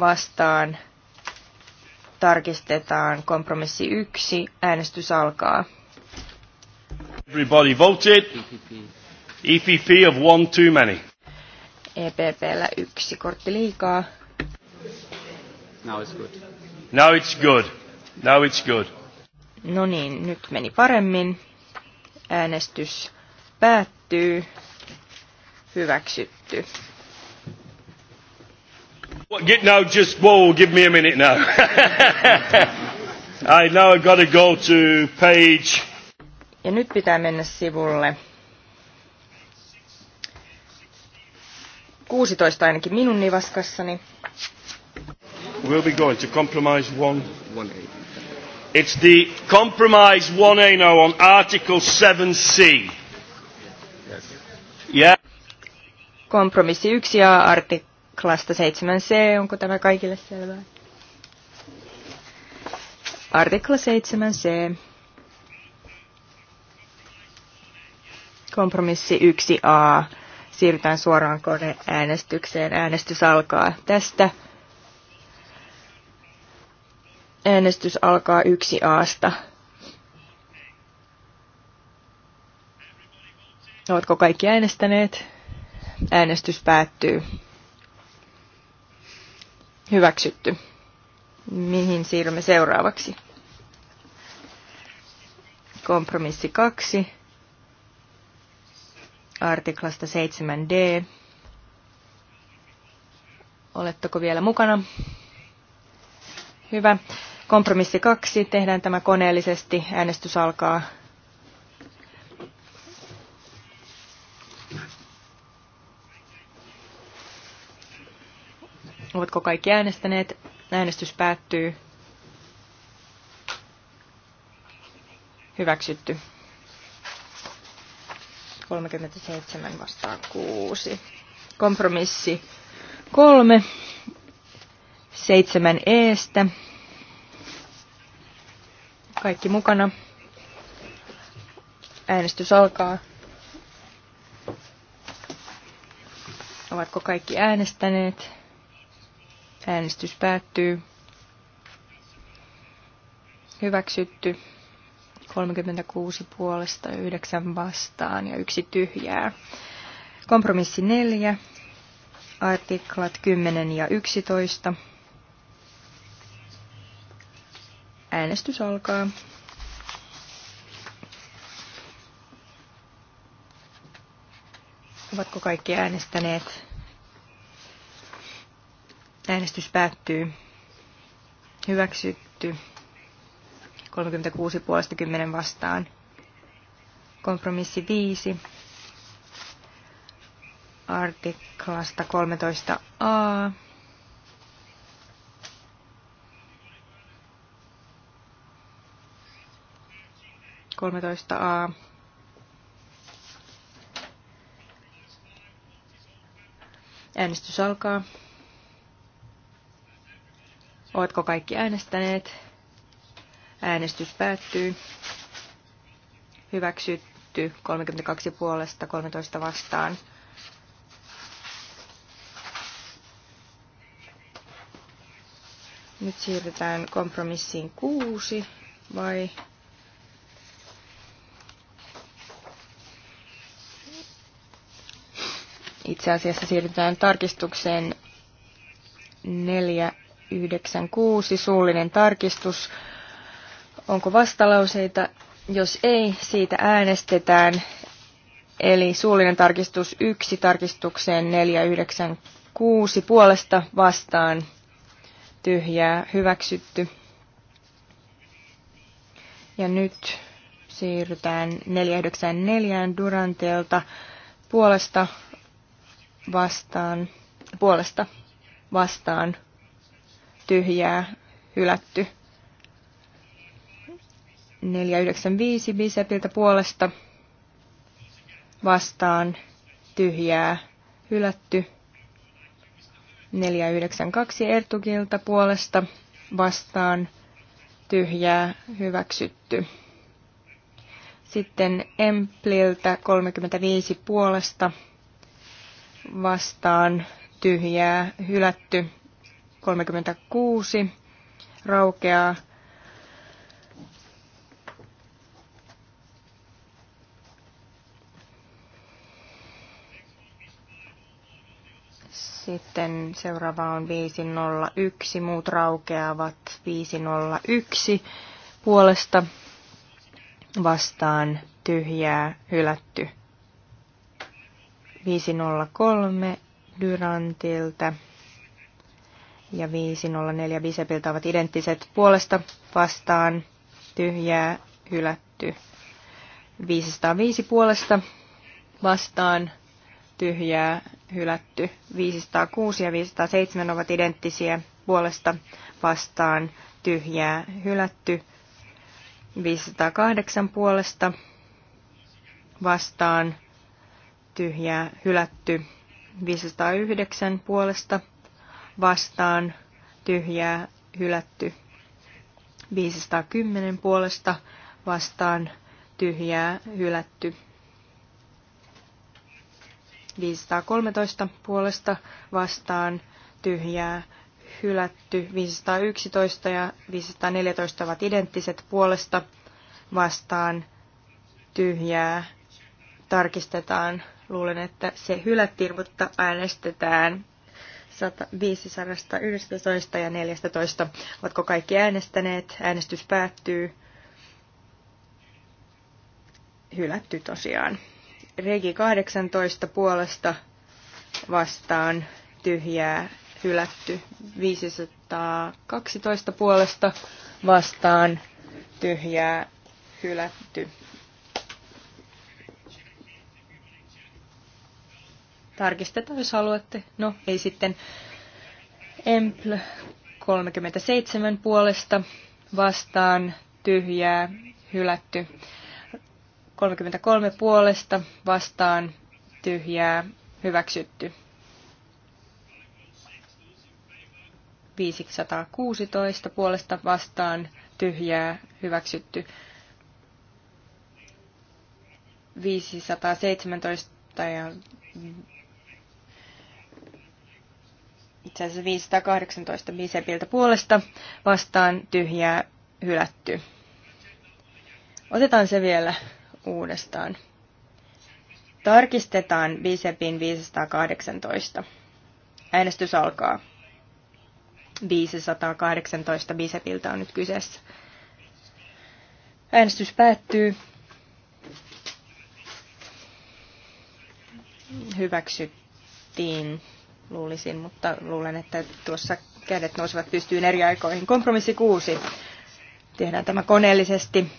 vastaan tarkistetaan kompromissi yksi, Äänestys alkaa. Everybody voted. EPP of one too many. EPPllä yksi kortti liikaa. Now it's good. Now it's good. Now it's good. No niin, nyt meni paremmin. Äänestys päättyy. Hyväksytty. What, get, no, just, whoa, give me a minute now. I now I've got to go to page. Ja nyt pitää mennä sivulle. 16 ainakin minun nivaskassani. We'll be going to compromise one. one a It's the compromise 1A now on article 7C. Yes. Yeah. Kompromissi 1A artik klasta 7c, onko tämä kaikille selvää? Artikla 7c. Kompromissi 1a. Siirrytään suoraan koneäänestykseen. Äänestys alkaa tästä. Äänestys alkaa 1 aasta Oletko kaikki äänestäneet? Äänestys päättyy. Hyväksytty. Mihin siirrymme seuraavaksi? Kompromissi 2. Artiklasta 7d. Oletteko vielä mukana? Hyvä. Kompromissi 2. Tehdään tämä koneellisesti. Äänestys alkaa. Ovatko kaikki äänestäneet? Äänestys päättyy. Hyväksytty. 37 vastaa 6. Kompromissi 3. 7 eestä. Kaikki mukana. Äänestys alkaa. Ovatko kaikki äänestäneet? Äänestys päättyy. Hyväksytty. 36 puolesta, 9 vastaan ja yksi tyhjää. Kompromissi 4, artiklat 10 ja 11. Äänestys alkaa. Ovatko kaikki äänestäneet? Äänestys päättyy. Hyväksytty. 36 puolesta 10 vastaan. Kompromissi 5. Artiklasta 13a. Kolmetoista A. Äänestys alkaa. Oletko kaikki äänestäneet? Äänestys päättyy. Hyväksytty 32 puolesta 13 vastaan. Nyt siirrytään kompromissiin kuusi vai itse asiassa siirrytään tarkistukseen neljä 96, suullinen tarkistus. Onko vastalauseita? Jos ei, siitä äänestetään. Eli suullinen tarkistus 1 tarkistukseen 496 puolesta vastaan tyhjää hyväksytty. Ja nyt siirrytään 494 Duranteelta puolesta vastaan, puolesta vastaan tyhjää, hylätty. 495 bisepiltä puolesta vastaan tyhjää, hylätty. 492 Ertugilta puolesta vastaan tyhjää, hyväksytty. Sitten Empliltä 35 puolesta vastaan tyhjää, hylätty. 36 raukeaa. Sitten seuraava on 501, muut raukeavat 501 puolesta vastaan tyhjää hylätty. 503 Durantilta ja 504 Bisepiltä ovat identtiset puolesta vastaan tyhjää hylätty. 505 puolesta vastaan tyhjää hylätty. 506 ja 507 ovat identtisiä puolesta vastaan tyhjää hylätty. 508 puolesta vastaan tyhjää hylätty. 509 puolesta vastaan, vastaan tyhjää hylätty. 510 puolesta vastaan tyhjää hylätty. 513 puolesta vastaan tyhjää hylätty. 511 ja 514 ovat identtiset puolesta vastaan tyhjää. Tarkistetaan. Luulen, että se hylättiin, mutta äänestetään 511 ja 14. Ovatko kaikki äänestäneet? Äänestys päättyy. Hylätty tosiaan. Regi 18 puolesta vastaan tyhjää hylätty. 512 puolesta vastaan tyhjää hylätty. Tarkistetaan, jos haluatte. No, ei sitten. Empl 37 puolesta vastaan tyhjää hylätty. 33 puolesta vastaan tyhjää hyväksytty. 516 puolesta vastaan tyhjää hyväksytty. 517 ja itse asiassa 518 Bisepiltä puolesta vastaan tyhjää hylätty. Otetaan se vielä uudestaan. Tarkistetaan Bisepin 518. Äänestys alkaa. 518 Bisepiltä on nyt kyseessä. Äänestys päättyy. Hyväksyttiin luulisin, mutta luulen, että tuossa kädet nousevat pystyyn eri aikoihin. Kompromissi kuusi. Tehdään tämä koneellisesti.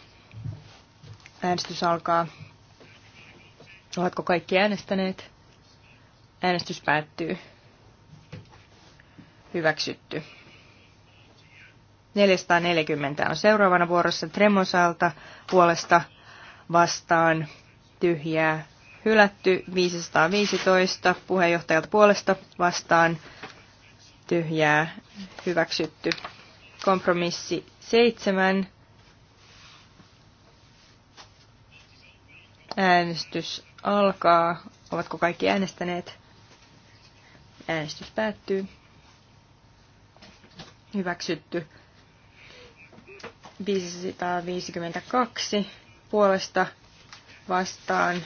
Äänestys alkaa. Oletko kaikki äänestäneet? Äänestys päättyy. Hyväksytty. 440 on seuraavana vuorossa Tremosalta puolesta vastaan tyhjää hylätty 515 puheenjohtajalta puolesta vastaan tyhjää hyväksytty. Kompromissi 7. Äänestys alkaa. Ovatko kaikki äänestäneet? Äänestys päättyy. Hyväksytty. 552 puolesta vastaan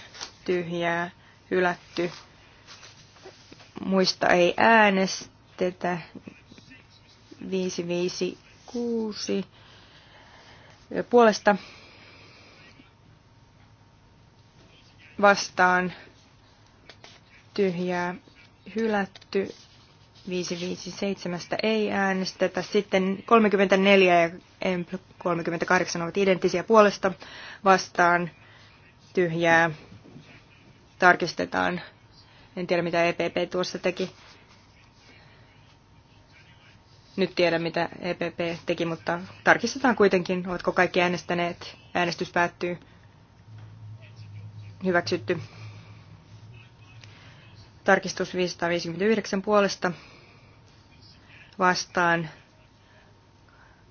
tyhjää, hylätty. Muista ei äänestetä. 556 puolesta vastaan tyhjää hylätty. 557 ei äänestetä. Sitten 34 ja 38 ovat identtisiä puolesta vastaan tyhjää tarkistetaan. En tiedä, mitä EPP tuossa teki. Nyt tiedän, mitä EPP teki, mutta tarkistetaan kuitenkin, ovatko kaikki äänestäneet. Äänestys päättyy. Hyväksytty. Tarkistus 559 puolesta vastaan.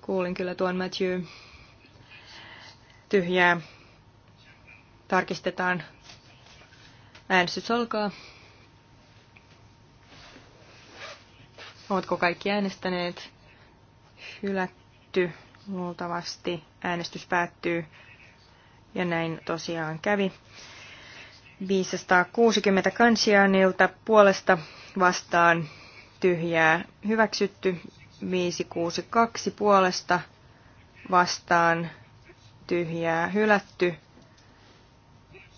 Kuulin kyllä tuon Matthew. Tyhjää. Tarkistetaan Äänestys alkaa. Ovatko kaikki äänestäneet? Hylätty. Luultavasti äänestys päättyy. Ja näin tosiaan kävi. 560 kansiaanilta puolesta vastaan tyhjää hyväksytty. 562 puolesta vastaan tyhjää hylätty.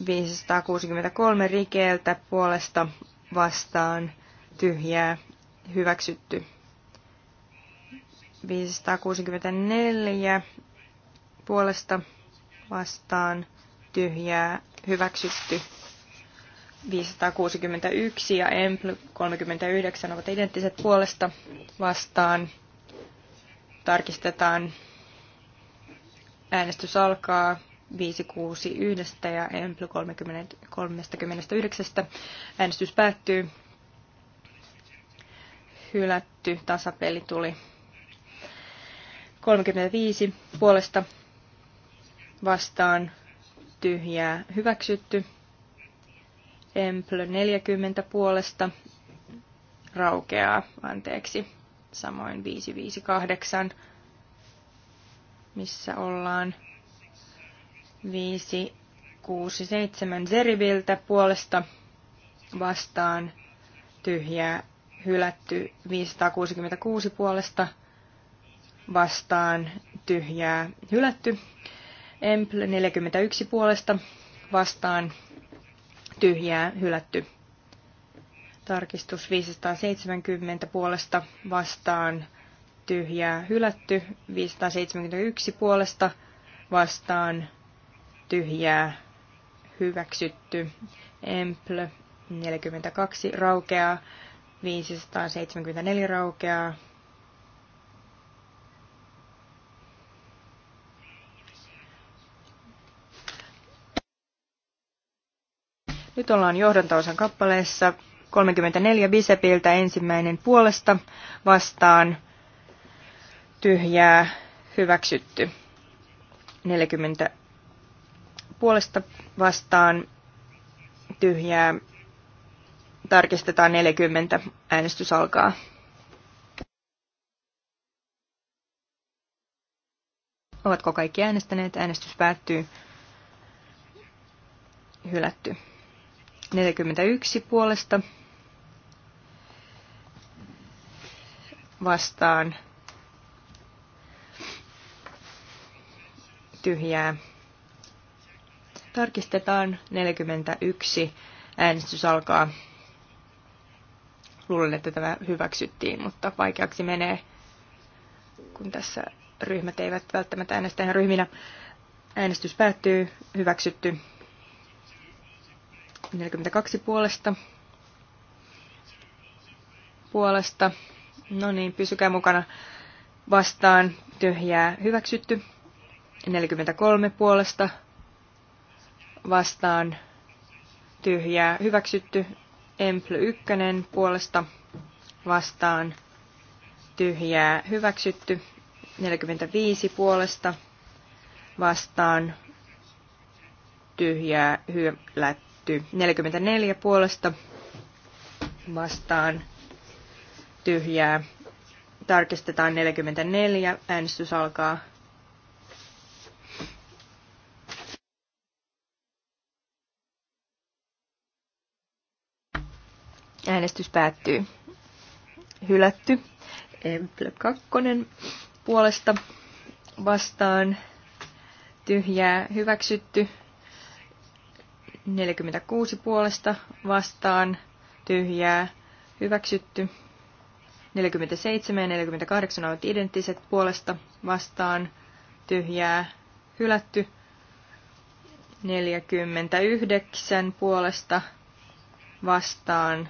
563 rikeeltä puolesta vastaan tyhjää hyväksytty. 564 puolesta vastaan tyhjää hyväksytty. 561 ja Empl 39 ovat identtiset puolesta vastaan. Tarkistetaan. Äänestys alkaa. 561 ja Empl 39. Äänestys päättyy. Hylätty tasapeli tuli 35 puolesta vastaan tyhjää hyväksytty. Empl 40 puolesta raukeaa, anteeksi, samoin 558, missä ollaan 5, 6, 7 Zeriviltä puolesta vastaan tyhjää hylätty 566 puolesta vastaan tyhjää hylätty. Empl 41 puolesta vastaan tyhjää hylätty. Tarkistus 570 puolesta vastaan tyhjää hylätty. 571 puolesta vastaan tyhjää hyväksytty. emple, 42 raukeaa, 574 raukeaa. Nyt ollaan johdantaosan kappaleessa 34 Bisepiltä ensimmäinen puolesta vastaan tyhjää hyväksytty. 40 puolesta vastaan tyhjää. Tarkistetaan 40. Äänestys alkaa. Ovatko kaikki äänestäneet? Äänestys päättyy. Hylätty. 41 puolesta vastaan tyhjää Tarkistetaan 41. Äänestys alkaa. Luulen, että tämä hyväksyttiin, mutta vaikeaksi menee, kun tässä ryhmät eivät välttämättä äänestä ihan ryhminä. Äänestys päättyy. Hyväksytty. 42 puolesta. Puolesta. No niin, pysykää mukana. Vastaan tyhjää hyväksytty. 43 puolesta vastaan tyhjää hyväksytty. Emple 1 puolesta vastaan tyhjää hyväksytty. 45 puolesta vastaan tyhjää hylätty. 44 puolesta vastaan tyhjää. Tarkistetaan 44. Äänestys alkaa. Äänestys päättyy. Hylätty. Emple 2 puolesta vastaan. Tyhjää hyväksytty. 46 puolesta vastaan. Tyhjää hyväksytty. 47 ja 48 ovat identtiset puolesta vastaan. Tyhjää hylätty. 49 puolesta vastaan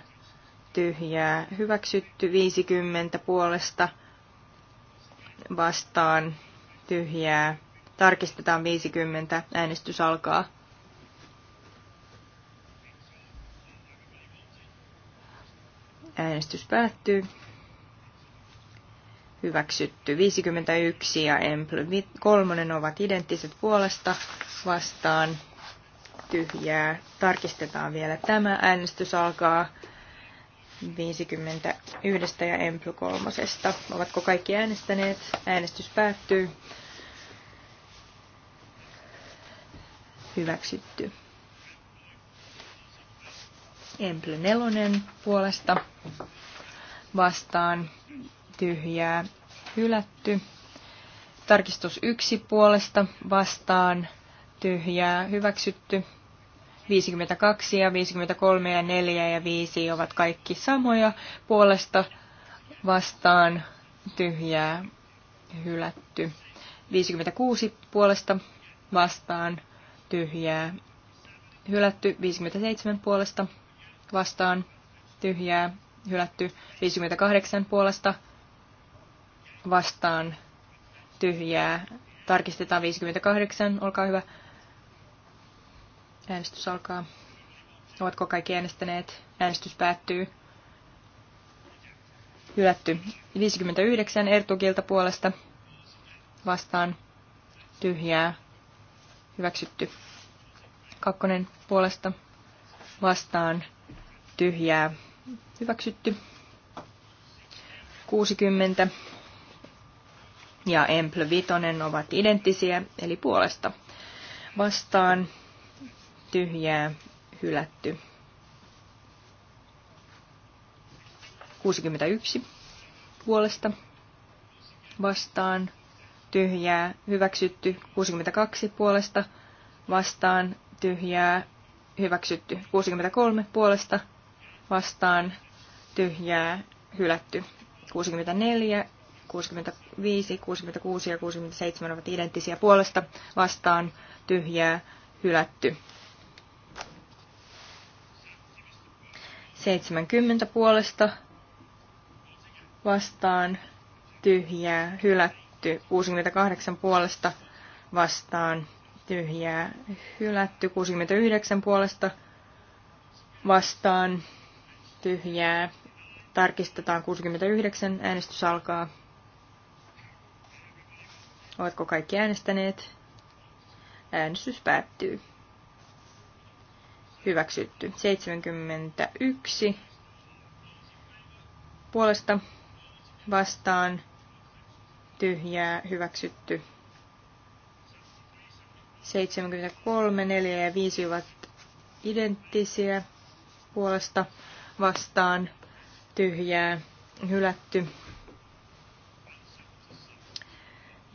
tyhjää hyväksytty, 50 puolesta vastaan tyhjää. Tarkistetaan 50, äänestys alkaa. Äänestys päättyy. Hyväksytty. 51 ja Emple 3 ovat identtiset puolesta vastaan tyhjää. Tarkistetaan vielä tämä. Äänestys alkaa. 51 ja Emplu 3. Ovatko kaikki äänestäneet? Äänestys päättyy. Hyväksytty. Emply nelonen puolesta vastaan tyhjää hylätty. Tarkistus yksi puolesta vastaan tyhjää hyväksytty. 52 ja 53 ja 4 ja 5 ovat kaikki samoja puolesta vastaan tyhjää hylätty. 56 puolesta vastaan tyhjää hylätty. 57 puolesta vastaan tyhjää hylätty. 58 puolesta vastaan tyhjää. Tarkistetaan 58, olkaa hyvä. Äänestys alkaa. Ovatko kaikki äänestäneet? Äänestys päättyy. Hylätty. 59 Ertugilta puolesta vastaan tyhjää. Hyväksytty. Kakkonen puolesta vastaan tyhjää. Hyväksytty. 60 ja Emple Vitonen ovat identtisiä, eli puolesta vastaan tyhjää, hylätty. 61 puolesta vastaan, tyhjää, hyväksytty. 62 puolesta vastaan, tyhjää, hyväksytty. 63 puolesta vastaan, tyhjää, hylätty. 64 65, 66 ja 67 ovat identtisiä puolesta vastaan, tyhjää, hylätty. 70 puolesta vastaan tyhjää hylätty. 68 puolesta vastaan tyhjää hylätty. 69 puolesta vastaan tyhjää. Tarkistetaan 69. Äänestys alkaa. Oletko kaikki äänestäneet? Äänestys päättyy hyväksytty. 71 puolesta vastaan tyhjää hyväksytty. 73, 4 ja 5 ovat identtisiä puolesta vastaan tyhjää hylätty.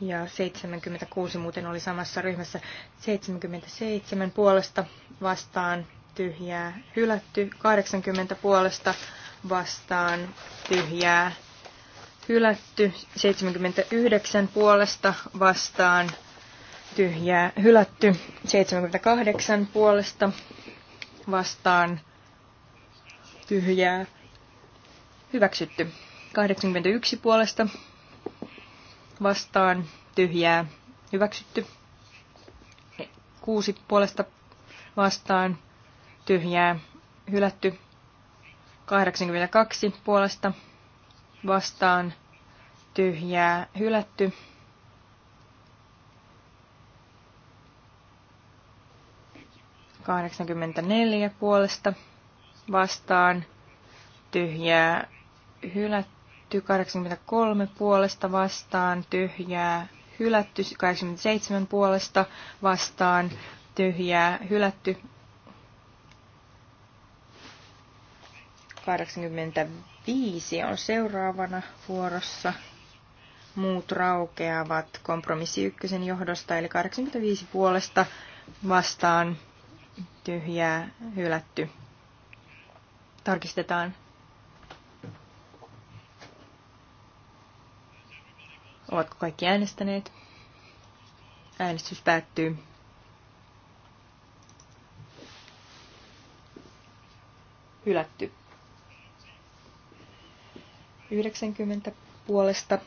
Ja 76 muuten oli samassa ryhmässä. 77 puolesta vastaan tyhjää, hylätty. 80 puolesta vastaan, tyhjää, hylätty. 79 puolesta vastaan, tyhjää, hylätty. 78 puolesta vastaan, tyhjää, hyväksytty. 81 puolesta vastaan, tyhjää, hyväksytty. 6 puolesta vastaan, tyhjää hylätty. 82 puolesta vastaan tyhjää hylätty. neljä puolesta vastaan tyhjää hylätty. kolme puolesta vastaan tyhjää hylätty. seitsemän puolesta vastaan tyhjää hylätty. 85 on seuraavana vuorossa. Muut raukeavat kompromissi ykkösen johdosta, eli 85 puolesta vastaan tyhjää hylätty. Tarkistetaan. Ovatko kaikki äänestäneet? Äänestys päättyy. Hylätty. 90 puolesta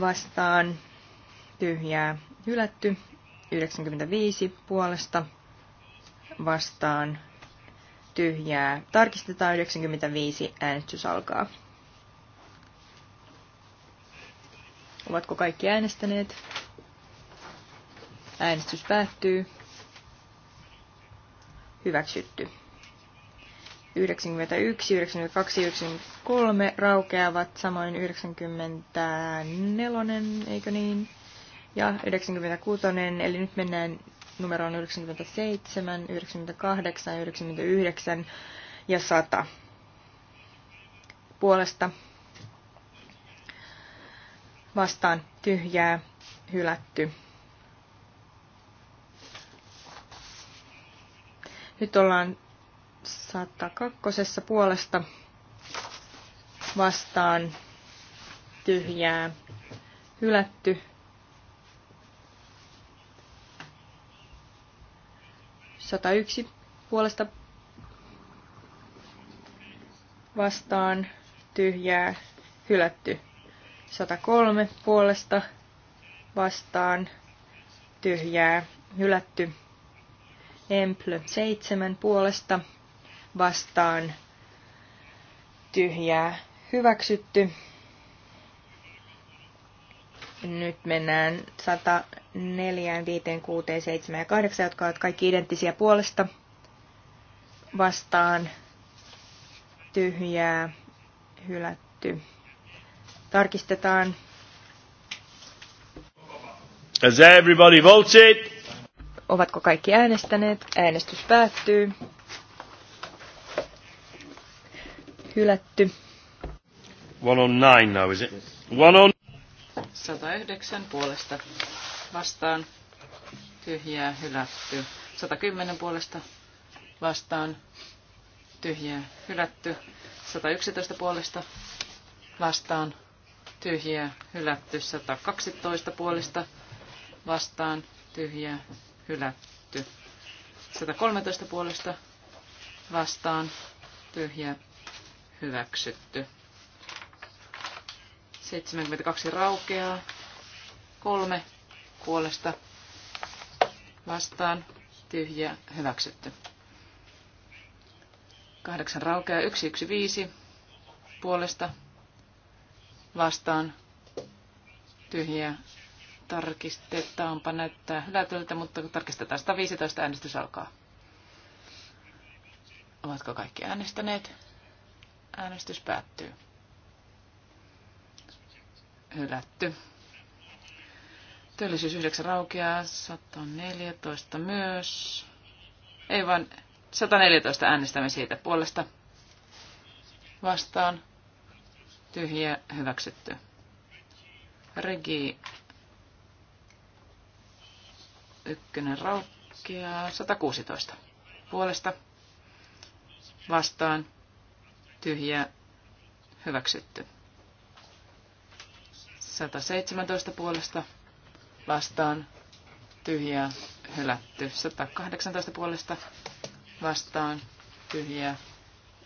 vastaan tyhjää hylätty. 95 puolesta vastaan tyhjää. Tarkistetaan 95, äänestys alkaa. Ovatko kaikki äänestäneet? Äänestys päättyy. Hyväksytty. 91, 92, 93 raukeavat, samoin 94, eikö niin? Ja 96, eli nyt mennään numeroon 97, 98, 99 ja 100 puolesta vastaan tyhjää hylätty. Nyt ollaan 102 puolesta vastaan tyhjää hylätty. Sata yksi puolesta vastaan tyhjää hylätty. sata kolme puolesta vastaan tyhjää hylätty. Emple seitsemän puolesta vastaan tyhjää hyväksytty. Nyt mennään 104, 5, 6, 7 ja 8, jotka ovat kaikki identtisiä puolesta vastaan tyhjää hylätty. Tarkistetaan. As everybody votes Ovatko kaikki äänestäneet? Äänestys päättyy. Hylätty. One on nine now, is it? One on... 109 puolesta vastaan. Tyhjää hylätty. 110 puolesta vastaan. Tyhjää hylätty. 111 puolesta vastaan. Tyhjää hylätty. 112 puolesta vastaan. Tyhjää hylätty. 113 puolesta vastaan. Tyhjää hyväksytty. 72 raukeaa, kolme puolesta vastaan, tyhjä, hyväksytty. 8 raukeaa, 115 puolesta vastaan, tyhjä, tarkistetaanpa näyttää hylätyltä, mutta tarkistetaan 115 äänestys alkaa. Ovatko kaikki äänestäneet? Äänestys päättyy. Hylätty. Työllisyys 9 raukeaa, 114 myös. Ei vaan 114 äänestämme siitä puolesta. Vastaan. Tyhjä hyväksytty. Regi ykkönen raukeaa, 116 puolesta vastaan tyhjä hyväksytty. 117 puolesta vastaan tyhjä hylätty. 118 puolesta vastaan tyhjä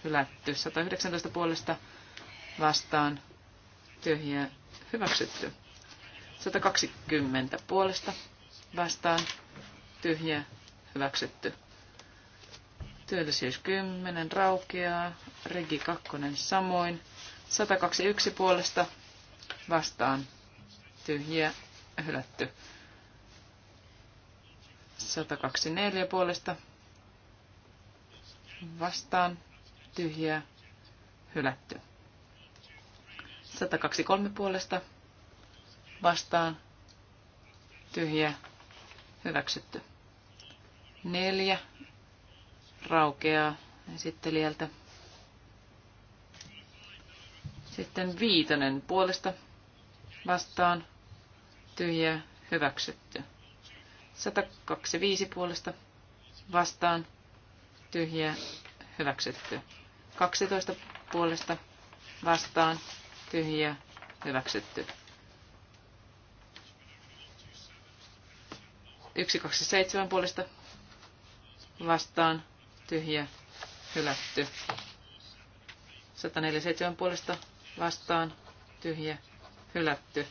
hylätty. 119 puolesta vastaan tyhjä hyväksytty. 120 puolesta vastaan tyhjä hyväksytty. Työllisyys 10 raukeaa. Regi 2 samoin. 121 puolesta vastaan tyhjiä hylätty. 124 puolesta vastaan tyhjiä hylätty. 123 puolesta vastaan tyhjiä hyväksytty. Neljä raukeaa esittelijältä. Sitten viitonen puolesta vastaan tyhjä hyväksytty. 125 puolesta vastaan tyhjä hyväksytty. 12 puolesta vastaan tyhjä hyväksytty. 127 puolesta vastaan tyhjä hylätty. 147 puolesta vastaan tyhjä hylätty.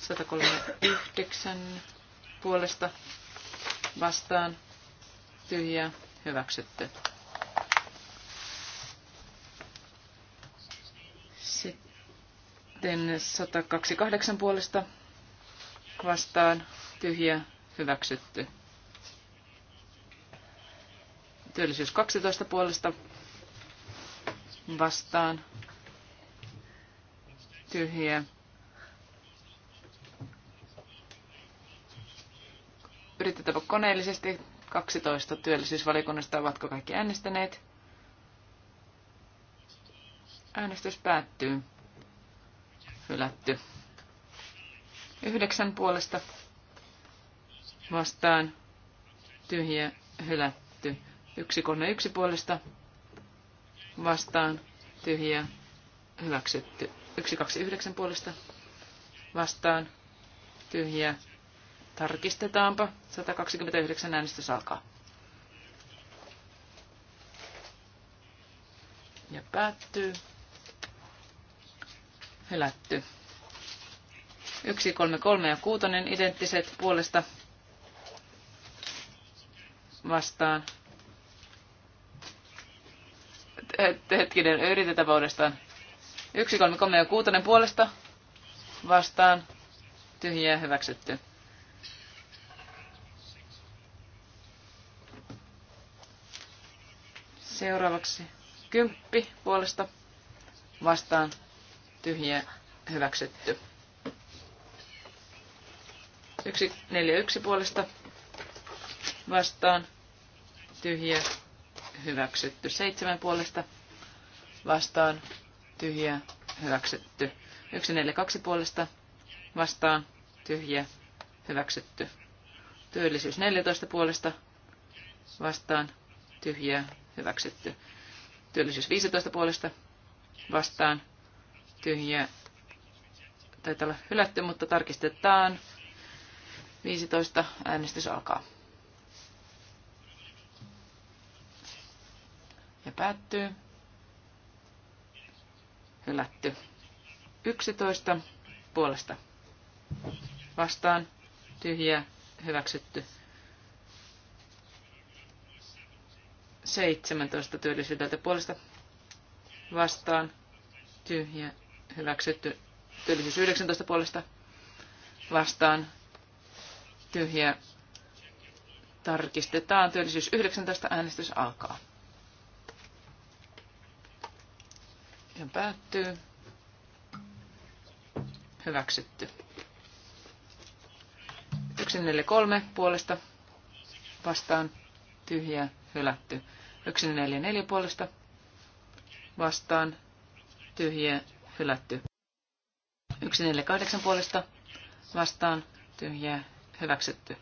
139 puolesta vastaan tyhjä hyväksytty. Sitten 128 puolesta vastaan tyhjä hyväksytty. Työllisyys 12 puolesta vastaan tyhjiä. Yritetäänpä koneellisesti. 12 työllisyysvalikunnasta ovatko kaikki äänestäneet? Äänestys päättyy. Hylätty. Yhdeksän puolesta vastaan tyhjä hylätty. Yksi kone yksi puolesta vastaan tyhjiä hyväksytty. 129 puolesta vastaan tyhjiä. Tarkistetaanpa. 129 äänestys alkaa. Ja päättyy. Hylätty. 1, 3, 3 ja 6 identtiset puolesta vastaan hetkinen, yritetäänpä uudestaan. Yksi, kolme, kolme ja kuutonen puolesta vastaan. Tyhjää hyväksytty. Seuraavaksi kymppi puolesta vastaan tyhjä hyväksytty. yksi puolesta vastaan tyhjä hyväksytty. Seitsemän puolesta vastaan tyhjä hyväksytty. Yksi neljä kaksi puolesta vastaan tyhjä hyväksytty. Työllisyys 14 puolesta vastaan tyhjä hyväksytty. Työllisyys 15 puolesta vastaan tyhjä taitaa olla hylätty, mutta tarkistetaan. 15 äänestys alkaa. päättyy. Hylätty. 11 puolesta. Vastaan. Tyhjä. Hyväksytty. 17 työllisyydeltä puolesta. Vastaan. Tyhjä. Hyväksytty. Työllisyys 19 puolesta. Vastaan. Tyhjä. Tarkistetaan. Työllisyys 19. Äänestys alkaa. Ja päättyy. Hyväksytty. 143 puolesta vastaan tyhjä hylätty. 144 puolesta vastaan tyhjä hylätty. 148 puolesta vastaan tyhjä hyväksytty.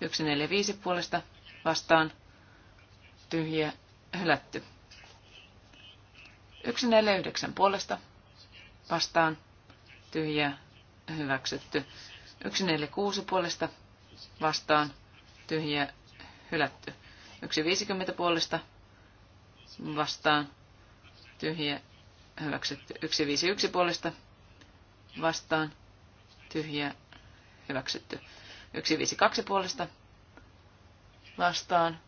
145 puolesta vastaan tyhjä hylätty. 149 puolesta vastaan tyhjä hyväksytty. 146 puolesta vastaan tyhjä hylätty. 150 puolesta vastaan tyhjä hyväksytty. 151 puolesta vastaan tyhjä hyväksytty. 152 puolesta vastaan.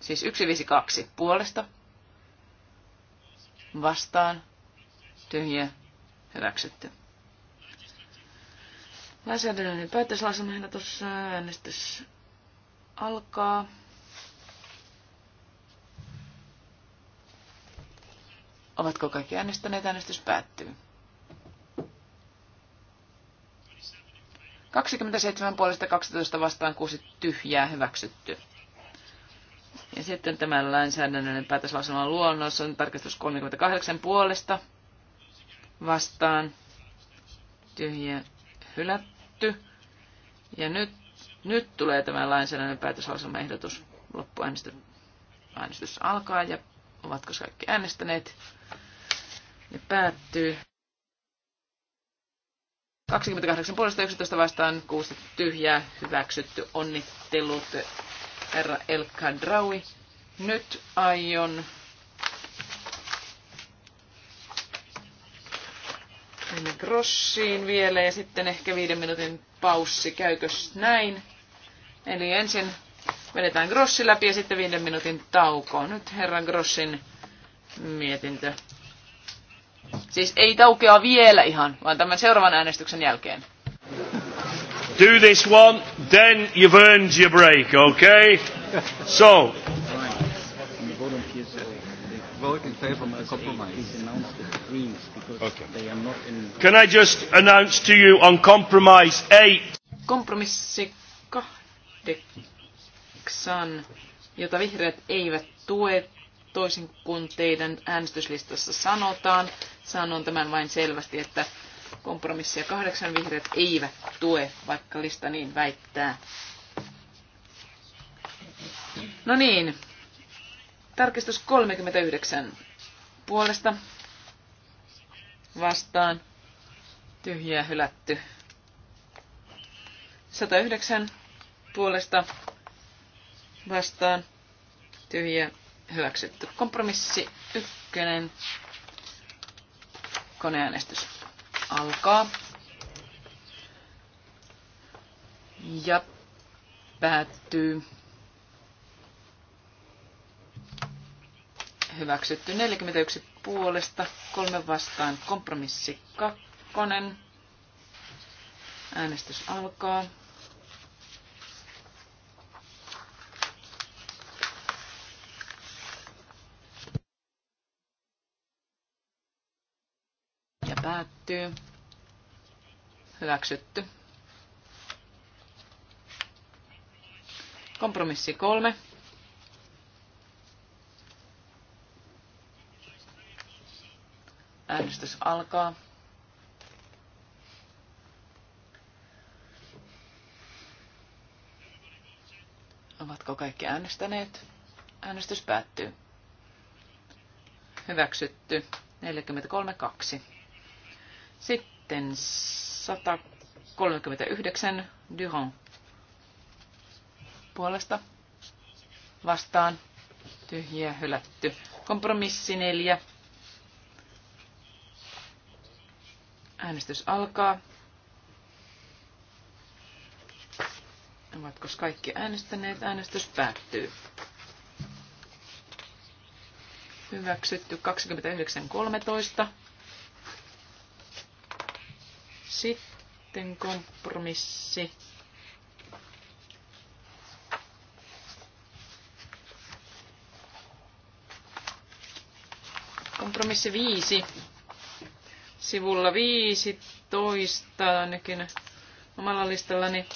Siis 152 puolesta vastaan, tyhjä, hyväksytty. Lainsäädännöllinen tuossa äänestys alkaa. Ovatko kaikki äänestäneet? Äänestys päättyy. 27 puolesta 12 vastaan 6 tyhjää hyväksytty. Ja sitten tämä lainsäädännön päätöslauselman luonnos on tarkastus 38 puolesta vastaan tyhjä hylätty. Ja nyt, nyt tulee tämä lainsäädännön ehdotus Loppuäänestys äänestys alkaa ja ovatko kaikki äänestäneet? Ja päättyy. 28 puolesta 11 vastaan 6 tyhjää hyväksytty. Onnittelut herra El Kadraui. Nyt aion mennä grossiin vielä ja sitten ehkä viiden minuutin paussi. Käykös näin? Eli ensin vedetään grossi läpi ja sitten viiden minuutin tauko. Nyt herran grossin mietintö. Siis ei taukea vielä ihan, vaan tämän seuraavan äänestyksen jälkeen. Do this one then you've earned your break, okay? So. Can I just announce to you on compromise 8? Kompromissi kahdeksan, jota vihreät eivät tue, toisin kuin teidän äänestyslistassa sanotaan. Sanon tämän vain selvästi, että Kompromissia kahdeksan vihreät eivät tue, vaikka lista niin väittää. No niin, tarkistus 39 puolesta vastaan tyhjää hylätty. 109 puolesta vastaan tyhjä hyväksytty. Kompromissi ykkönen. Koneäänestys alkaa ja päättyy. Hyväksytty 41 puolesta, kolme vastaan kompromissi kakkonen. Äänestys alkaa. hyväksyttyy. Hyväksytty. Kompromissi kolme. Äänestys alkaa. Ovatko kaikki äänestäneet? Äänestys päättyy. Hyväksytty. 43.2. Sitten 139 Duron puolesta vastaan tyhjiä hylätty. Kompromissi 4. Äänestys alkaa. Ovatko kaikki äänestäneet? Äänestys päättyy. Hyväksytty 29.13. Sitten kompromissi. Kompromissi 5. Sivulla 15 ainakin omalla listallani.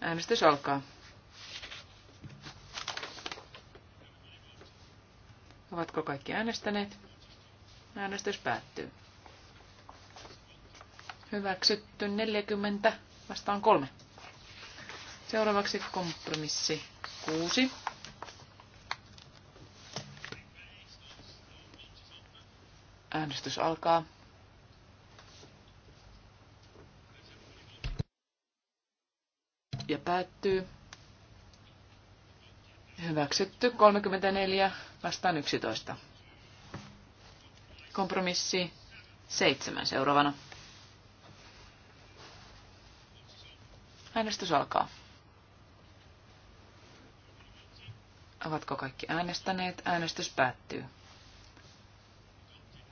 Äänestys alkaa. Ovatko kaikki äänestäneet? Äänestys päättyy. Hyväksytty 40, vastaan 3. Seuraavaksi kompromissi 6. Äänestys alkaa. Ja päättyy. Hyväksytty 34 vastaan 11. Kompromissi 7 seuraavana. Äänestys alkaa. Ovatko kaikki äänestäneet? Äänestys päättyy.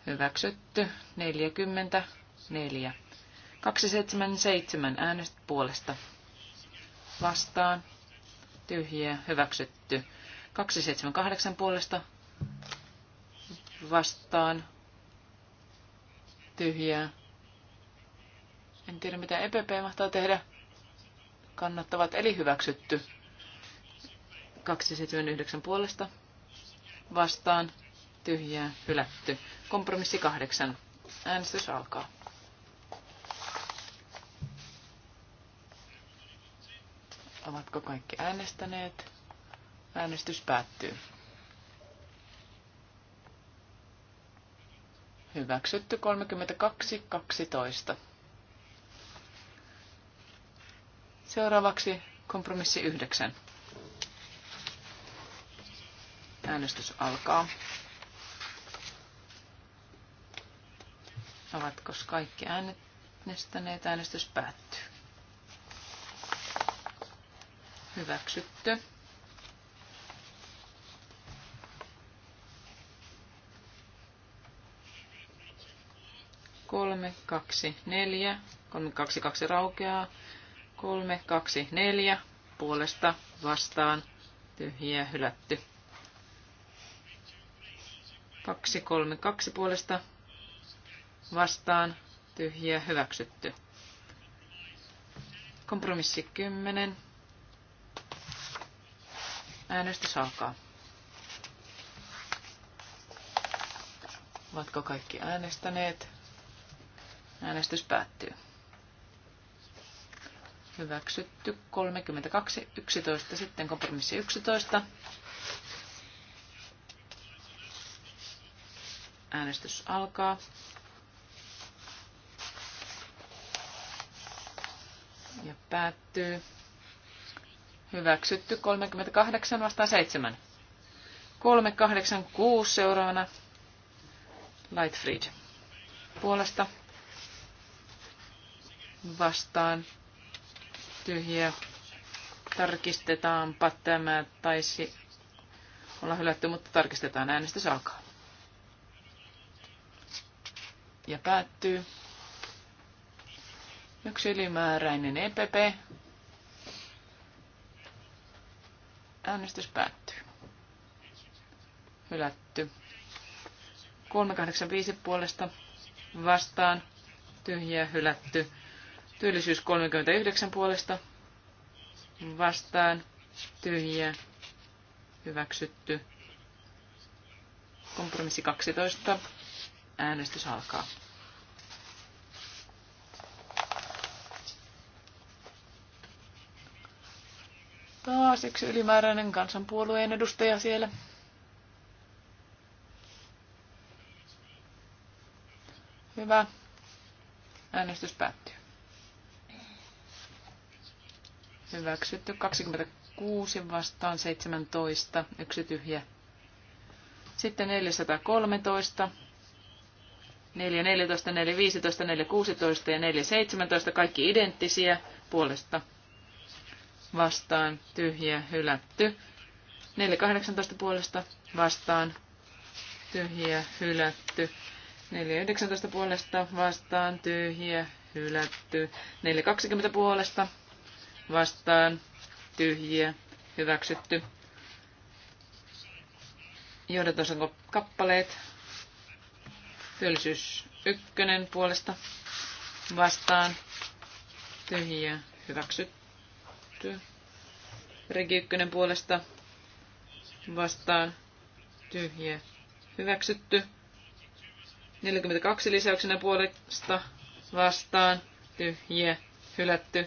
Hyväksytty. 44. 277 äänestä puolesta. Vastaan. Tyhjiä. Hyväksytty. 278 puolesta. Vastaan. Tyhjää. En tiedä mitä EPP mahtaa tehdä kannattavat, eli hyväksytty. 279 puolesta vastaan tyhjää hylätty. Kompromissi kahdeksan Äänestys alkaa. Ovatko kaikki äänestäneet? Äänestys päättyy. Hyväksytty 32.12. Seuraavaksi kompromissi yhdeksän. Äänestys alkaa. Ovatko kaikki äänestäneet? Äänestys päättyy. Hyväksytty. Kolme, kaksi, neljä. Kolme, kaksi, kaksi raukeaa. 3, 2, 4 puolesta vastaan tyhjiä hylätty. 2, 3, 2 puolesta vastaan tyhjiä hyväksytty. Kompromissi 10. Äänestys alkaa. Ovatko kaikki äänestäneet? Äänestys päättyy. Hyväksytty 32, 11, sitten kompromissi 11. Äänestys alkaa. Ja päättyy. Hyväksytty 38 vastaan 7. 386 seuraavana. Lightfried. Puolesta vastaan tyhjiä. Tarkistetaanpa tämä. Taisi olla hylätty, mutta tarkistetaan äänestys alkaa. Ja päättyy. Yksi ylimääräinen EPP. Äänestys päättyy. Hylätty. 385 puolesta vastaan. Tyhjiä hylätty. Työllisyys 39 puolesta vastaan. Tyhjiä. Hyväksytty. Kompromissi 12. Äänestys alkaa. Taas yksi ylimääräinen kansanpuolueen edustaja siellä. Hyvä. Äänestys päättyy. Hyväksytty 26 vastaan 17, yksi tyhjä. Sitten 413, 414, 415, 416 ja 417, kaikki identtisiä puolesta vastaan, tyhjä, hylätty. 418 puolesta vastaan, tyhjä, hylätty. 419 puolesta vastaan, tyhjä, hylätty. 420 puolesta vastaan tyhjiä hyväksytty. Johdatonsa kappaleet. Työllisyys ykkönen puolesta vastaan tyhjiä hyväksytty. Regi ykkönen puolesta vastaan tyhjiä hyväksytty. 42 lisäyksenä puolesta vastaan tyhjiä hylätty.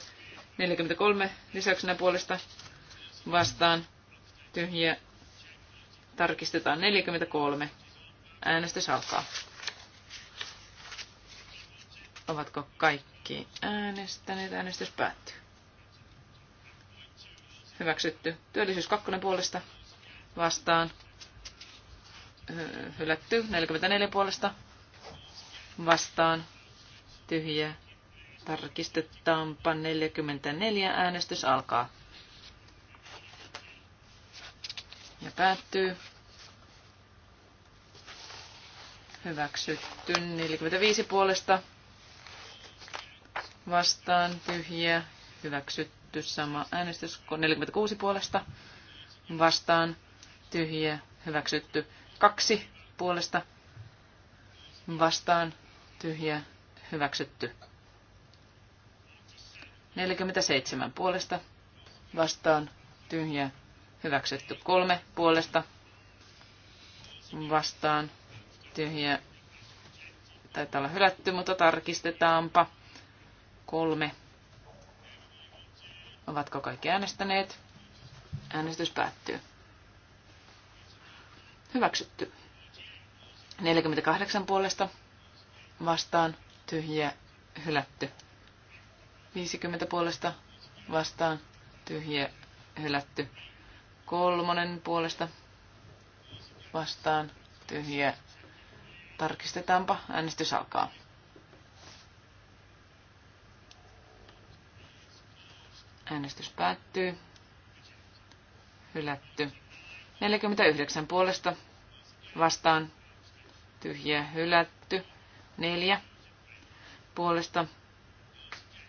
43 lisäyksenä puolesta vastaan tyhjiä. Tarkistetaan 43. Äänestys alkaa. Ovatko kaikki äänestäneet? Äänestys päättyy. Hyväksytty. Työllisyys kakkonen puolesta vastaan. Hylätty. 44 puolesta vastaan. Tyhjiä. Tarkistetaanpa 44 äänestys alkaa. Ja päättyy. Hyväksytty 45 puolesta. Vastaan tyhjiä. Hyväksytty sama äänestys 46 puolesta. Vastaan tyhjiä. Hyväksytty kaksi puolesta. Vastaan tyhjiä. Hyväksytty 47 puolesta vastaan tyhjä hyväksytty. 3 puolesta vastaan tyhjä. Taitaa olla hylätty, mutta tarkistetaanpa. 3. Ovatko kaikki äänestäneet? Äänestys päättyy. Hyväksytty. 48 puolesta vastaan tyhjä hylätty. 50 puolesta vastaan tyhjä hylätty. Kolmonen puolesta vastaan tyhjä. Tarkistetaanpa, äänestys alkaa. Äänestys päättyy. Hylätty. 49 puolesta vastaan tyhjä hylätty. Neljä puolesta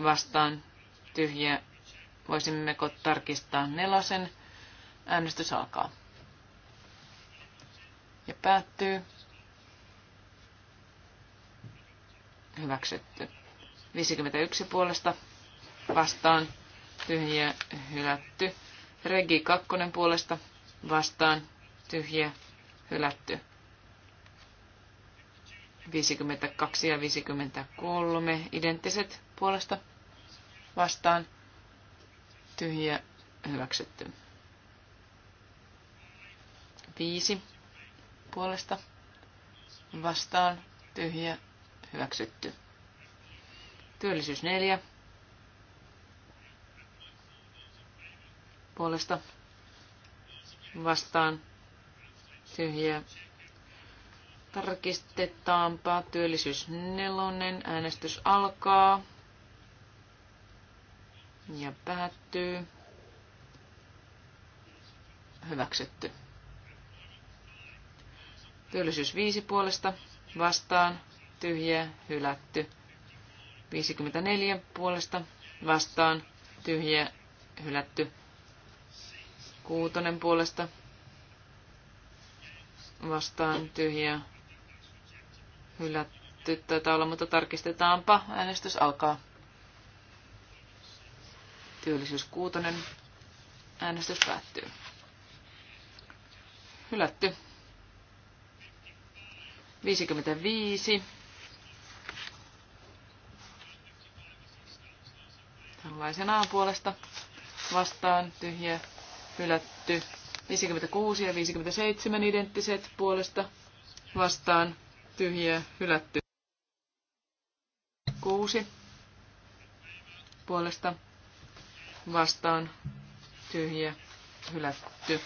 vastaan tyhjä. Voisimmeko tarkistaa nelosen? Äänestys alkaa. Ja päättyy. Hyväksytty. 51 puolesta vastaan tyhjä hylätty. Regi 2 puolesta vastaan tyhjä hylätty. 52 ja 53 identtiset puolesta vastaan tyhjiä hyväksytty. Viisi puolesta vastaan tyhjiä hyväksytty. Työllisyys neljä puolesta vastaan tyhjiä Tarkistetaanpa. Työllisyys nelonen. Äänestys alkaa ja päättyy. Hyväksytty. Työllisyys viisi puolesta vastaan, tyhjä, hylätty. 54 puolesta vastaan, tyhjä, hylätty. Kuutonen puolesta vastaan, tyhjä, hylätty. Taitaa olla, mutta tarkistetaanpa. Äänestys alkaa. Työllisyys kuutonen. Äänestys päättyy. Hylätty. 55. Tällaisenaan puolesta vastaan tyhjä hylätty. 56 ja 57 identtiset puolesta vastaan tyhjä hylätty. 6 puolesta vastaan tyhjä hylätty.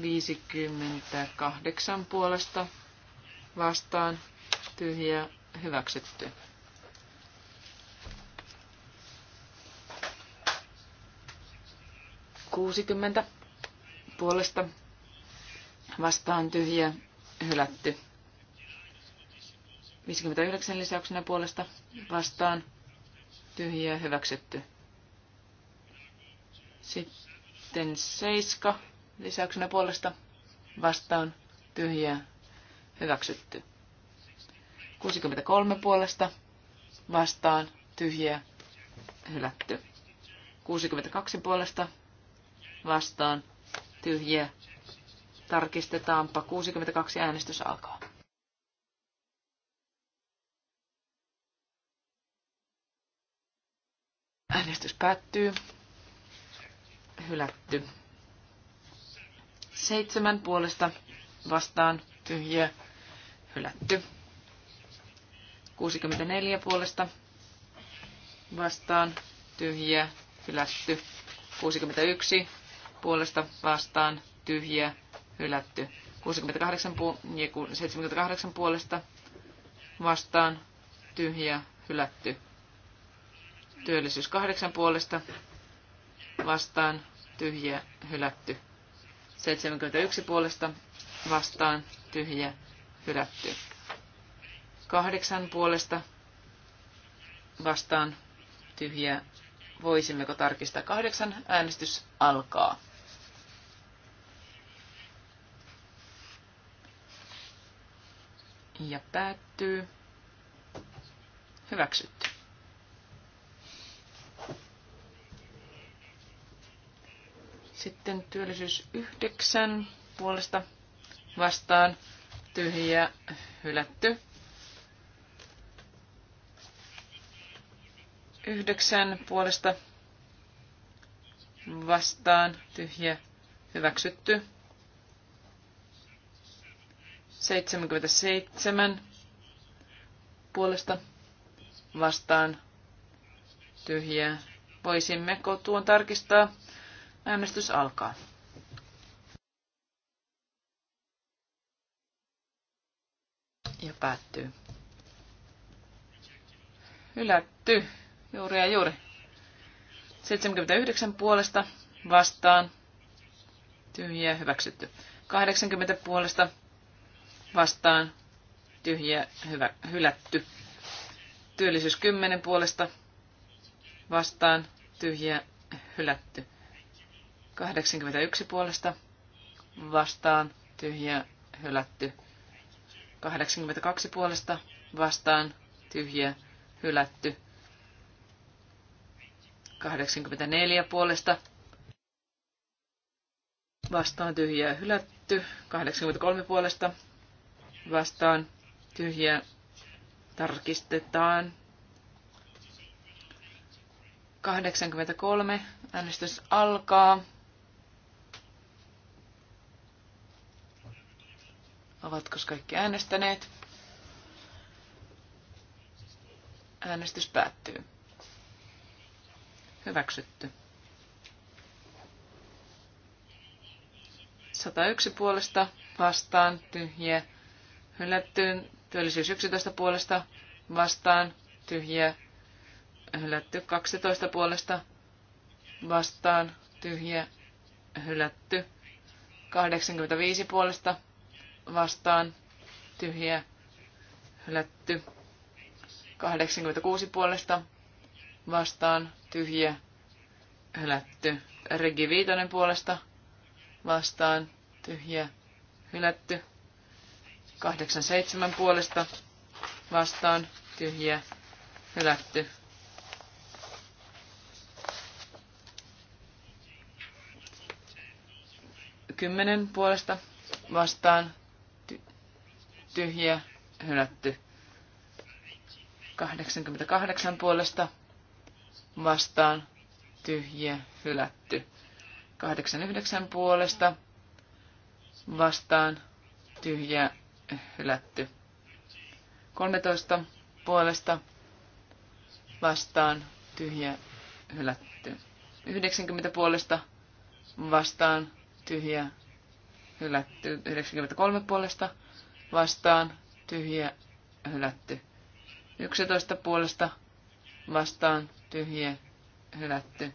58 puolesta vastaan tyhjä hyväksytty. Kuusikymmentä puolesta vastaan tyhjä hylätty. 59 lisäyksenä puolesta vastaan tyhjä hyväksytty. Sitten seiska lisäyksenä puolesta vastaan tyhjää hyväksytty. 63 puolesta vastaan tyhjää hylätty. 62 puolesta vastaan tyhjää. Tarkistetaanpa. 62 äänestys alkaa. Äänestys päättyy hylätty. Seitsemän puolesta vastaan tyhjiä hylätty. 64 puolesta vastaan tyhjiä hylätty. 61 puolesta vastaan tyhjiä hylätty. 68 pu- ja 78 puolesta vastaan tyhjiä hylätty. Työllisyys 8 puolesta vastaan tyhjiä, hylätty. 71 puolesta vastaan, tyhjiä, hylätty. 8 puolesta vastaan, tyhjiä, voisimmeko tarkistaa. 8 äänestys alkaa. Ja päättyy. Hyväksytty. Sitten työllisyys 9 puolesta vastaan tyhjä hylätty. 9 puolesta vastaan tyhjä hyväksytty. 77 puolesta vastaan tyhjää. Voisimmeko tuon tarkistaa? Äänestys alkaa. Ja päättyy. Hylätty. Juuri ja juuri. 79 puolesta vastaan. Tyhjiä hyväksytty. 80 puolesta vastaan. Tyhjiä hyvä, hylätty. Työllisyys 10 puolesta vastaan. Tyhjiä hylätty. 81 puolesta vastaan tyhjä hylätty. 82 puolesta vastaan tyhjä hylätty. 84 puolesta vastaan tyhjä hylätty. 83 puolesta vastaan tyhjä tarkistetaan. 83 äänestys alkaa. Ovatko kaikki äänestäneet? Äänestys päättyy. Hyväksytty. 101 puolesta vastaan tyhjä. Hylättyyn Työllisyys 11 puolesta vastaan tyhjä. Hylätty 12 puolesta vastaan tyhjä. Hylätty 85 puolesta vastaan tyhjä hylätty. 86 puolesta vastaan tyhjä hylätty. Regi Viitonen puolesta vastaan tyhjä hylätty. 87 puolesta vastaan tyhjä hylätty. kymmenen puolesta vastaan tyhjiä, hylätty. 88 puolesta vastaan tyhjiä, hylätty. 89 puolesta vastaan tyhjiä, hylätty. 13 puolesta vastaan tyhjiä, hylätty. 90 puolesta vastaan tyhjiä, hylätty. 93 puolesta vastaan tyhjä hylätty. 11 puolesta vastaan tyhjä hylätty.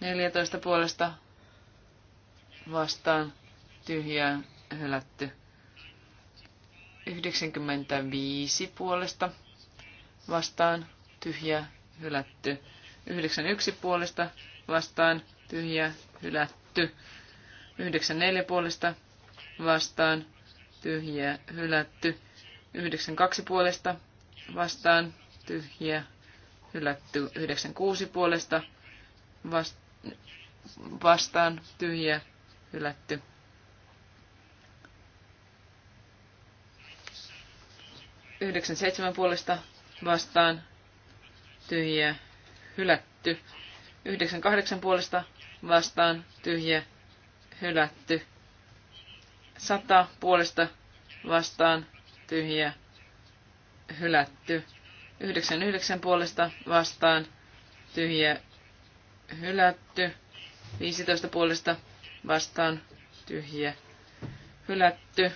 14 puolesta vastaan tyhjä hylätty. 95 puolesta vastaan tyhjä hylätty. 91 puolesta vastaan tyhjä hylätty. 94 puolesta vastaan tyhjiä hylätty. 92 puolesta vastaan tyhjiä hylätty. 96 puolesta vastaan tyhjiä hylätty. Yhdeksän seitsemän puolesta vastaan tyhjiä hylätty. Yhdeksän kahdeksan puolesta vastaan tyhjiä hylätty sata puolesta vastaan tyhjä hylätty. 99 puolesta vastaan tyhjä hylätty. 15 puolesta vastaan tyhjä hylätty.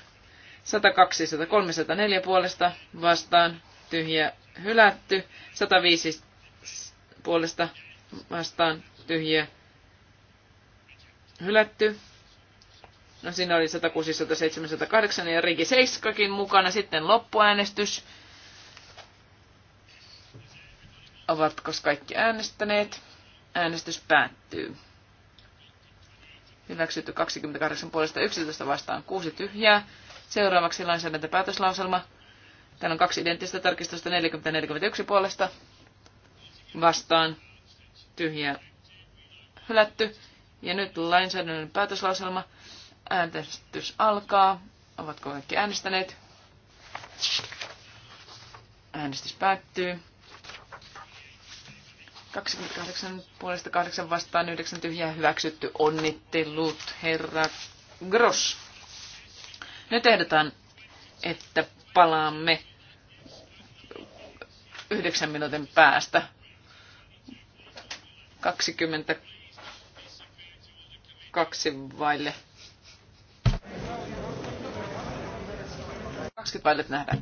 102, 103, 104 puolesta vastaan tyhjä hylätty. 105 puolesta vastaan tyhjä hylätty. No siinä oli 106, 107, 108 ja Rigi 7 mukana. Sitten loppuäänestys. Ovatko kaikki äänestäneet? Äänestys päättyy. Hyväksytty 28 puolesta 11 vastaan 6 tyhjää. Seuraavaksi lainsäädäntöpäätöslauselma. Täällä on kaksi identtistä tarkistusta 40-41 puolesta vastaan tyhjää hylätty. Ja nyt lainsäädännön päätöslauselma Äänestys alkaa. Ovatko kaikki äänestäneet? Äänestys päättyy. 28 puolesta 8 vastaan 9 tyhjää hyväksytty. Onnittelut, herra Gross. Nyt ehdotan, että palaamme yhdeksän minuutin päästä 22 vaille 20 vaille nähdään.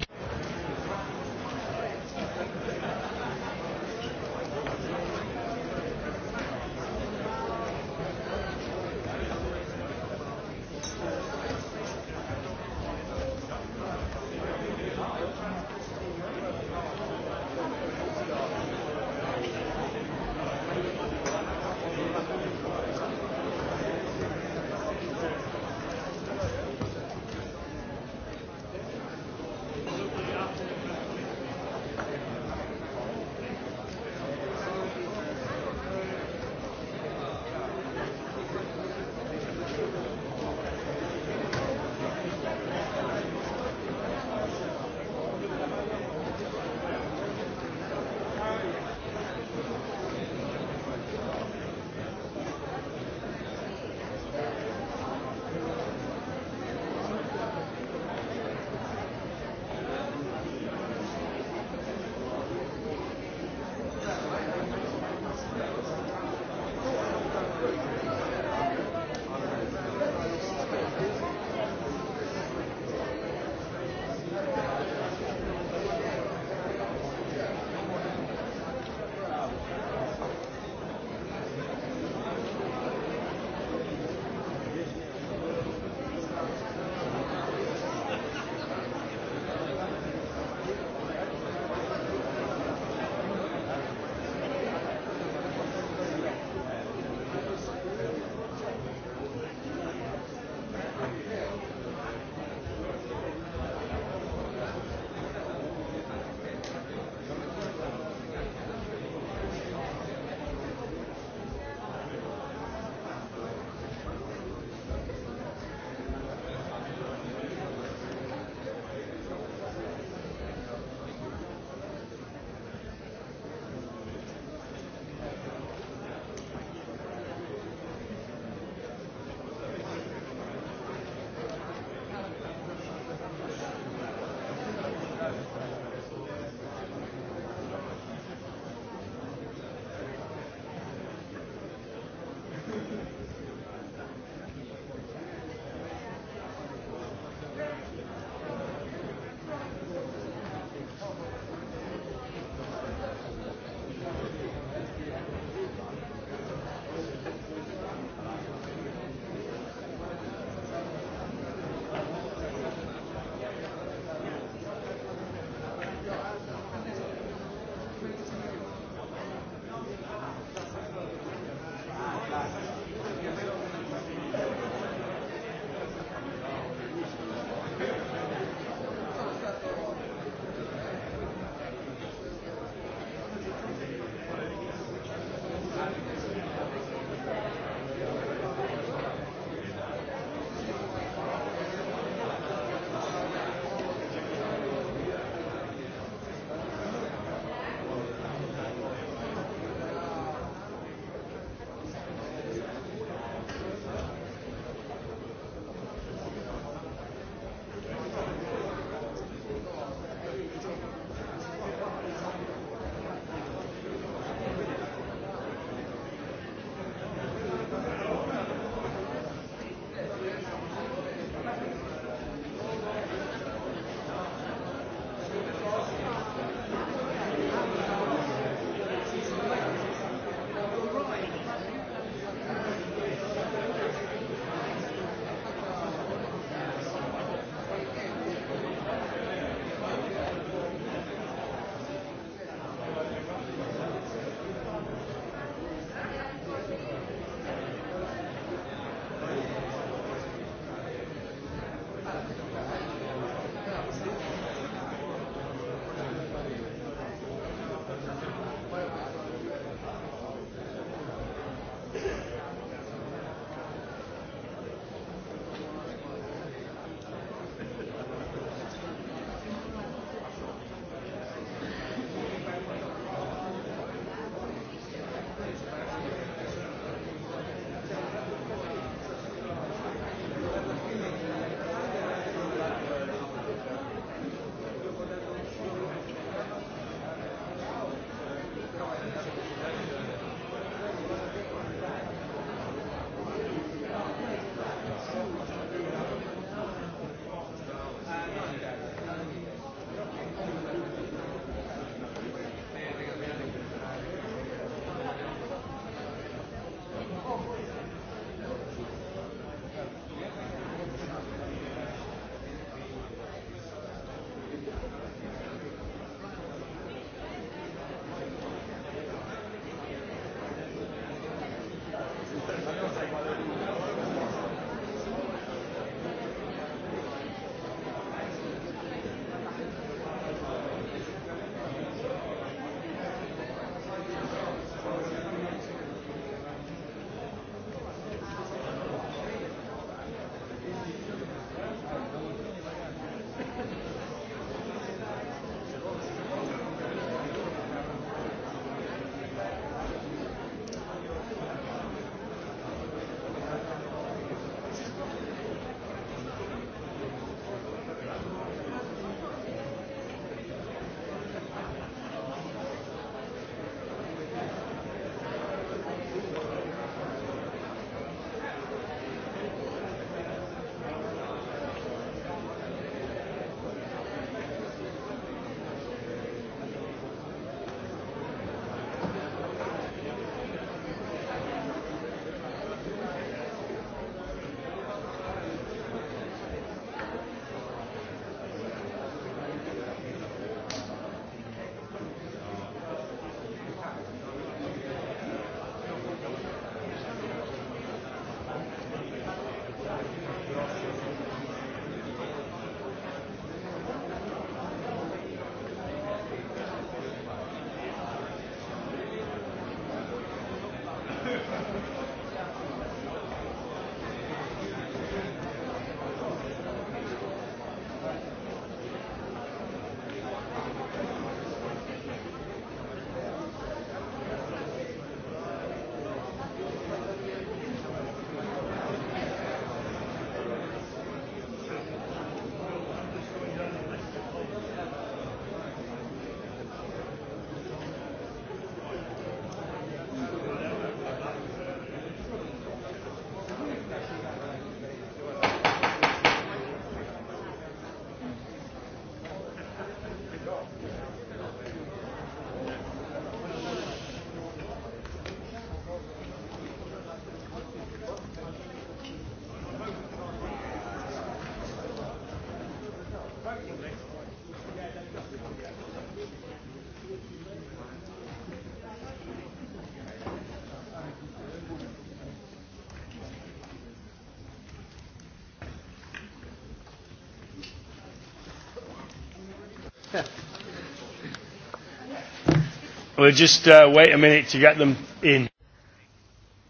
We'll just uh, wait a minute to get them in.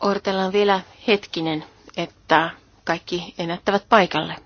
Ortellaan vielä hetkinen, että kaikki ennättävät paikalle.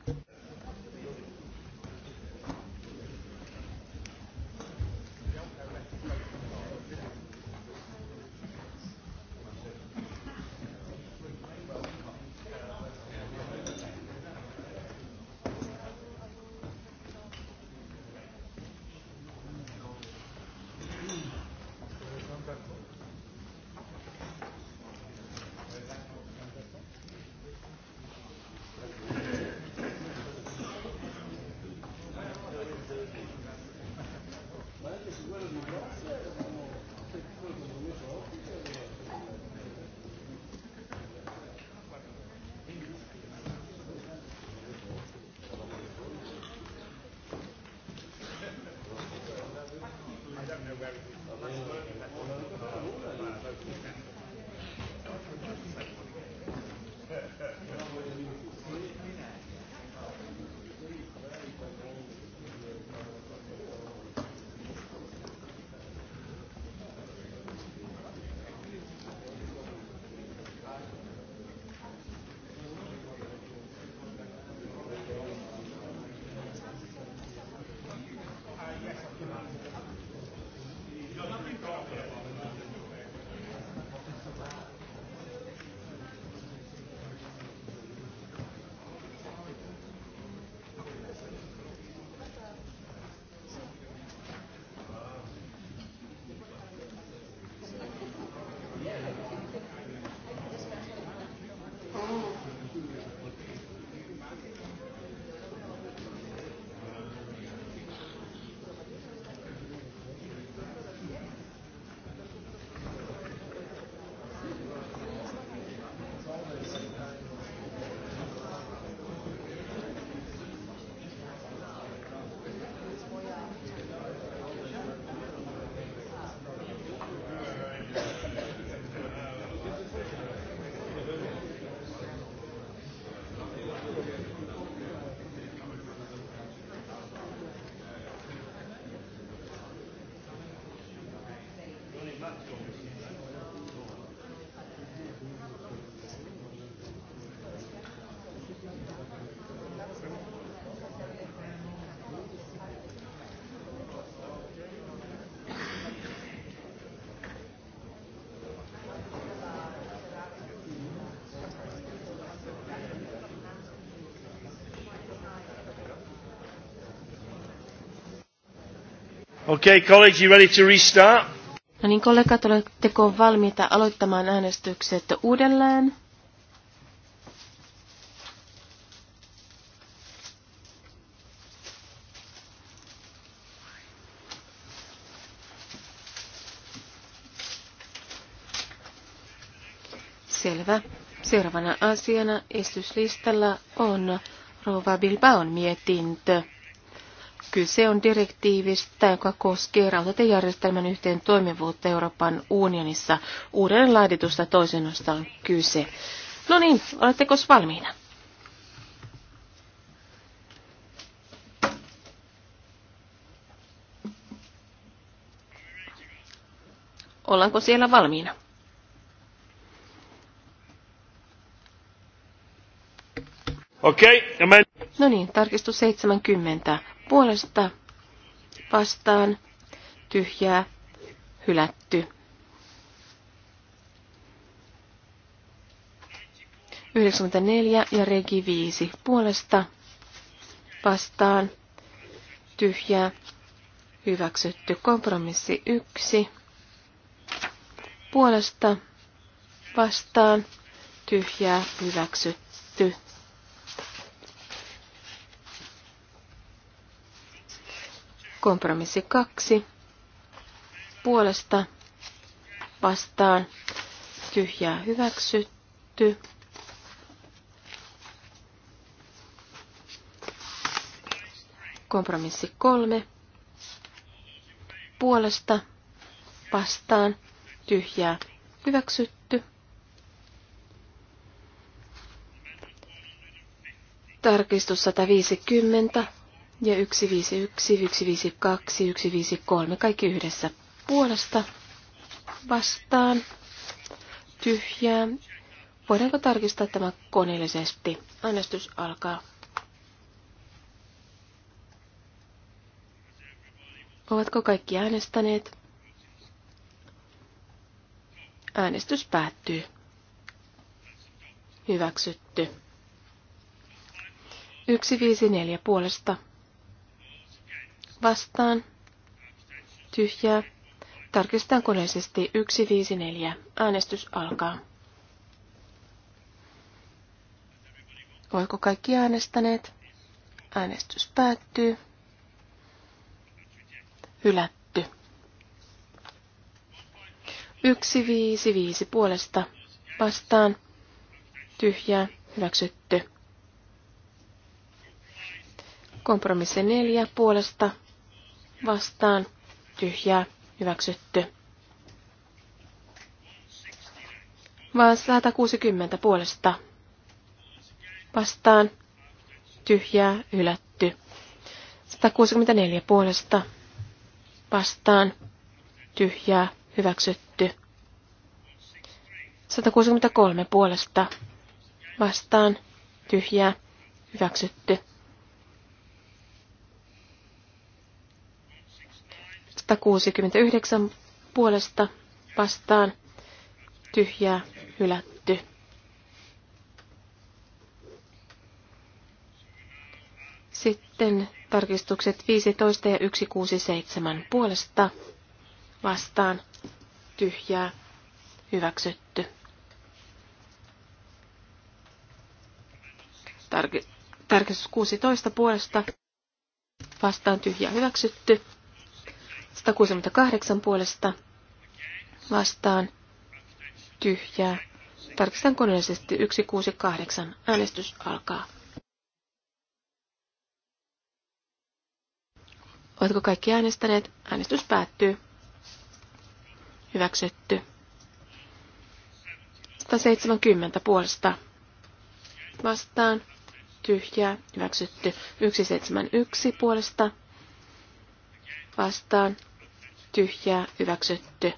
Okay, college, you ready to restart? No niin, kollegat, oletteko valmiita aloittamaan äänestykset uudelleen? Selvä. Seuraavana asiana esityslistalla on Rova Bilbaon mietintö. Kyse on direktiivistä, joka koskee rautatiejärjestelmän yhteen toimivuutta Euroopan unionissa. Uuden laaditusta toisen on kyse. No niin, oletteko valmiina? Ollaanko siellä valmiina? Okei, okay, no, no niin, tarkistus 70 puolesta vastaan tyhjää hylätty. 94 ja regi 5 puolesta vastaan tyhjää hyväksytty kompromissi 1 puolesta vastaan tyhjää hyväksytty. Kompromissi kaksi. Puolesta vastaan tyhjää hyväksytty. Kompromissi kolme. Puolesta vastaan tyhjää hyväksytty. Tarkistus 150 ja 151, 152, 153, kaikki yhdessä puolesta vastaan tyhjää. Voidaanko tarkistaa tämä koneellisesti? Äänestys alkaa. Ovatko kaikki äänestäneet? Äänestys päättyy. Hyväksytty. 154 puolesta vastaan, tyhjää. Tarkistetaan koneisesti 154. Äänestys alkaa. Oiko kaikki äänestäneet? Äänestys päättyy. Hylätty. 155 puolesta vastaan. Tyhjää. Hyväksytty. Kompromissi 4 puolesta vastaan tyhjää hyväksytty. Vaan 160 puolesta vastaan tyhjää hylätty. 164 puolesta vastaan tyhjää hyväksytty. 163 puolesta vastaan tyhjää hyväksytty. 169 puolesta vastaan tyhjää hylätty. Sitten tarkistukset 15 ja 167 puolesta vastaan tyhjää hyväksytty. tarkistus 16 puolesta vastaan tyhjää hyväksytty. 168 puolesta vastaan tyhjää. Tarkistan koneellisesti 168. Äänestys alkaa. Oletko kaikki äänestäneet? Äänestys päättyy. Hyväksytty. 170 puolesta vastaan. Tyhjää. Hyväksytty. 171 puolesta vastaan tyhjää hyväksytty.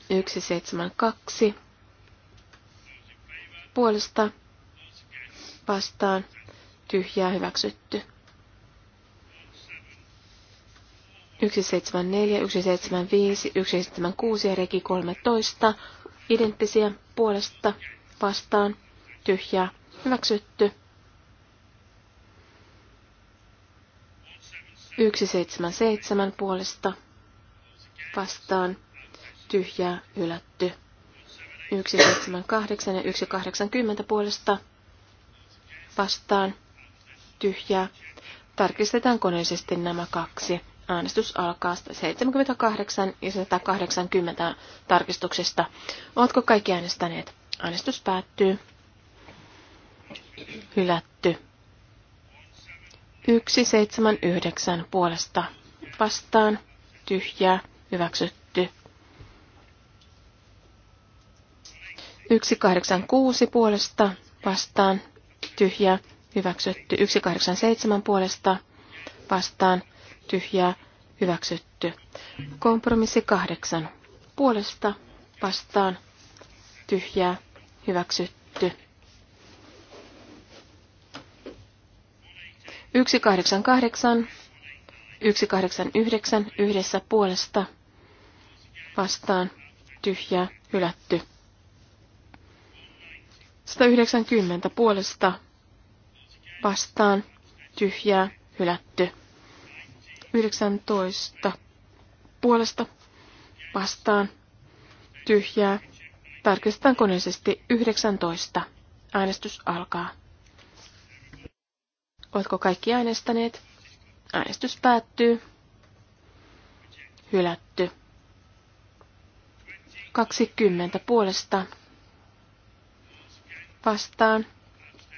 172 puolesta vastaan tyhjää hyväksytty. 174, 175, 176 ja reki 13 identtisiä puolesta vastaan tyhjää hyväksytty. 177 puolesta vastaan tyhjää ylätty. 178 ja 180 puolesta vastaan tyhjää. Tarkistetaan koneisesti nämä kaksi. Äänestys alkaa 78 ja 180 tarkistuksesta. Oletko kaikki äänestäneet? Äänestys päättyy. Hylätty. 179 puolesta vastaan tyhjää hyväksytty. 186 puolesta vastaan tyhjää hyväksytty. 187 puolesta vastaan tyhjää hyväksytty. Kompromissi 8 puolesta vastaan tyhjää hyväksytty. 188, 189 yhdessä puolesta vastaan tyhjää hylätty. 190 puolesta vastaan tyhjää hylätty. 19 puolesta vastaan tyhjää. Tarkistetaan koneellisesti 19. Äänestys alkaa. Oletko kaikki äänestäneet? Äänestys päättyy. Hylätty. 20 puolesta. Vastaan.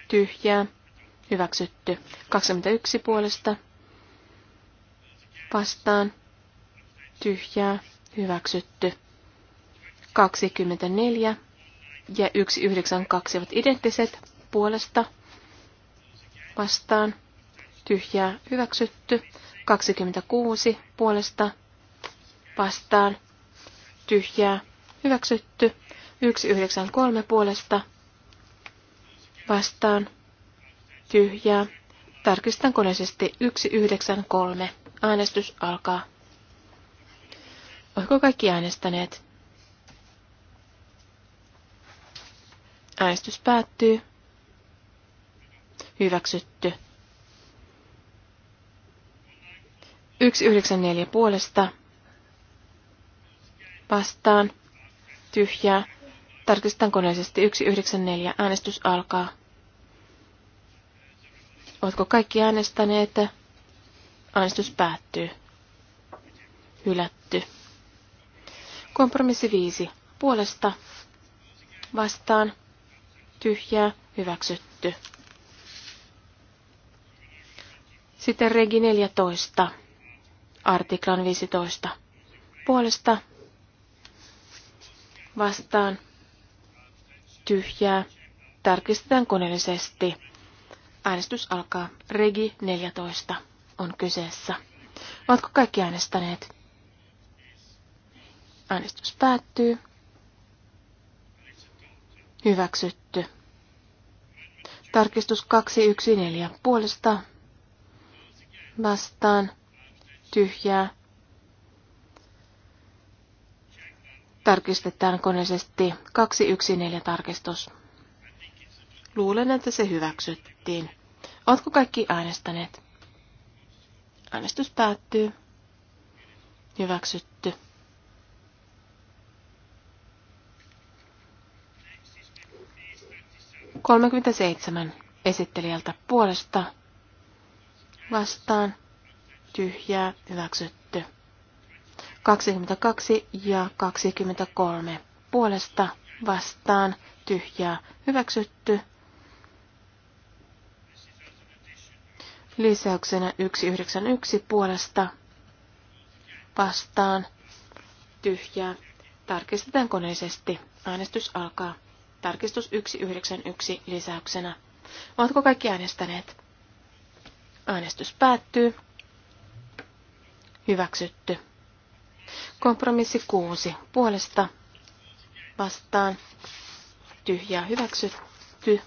Tyhjää. Hyväksytty. 21 puolesta. Vastaan. Tyhjää. Hyväksytty. 24 ja 192 ovat identtiset puolesta vastaan, tyhjää hyväksytty. 26 puolesta vastaan, tyhjää hyväksytty. 193 puolesta vastaan, tyhjää. Tarkistan koneisesti 193. Äänestys alkaa. Oliko kaikki äänestäneet? Äänestys päättyy hyväksytty. 194 puolesta vastaan tyhjää. Tarkistan koneellisesti 194. Äänestys alkaa. Oletko kaikki äänestäneet? Äänestys päättyy. Hylätty. Kompromissi 5. Puolesta vastaan tyhjää hyväksytty. Sitten regi 14, artiklan 15. Puolesta vastaan tyhjää. Tarkistetaan koneellisesti. Äänestys alkaa. Regi 14 on kyseessä. Ovatko kaikki äänestäneet? Äänestys päättyy. Hyväksytty. Tarkistus 214 puolesta vastaan tyhjää. Tarkistetaan koneisesti 214 tarkistus. Luulen, että se hyväksyttiin. Oletko kaikki äänestäneet? Äänestys päättyy. Hyväksytty. kolmekymmentä seitsemän esittelijältä puolesta vastaan tyhjää hyväksytty. 22 ja 23 puolesta vastaan tyhjää hyväksytty. Lisäyksenä 191 puolesta vastaan tyhjää. Tarkistetaan koneisesti. Äänestys alkaa. Tarkistus 191 lisäyksenä. Ovatko kaikki äänestäneet? Äänestys päättyy. Hyväksytty. Kompromissi 6. Puolesta vastaan. Tyhjää hyväksytty.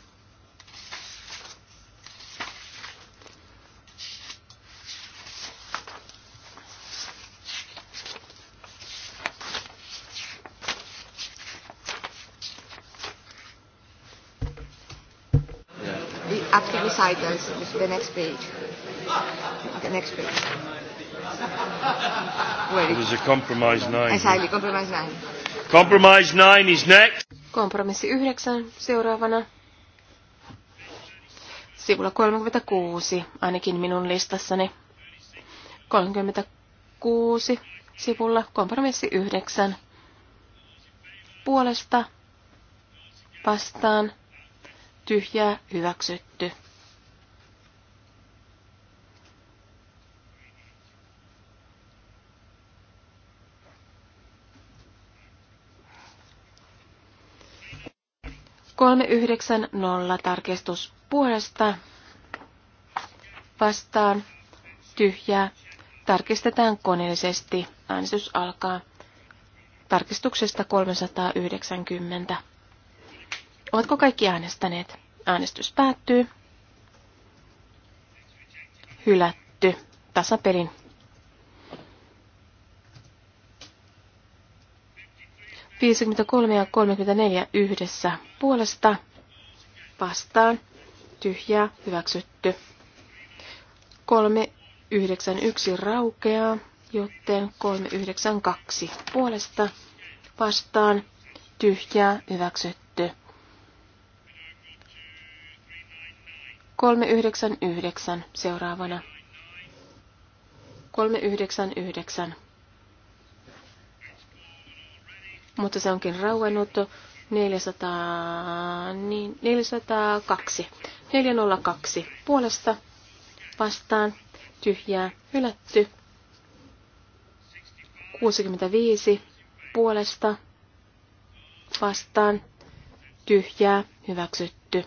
after recitals, the next page. The next page. Where it is a compromise nine. Exactly, compromise nine. Compromise nine is next. Kompromissi yhdeksän seuraavana. Sivulla 36, ainakin minun listassani. 36 sivulla kompromissi 9. Puolesta vastaan tyhjää hyväksytty. Kolme yhdeksän nolla tarkistus puolesta vastaan tyhjää. Tarkistetaan koneellisesti. Äänestys alkaa tarkistuksesta 390. Ovatko kaikki äänestäneet? Äänestys päättyy. Hylätty. Tasapelin. kolme ja 34 yhdessä puolesta vastaan tyhjää hyväksytty. Kolme yhdeksän yksi raukeaa, joten kolme yhdeksän kaksi puolesta vastaan tyhjää hyväksytty. 399 seuraavana. 399. Mutta se onkin rauennut 400, niin 402. 402 puolesta vastaan tyhjää hylätty. 65 puolesta vastaan tyhjää hyväksytty.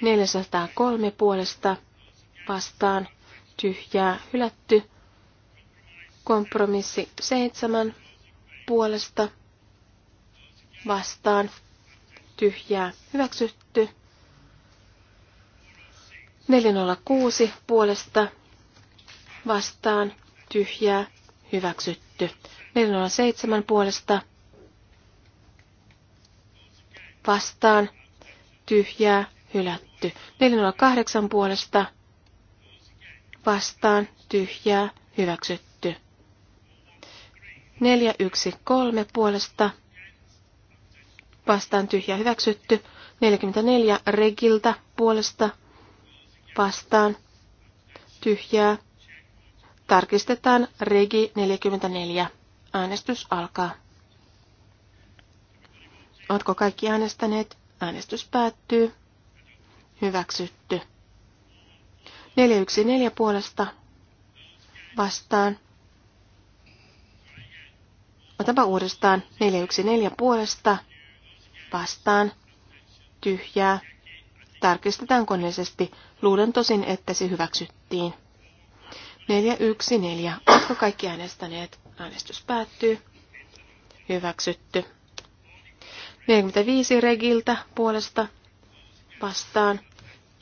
403 puolesta vastaan tyhjää hylätty. Kompromissi 7 puolesta vastaan tyhjää hyväksytty. 406 puolesta vastaan tyhjää hyväksytty. 407 puolesta vastaan tyhjää hylätty. 408 puolesta vastaan tyhjää hyväksytty. 413 puolesta vastaan tyhjää hyväksytty. 44 Regiltä puolesta vastaan tyhjää. Tarkistetaan Regi 44. Äänestys alkaa. Oletko kaikki äänestäneet? Äänestys päättyy hyväksytty. 414 puolesta vastaan. Otapa uudestaan 414 puolesta vastaan tyhjää. Tarkistetaan koneellisesti. Luulen tosin, että se hyväksyttiin. 414. Oletko kaikki äänestäneet? Äänestys päättyy. Hyväksytty. 45 Regiltä puolesta vastaan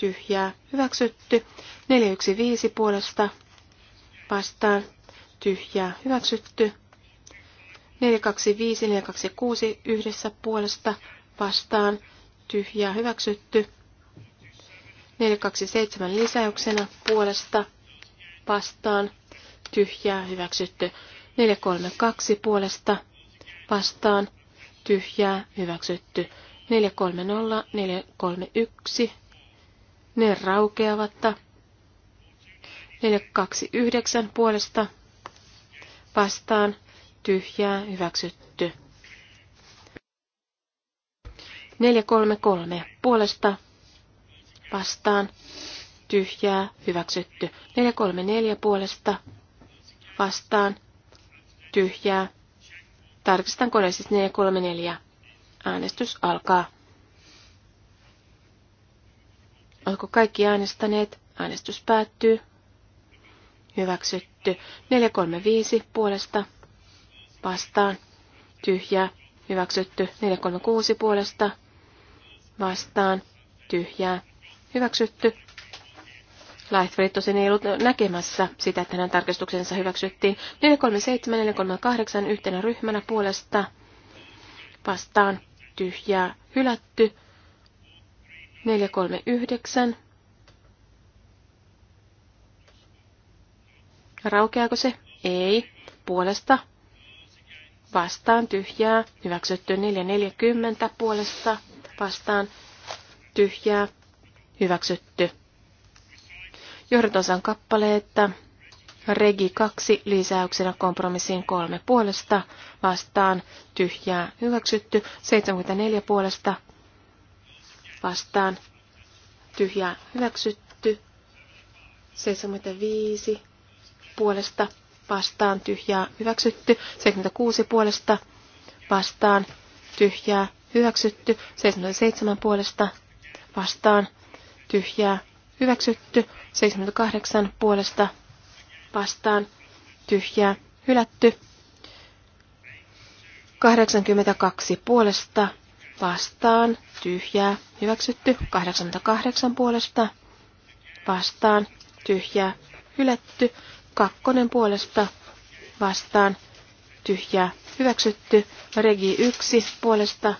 tyhjää, hyväksytty. 415 puolesta vastaan, tyhjää, hyväksytty. 425, 426 yhdessä puolesta vastaan, tyhjää, hyväksytty. 427 lisäyksenä puolesta vastaan, tyhjää, hyväksytty. 432 puolesta vastaan, tyhjää, hyväksytty. 430, 431 ne raukeavatta. 429 puolesta vastaan tyhjää hyväksytty. 433 puolesta vastaan tyhjää hyväksytty. 434 puolesta vastaan tyhjää. Tarkistan kone siis 434. Äänestys alkaa. Oletko kaikki äänestäneet? Äänestys päättyy. Hyväksytty. 435 puolesta vastaan. Tyhjää. Hyväksytty. 436 puolesta vastaan. Tyhjää. Hyväksytty. Lightfield tosin ei ollut näkemässä sitä, että hänen tarkistuksensa hyväksyttiin 437 438 yhtenä ryhmänä puolesta vastaan tyhjää hylätty 439. Raukeako se? Ei. Puolesta. Vastaan tyhjää. Hyväksytty 440 puolesta. Vastaan tyhjää. Hyväksytty. Johdatonsan kappaleetta. Regi 2 lisäyksenä kompromissiin 3 puolesta. Vastaan tyhjää. Hyväksytty. 74 puolesta vastaan tyhjää hyväksytty. 75 puolesta vastaan tyhjää hyväksytty. 76 puolesta vastaan tyhjää hyväksytty. 77 puolesta vastaan tyhjää hyväksytty. 78 puolesta vastaan tyhjää hylätty. 82 puolesta vastaan, tyhjää, hyväksytty. 88 puolesta vastaan, tyhjää, hylätty. Kakkonen puolesta vastaan, tyhjää, hyväksytty. Regi 1 puolesta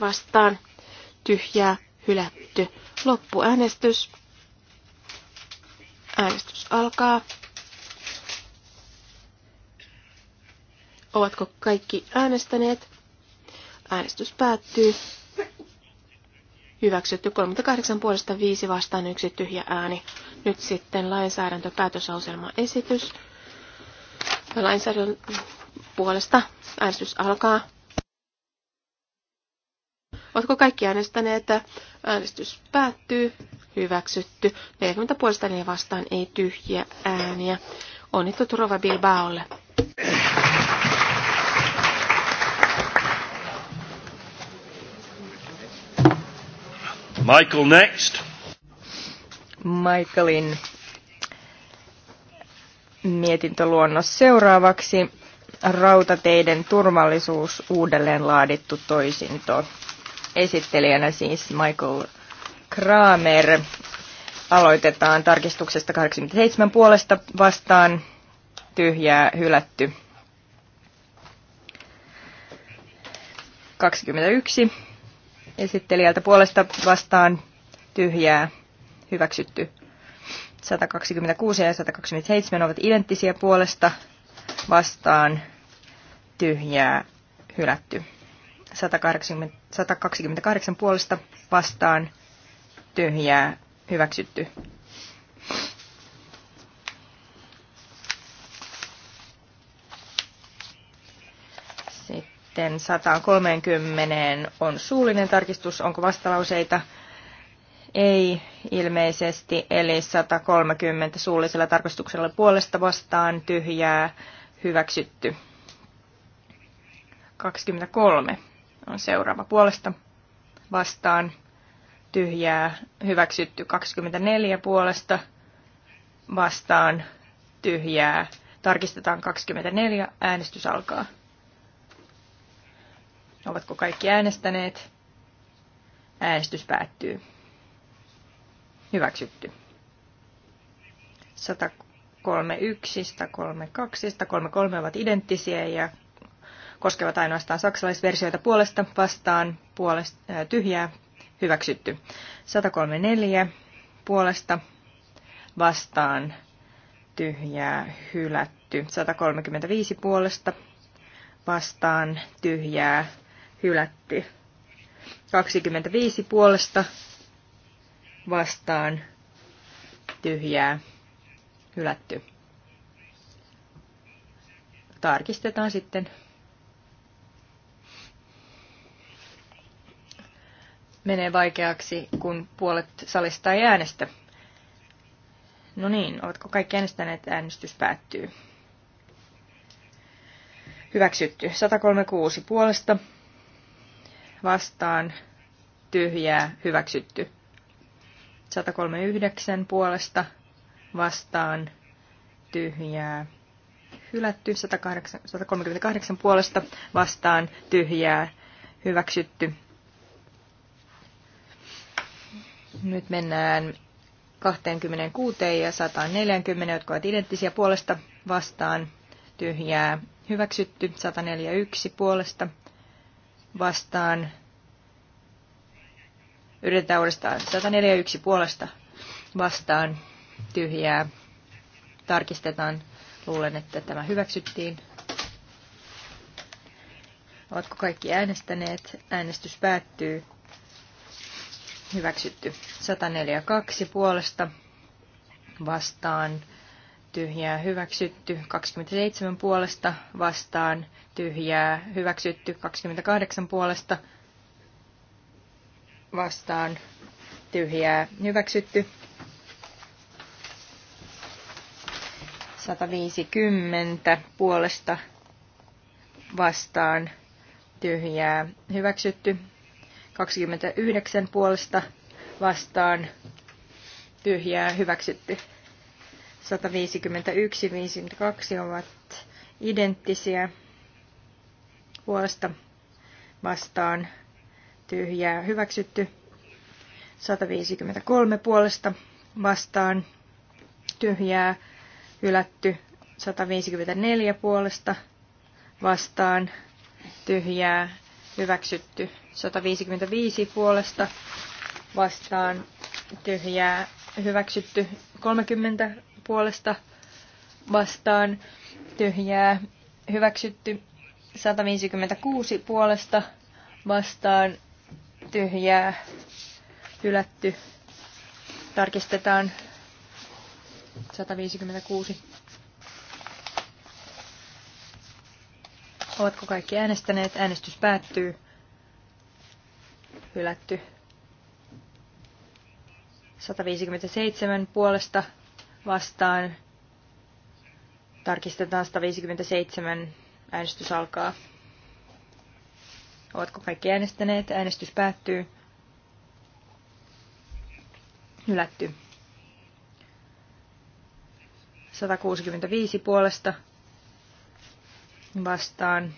vastaan, tyhjää, hylätty. Loppuäänestys. Äänestys alkaa. Ovatko kaikki äänestäneet? Äänestys päättyy. Hyväksytty 38 puolesta 5 vastaan yksi tyhjä ääni. Nyt sitten päätösauselma esitys. Lainsäädännön puolesta äänestys alkaa. Oletko kaikki äänestäneet? Äänestys päättyy. Hyväksytty. 40 puolesta 4 vastaan ei tyhjiä ääniä. Onnittelut Rova Bilbaolle. Michael next. Michaelin mietintöluonnos seuraavaksi. Rautateiden turvallisuus uudelleen laadittu toisinto. Esittelijänä siis Michael Kramer. Aloitetaan tarkistuksesta 87 puolesta vastaan. Tyhjää hylätty. 21 esittelijältä puolesta vastaan tyhjää hyväksytty. 126 ja 127 ovat identtisiä puolesta vastaan tyhjää hylätty. 128 puolesta vastaan tyhjää hyväksytty. Sitten 130 on suullinen tarkistus. Onko vastalauseita? Ei ilmeisesti, eli 130 suullisella tarkistuksella puolesta vastaan tyhjää hyväksytty. 23 on seuraava puolesta vastaan tyhjää hyväksytty. 24 puolesta vastaan tyhjää. Tarkistetaan 24, äänestys alkaa. Ovatko kaikki äänestäneet? Äänestys päättyy. Hyväksytty. 131, 132, 133 ovat identtisiä ja koskevat ainoastaan saksalaisversioita puolesta vastaan, puolesta, äh, tyhjää, hyväksytty. 134 puolesta vastaan, tyhjää, hylätty. 135 puolesta vastaan, tyhjää, hylätty. 25 puolesta vastaan tyhjää hylätty. Tarkistetaan sitten. Menee vaikeaksi, kun puolet salista ei äänestä. No niin, ovatko kaikki äänestäneet? Äänestys päättyy. Hyväksytty. 136 puolesta vastaan tyhjää hyväksytty. 139 puolesta vastaan tyhjää hylätty. 138 puolesta vastaan tyhjää hyväksytty. Nyt mennään 26 ja 140, jotka ovat identtisiä puolesta vastaan tyhjää hyväksytty. 141 puolesta vastaan. Yritetään uudestaan 141 puolesta vastaan tyhjää. Tarkistetaan. Luulen, että tämä hyväksyttiin. ovatko kaikki äänestäneet? Äänestys päättyy. Hyväksytty. 142 puolesta vastaan tyhjää hyväksytty, 27 puolesta vastaan tyhjää hyväksytty, 28 puolesta vastaan tyhjää hyväksytty. 150 puolesta vastaan tyhjää hyväksytty. 29 puolesta vastaan tyhjää hyväksytty. 151 52 ovat identtisiä puolesta vastaan tyhjää hyväksytty. 153 puolesta vastaan tyhjää hylätty. 154 puolesta vastaan tyhjää hyväksytty. 155 puolesta vastaan tyhjää hyväksytty. 30 puolesta vastaan tyhjää hyväksytty. 156 puolesta vastaan tyhjää hylätty. Tarkistetaan 156. Ovatko kaikki äänestäneet? Äänestys päättyy. Hylätty. 157 puolesta vastaan. Tarkistetaan 157. Äänestys alkaa. Ovatko kaikki äänestäneet? Äänestys päättyy. Hylätty. 165 puolesta vastaan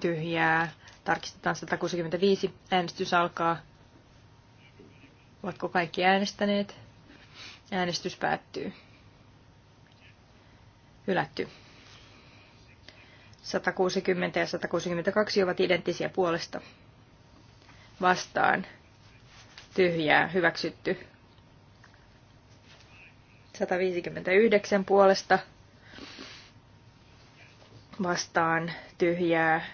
tyhjää. Tarkistetaan 165. Äänestys alkaa. Ovatko kaikki äänestäneet? Äänestys päättyy. Hylätty. 160 ja 162 ovat identtisiä puolesta. Vastaan. Tyhjää. Hyväksytty. 159 puolesta. Vastaan. Tyhjää.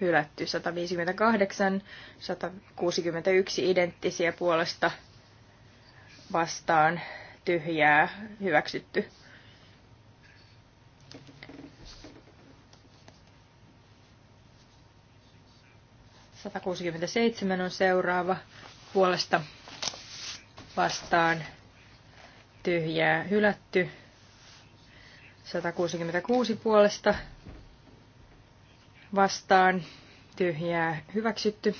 Hylätty. 158. 161 identtisiä puolesta. Vastaan tyhjää hyväksytty. Satakuusikymmentäseitsemän on seuraava puolesta vastaan tyhjää hylätty. 166 puolesta vastaan tyhjää hyväksytty.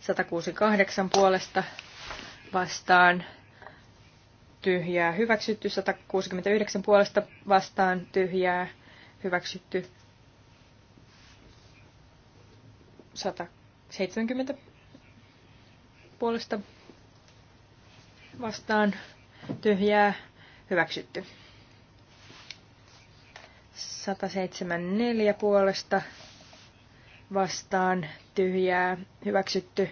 168 puolesta vastaan tyhjää hyväksytty, 169 puolesta vastaan tyhjää hyväksytty, 170 puolesta vastaan tyhjää hyväksytty. 174 puolesta vastaan tyhjää hyväksytty.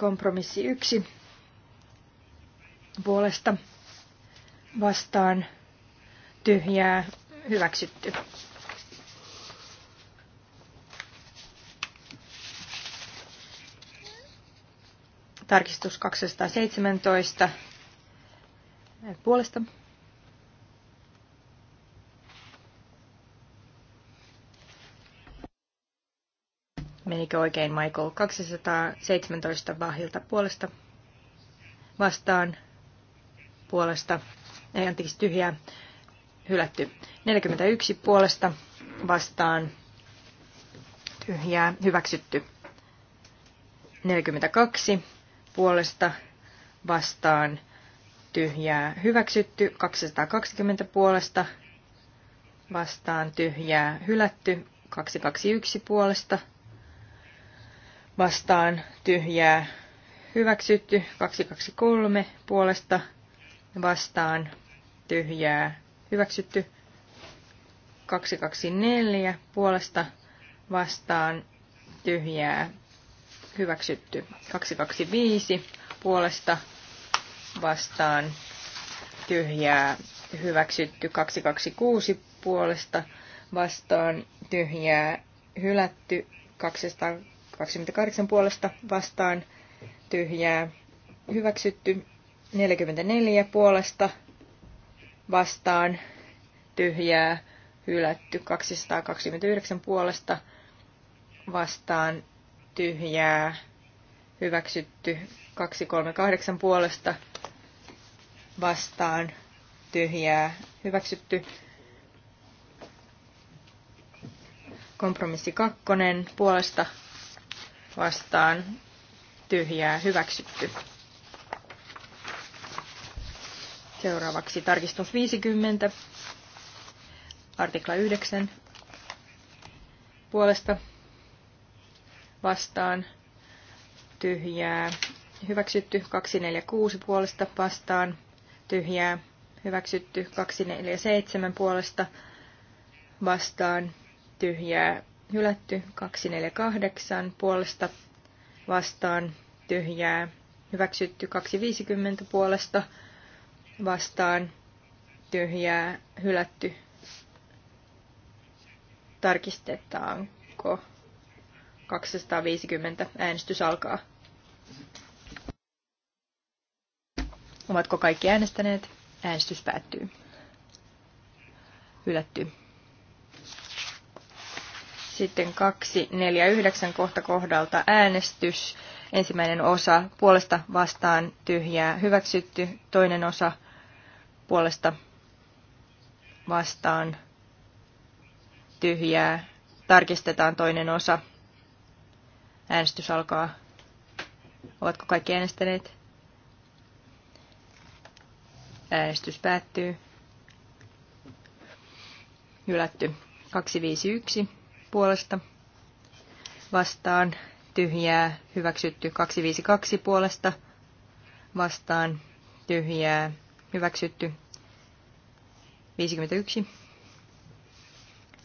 Kompromissi yksi puolesta vastaan tyhjää hyväksytty. Tarkistus 217 puolesta Menikö oikein, Michael? 217 Bahilta puolesta vastaan puolesta, ei anteeksi tyhjää, hylätty. 41 puolesta vastaan tyhjää, hyväksytty. 42 puolesta vastaan tyhjää, hyväksytty. 220 puolesta vastaan tyhjää, hylätty. 221 puolesta vastaan tyhjää hyväksytty. 223 puolesta vastaan tyhjää hyväksytty. 224 puolesta vastaan tyhjää hyväksytty. 225 puolesta vastaan tyhjää hyväksytty. 226 puolesta vastaan tyhjää hylätty. 200 28 puolesta vastaan tyhjää hyväksytty. 44 puolesta vastaan tyhjää hylätty. 229 puolesta vastaan tyhjää hyväksytty. 238 puolesta vastaan tyhjää hyväksytty. Kompromissi kakkonen puolesta vastaan tyhjää hyväksytty. Seuraavaksi tarkistus 50, artikla 9, puolesta vastaan tyhjää hyväksytty, 246 puolesta vastaan tyhjää hyväksytty, 247 puolesta vastaan tyhjää hylätty 248 puolesta vastaan tyhjää, hyväksytty 250 puolesta vastaan tyhjää, hylätty. Tarkistetaanko 250 äänestys alkaa. Ovatko kaikki äänestäneet? Äänestys päättyy. Hylätty. Sitten 249 kohta kohdalta äänestys. Ensimmäinen osa puolesta vastaan tyhjää hyväksytty. Toinen osa puolesta vastaan tyhjää. Tarkistetaan toinen osa. Äänestys alkaa. Ovatko kaikki äänestäneet? Äänestys päättyy. Hylätty. 251 puolesta vastaan tyhjää hyväksytty 252 puolesta vastaan tyhjää hyväksytty 51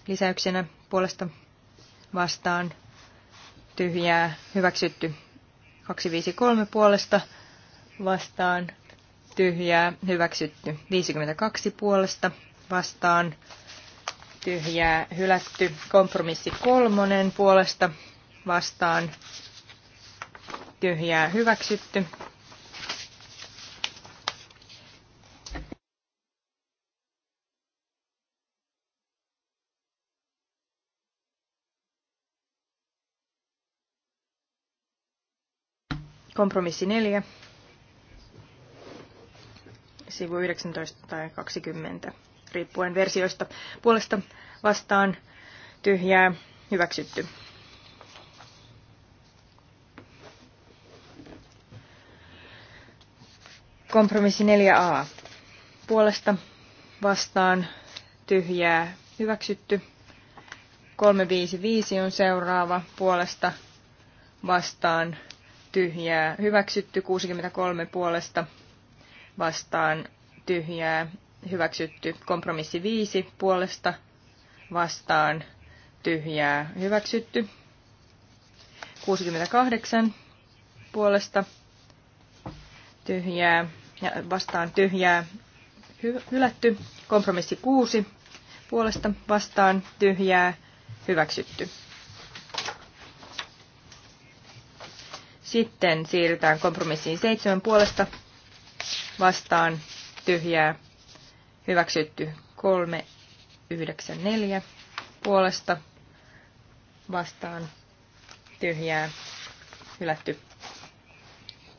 lisäyksenä puolesta vastaan tyhjää hyväksytty 253 puolesta vastaan tyhjää hyväksytty 52 puolesta vastaan tyhjää hylätty. Kompromissi kolmonen puolesta vastaan tyhjää hyväksytty. Kompromissi neljä sivu 19 tai 20 riippuen versioista puolesta vastaan tyhjää hyväksytty. Kompromissi 4a. Puolesta vastaan tyhjää hyväksytty. 355 on seuraava. Puolesta vastaan tyhjää hyväksytty. 63 puolesta vastaan tyhjää hyväksytty. Kompromissi 5 puolesta vastaan tyhjää hyväksytty. 68 puolesta tyhjää ja vastaan tyhjää hylätty. Kompromissi 6 puolesta vastaan tyhjää hyväksytty. Sitten siirrytään kompromissiin 7 puolesta vastaan tyhjää Hyväksytty 394 puolesta vastaan tyhjää hylätty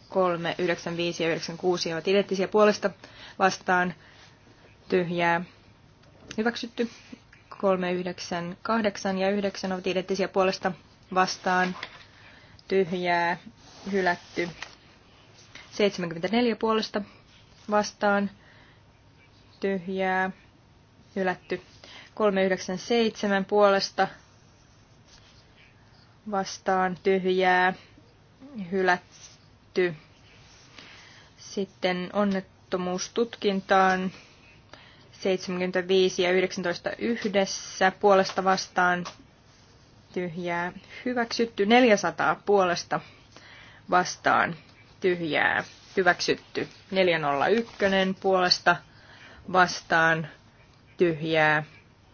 395 ja 96 ovat identtisiä puolesta vastaan tyhjää hyväksytty 398 ja 9 ovat identtisiä puolesta vastaan tyhjää hylätty 74 puolesta vastaan tyhjää, hylätty. 397 puolesta vastaan tyhjää, hylätty. Sitten onnettomuustutkintaan 75 ja 19 yhdessä puolesta vastaan tyhjää, hyväksytty. 400 puolesta vastaan tyhjää, hyväksytty. 401 puolesta vastaan vastaan tyhjää.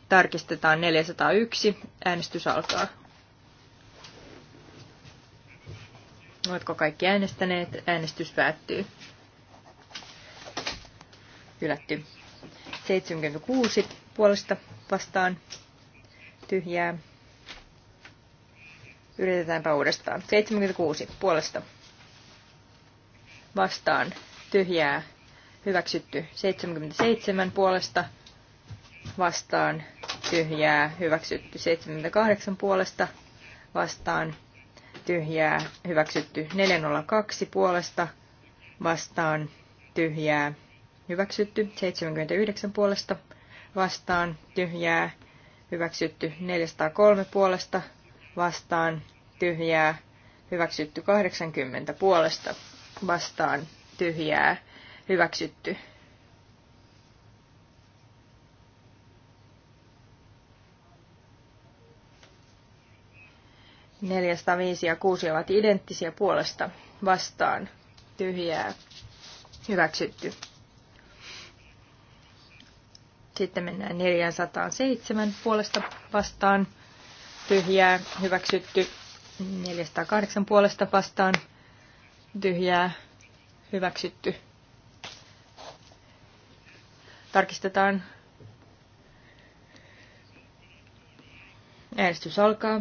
Tarkistetaan 401. Äänestys alkaa. Oletko kaikki äänestäneet? Äänestys päättyy. Ylätty. 76 puolesta vastaan tyhjää. Yritetäänpä uudestaan. 76 puolesta vastaan tyhjää hyväksytty 77 puolesta vastaan tyhjää hyväksytty 78 puolesta vastaan tyhjää hyväksytty 402 puolesta vastaan tyhjää hyväksytty 79 puolesta vastaan tyhjää hyväksytty 403 puolesta vastaan tyhjää hyväksytty 80 puolesta vastaan tyhjää hyväksytty. Neljästä viisi ja kuusi ovat identtisiä puolesta vastaan tyhjää hyväksytty. Sitten mennään 407 puolesta vastaan tyhjää hyväksytty. 408 puolesta vastaan tyhjää hyväksytty. Tarkistetaan. Äänestys alkaa.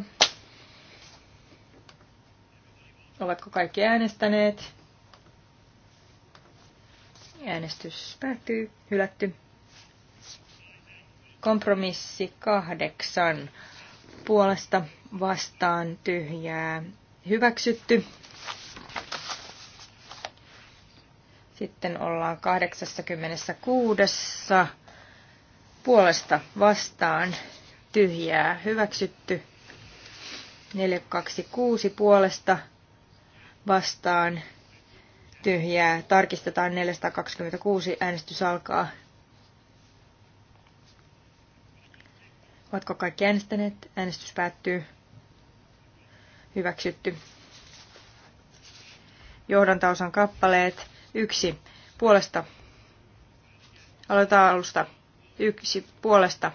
Ovatko kaikki äänestäneet? Äänestys päättyy. Hylätty. Kompromissi kahdeksan. Puolesta vastaan tyhjää. Hyväksytty. Sitten ollaan 86 puolesta vastaan tyhjää hyväksytty. 426 puolesta vastaan tyhjää. Tarkistetaan 426. Äänestys alkaa. Ovatko kaikki äänestäneet? Äänestys päättyy. Hyväksytty. Johdantaosan kappaleet. Yksi puolesta. Aloitetaan alusta. Yksi puolesta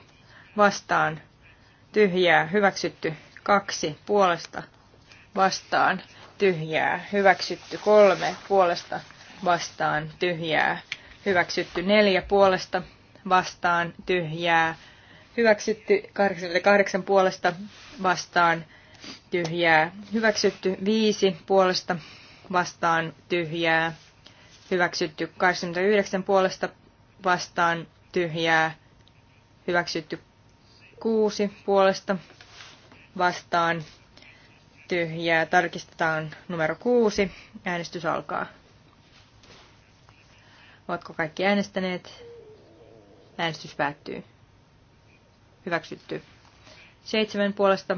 vastaan. Tyhjää. Hyväksytty. Kaksi puolesta vastaan. Tyhjää. Hyväksytty. Kolme puolesta vastaan. Tyhjää. Hyväksytty. Neljä puolesta vastaan. Tyhjää. Hyväksytty 88 puolesta vastaan tyhjää. Hyväksytty viisi puolesta vastaan tyhjää hyväksytty 89 puolesta vastaan tyhjää, hyväksytty 6 puolesta vastaan tyhjää. Tarkistetaan numero 6. Äänestys alkaa. Ovatko kaikki äänestäneet? Äänestys päättyy. Hyväksytty. Seitsemän puolesta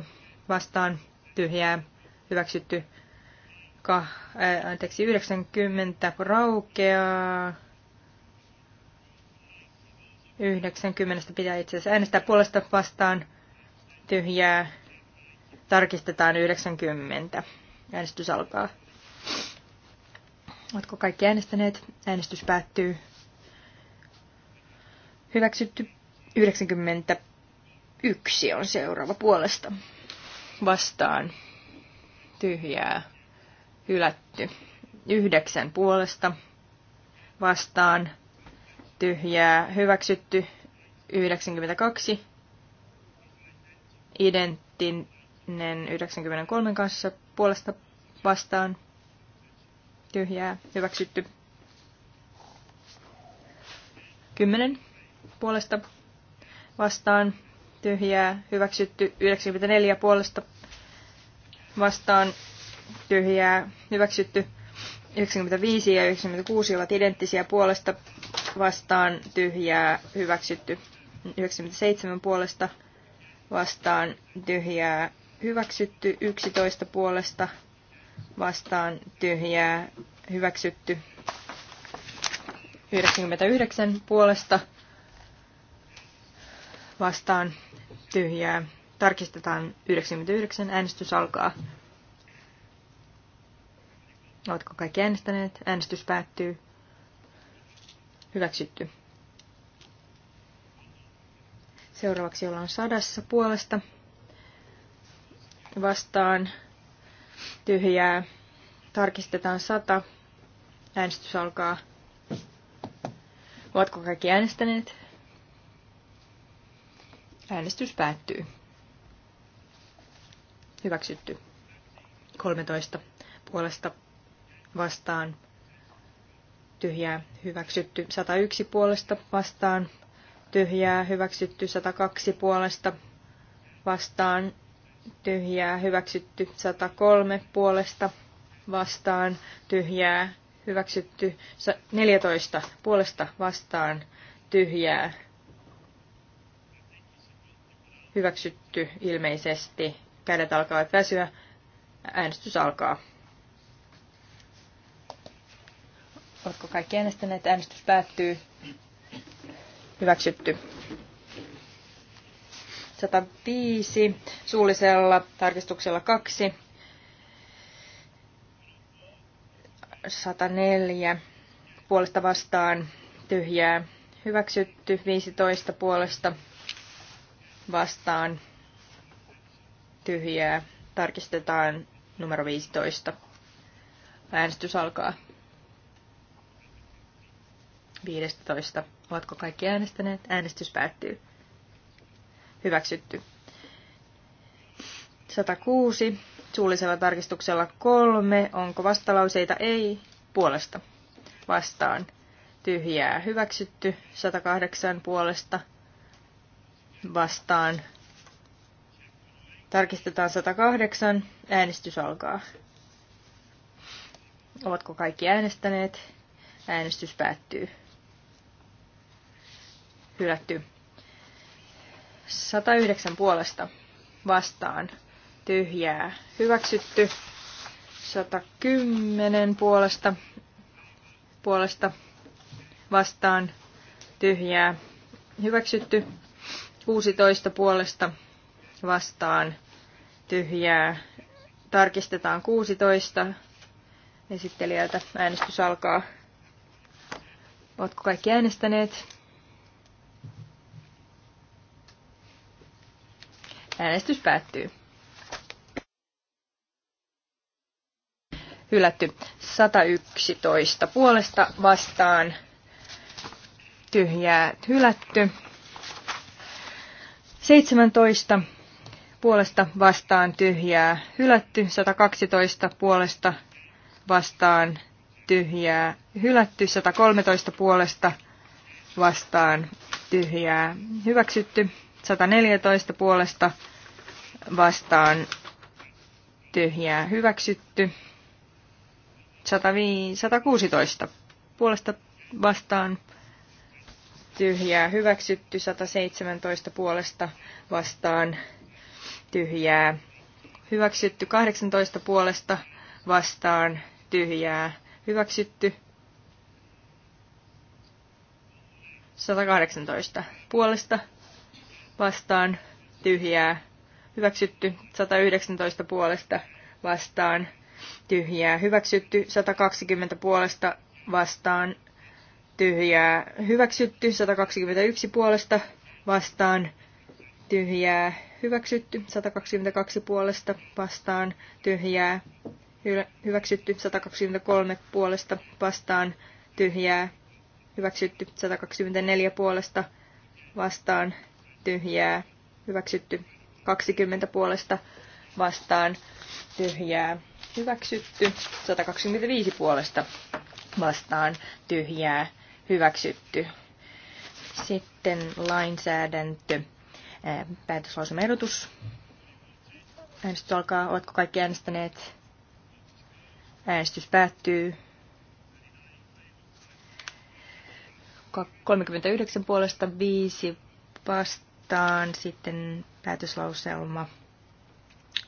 vastaan tyhjää. Hyväksytty kuinka, ää, anteeksi, 90 raukeaa. 90 pitää itse asiassa äänestää puolesta vastaan tyhjää. Tarkistetaan 90. Äänestys alkaa. Oletko kaikki äänestäneet? Äänestys päättyy. Hyväksytty 91 on seuraava puolesta. Vastaan. Tyhjää hylätty. Yhdeksän puolesta vastaan tyhjää hyväksytty 92. Identtinen 93 kanssa puolesta vastaan tyhjää hyväksytty 10 puolesta vastaan tyhjää hyväksytty 94 puolesta vastaan tyhjää hyväksytty. 95 ja 96 ovat identtisiä puolesta vastaan tyhjää hyväksytty. 97 puolesta vastaan tyhjää hyväksytty. 11 puolesta vastaan tyhjää hyväksytty. 99 puolesta vastaan tyhjää. Tarkistetaan 99. Äänestys alkaa. Oletko kaikki äänestäneet? Äänestys päättyy. Hyväksytty. Seuraavaksi ollaan sadassa puolesta. Vastaan tyhjää. Tarkistetaan sata. Äänestys alkaa. Ovatko kaikki äänestäneet? Äänestys päättyy. Hyväksytty. 13 puolesta vastaan tyhjää hyväksytty 101 puolesta vastaan tyhjää hyväksytty 102 puolesta vastaan tyhjää hyväksytty 103 puolesta vastaan tyhjää hyväksytty 14 puolesta vastaan tyhjää hyväksytty ilmeisesti. Kädet alkavat väsyä. Äänestys alkaa. Oletko kaikki äänestäneet? Äänestys päättyy. Hyväksytty. 105, suullisella tarkistuksella 2, 104, puolesta vastaan, tyhjää, hyväksytty, 15 puolesta vastaan, tyhjää, tarkistetaan numero 15. Äänestys alkaa. 15. Ovatko kaikki äänestäneet? Äänestys päättyy. Hyväksytty. 106. Suullisella tarkistuksella 3. Onko vastalauseita? Ei. Puolesta. Vastaan. Tyhjää. Hyväksytty. 108 puolesta. Vastaan. Tarkistetaan 108. Äänestys alkaa. Ovatko kaikki äänestäneet? Äänestys päättyy hylätty. 109 puolesta vastaan tyhjää hyväksytty. 110 puolesta, puolesta vastaan tyhjää hyväksytty. 16 puolesta vastaan tyhjää. Tarkistetaan 16 esittelijältä. Äänestys alkaa. Oletko kaikki äänestäneet? Äänestys päättyy. Hylätty 111 puolesta vastaan. Tyhjää hylätty. 17 puolesta vastaan tyhjää hylätty, 112 puolesta vastaan tyhjää hylätty, 113 puolesta vastaan tyhjää hyväksytty, 114 puolesta vastaan tyhjää hyväksytty. 116 puolesta vastaan tyhjää hyväksytty. 117 puolesta vastaan tyhjää hyväksytty. 18 puolesta vastaan tyhjää hyväksytty. 118 puolesta vastaan tyhjää. Hyväksytty 119 puolesta vastaan tyhjää. Hyväksytty 120 puolesta vastaan tyhjää. Hyväksytty 121 puolesta vastaan tyhjää. Hyväksytty 122 puolesta vastaan tyhjää. Hyväksytty 123 puolesta vastaan tyhjää. Hyväksytty 124 puolesta vastaan tyhjää, hyväksytty. 20 puolesta vastaan, tyhjää, hyväksytty. 125 puolesta vastaan, tyhjää, hyväksytty. Sitten lainsäädäntö, päätöslausumaehdotus. Äänestys alkaa. Oletko kaikki äänestäneet? Äänestys päättyy. 39 puolesta 5 vasta kohtaan. Sitten päätöslauselma,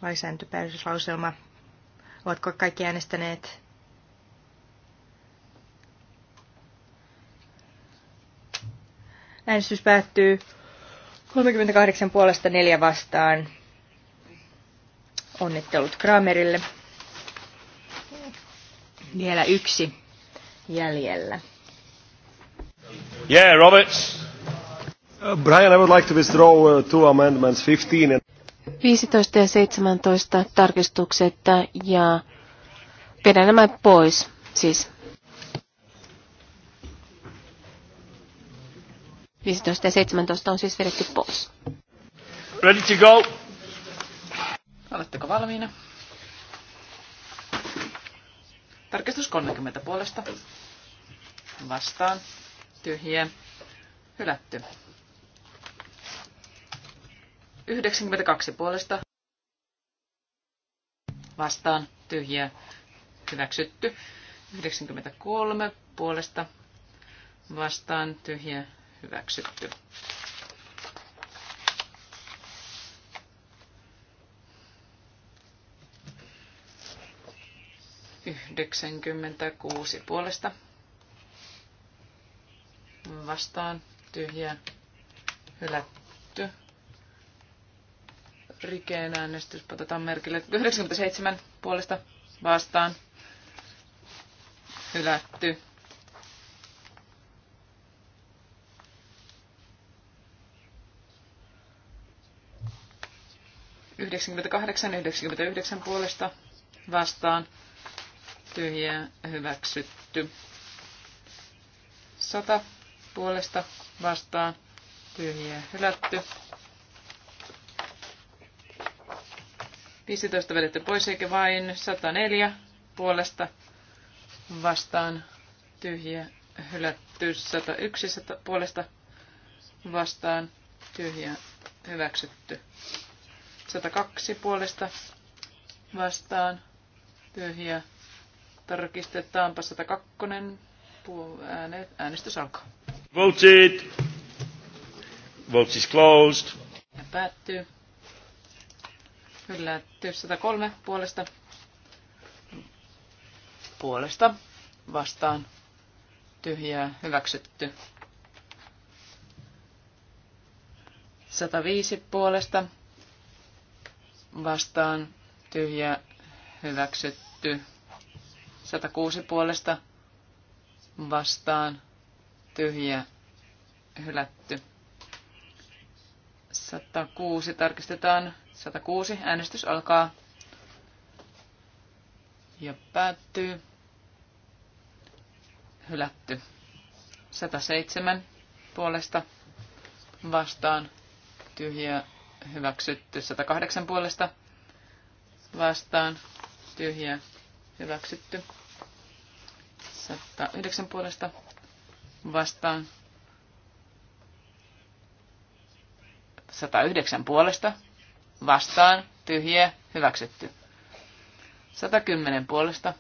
lainsäädäntöpäätöslauselma. Ovatko kaikki äänestäneet? Äänestys päättyy 38 puolesta 4 vastaan. Onnittelut Kramerille. Vielä yksi jäljellä. Yeah, Roberts. Uh, Brian, I would like to withdraw uh, two amendments 15 and... 15 ja 17 tarkistukset uh, ja vedän nämä pois siis. 15 ja 17 on siis vedetty pois. Ready to go. Oletteko valmiina? Tarkistus 30 puolesta. Vastaan. Tyhjä. Hylätty. 92 puolesta vastaan tyhjiä hyväksytty. 93 puolesta vastaan tyhjiä hyväksytty. Yhdeksänkymmentäkuusi puolesta vastaan tyhjä hylätty rikeen äänestys otetaan merkille. 97 puolesta vastaan. Hylätty. Yhdeksänkymmentäkahdeksan, yhdeksänkymmentäyhdeksän puolesta vastaan. Tyhjää hyväksytty. Sata puolesta vastaan. Tyhjää hylätty. 15 vedetty pois, eikä vain 104 puolesta vastaan tyhjä hylätty 101 puolesta vastaan tyhjä hyväksytty 102 puolesta vastaan tyhjä tarkistetaanpa 102 äänestys alkaa voted vote is closed ja päättyy Hylätty 103 puolesta. Puolesta vastaan tyhjää hyväksytty. 105 puolesta vastaan tyhjä hyväksytty. 106 puolesta vastaan tyhjä hylätty. 106 tarkistetaan 106. Äänestys alkaa ja päättyy. Hylätty. 107 puolesta vastaan. Tyhjä hyväksytty. 108 puolesta vastaan. Tyhjä hyväksytty. 109 puolesta vastaan. 109 puolesta vastaan, tyhjä, hyväksytty. 110 puolesta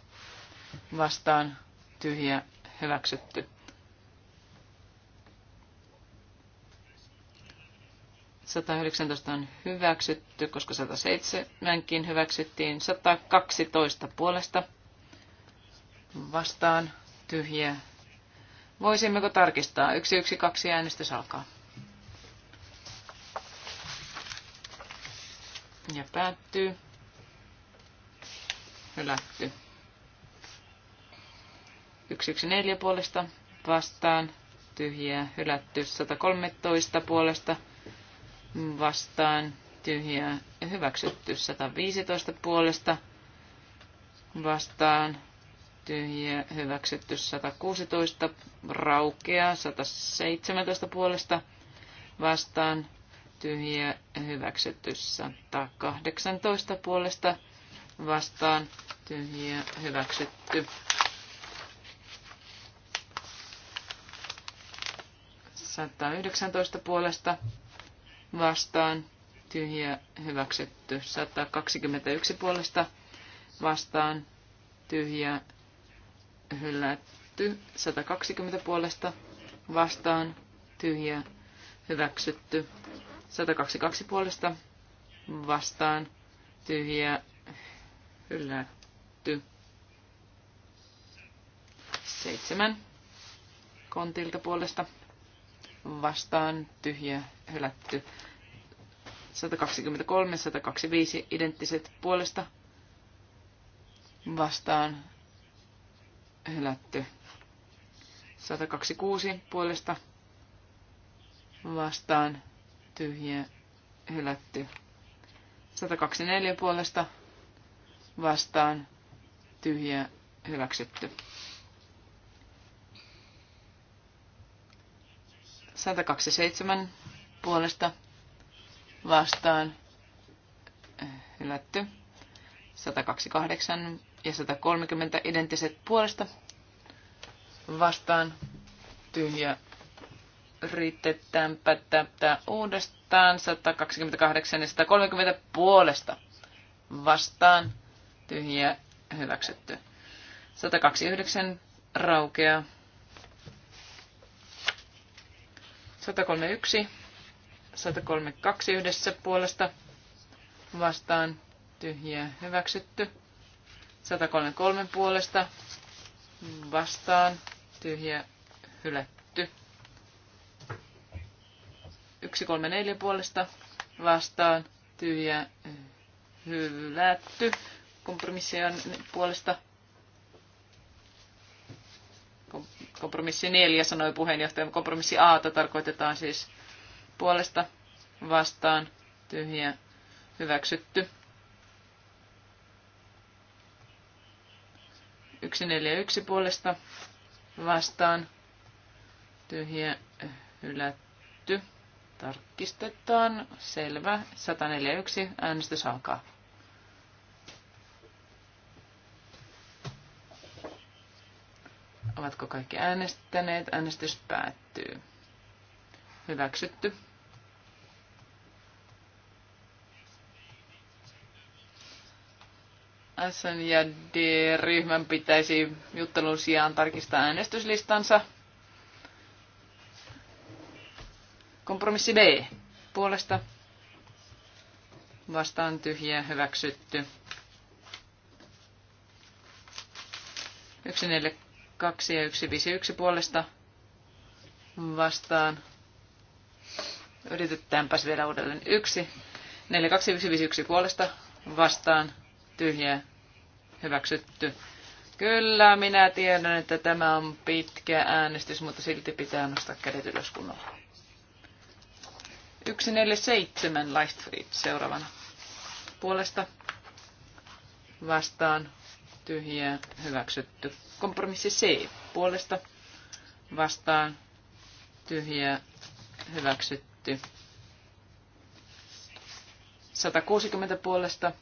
vastaan, tyhjä, hyväksytty. 119 on hyväksytty, koska 107kin hyväksyttiin. 112 puolesta vastaan tyhjä. Voisimmeko tarkistaa? 112 äänestys alkaa. ja päättyy. Hylätty. 114 puolesta vastaan tyhjää hylätty. 113 puolesta vastaan tyhjää hyväksytty. 115 puolesta vastaan tyhjää hyväksytty. 116 raukeaa. 117 puolesta vastaan tyhjiä hyväksytty 18 puolesta vastaan tyhjiä hyväksytty. Saattaa 19 puolesta vastaan tyhjiä hyväksytty. 121 puolesta vastaan tyhjiä hylätty. 120 puolesta vastaan tyhjiä hyväksytty. 122 puolesta vastaan tyhjä hylätty. Seitsemän kontilta puolesta vastaan tyhjä hylätty. 123, 125 identtiset puolesta vastaan hylätty. 126 puolesta vastaan tyhjiä hylätty. 124 puolesta vastaan tyhjiä hyväksytty. 127 puolesta vastaan hylätty. 128 ja 130 identtiset puolesta vastaan tyhjä Yritetäänpä tätä uudestaan. 128 ja 130 puolesta vastaan. tyhjä hyväksytty. 129 raukeaa. 131, 132 yhdessä puolesta vastaan tyhjiä hyväksytty. 133 puolesta vastaan tyhjiä hylätty. 134 puolesta vastaan tyhjä hylätty. Kompromissia puolesta kompromissi 4 sanoi puheenjohtaja. Kompromissi A tarkoitetaan siis puolesta vastaan tyhjä hyväksytty. 141 puolesta vastaan tyhjä hylätty. Tarkistetaan. Selvä. 141. Äänestys alkaa. Ovatko kaikki äänestäneet? Äänestys päättyy. Hyväksytty. SN ja D-ryhmän pitäisi juttelun sijaan tarkistaa äänestyslistansa. Kompromissi B. Puolesta vastaan tyhjiä hyväksytty. 2 ja 1 puolesta vastaan. Yritetäänpäs vielä uudelleen. 1. 1 puolesta vastaan tyhjä hyväksytty. Kyllä, minä tiedän, että tämä on pitkä äänestys, mutta silti pitää nostaa kädet ylös kunnolla. 147 Lightfreed seuraavana. Puolesta vastaan tyhjä hyväksytty. Kompromissi C puolesta vastaan tyhjä hyväksytty. 160 puolesta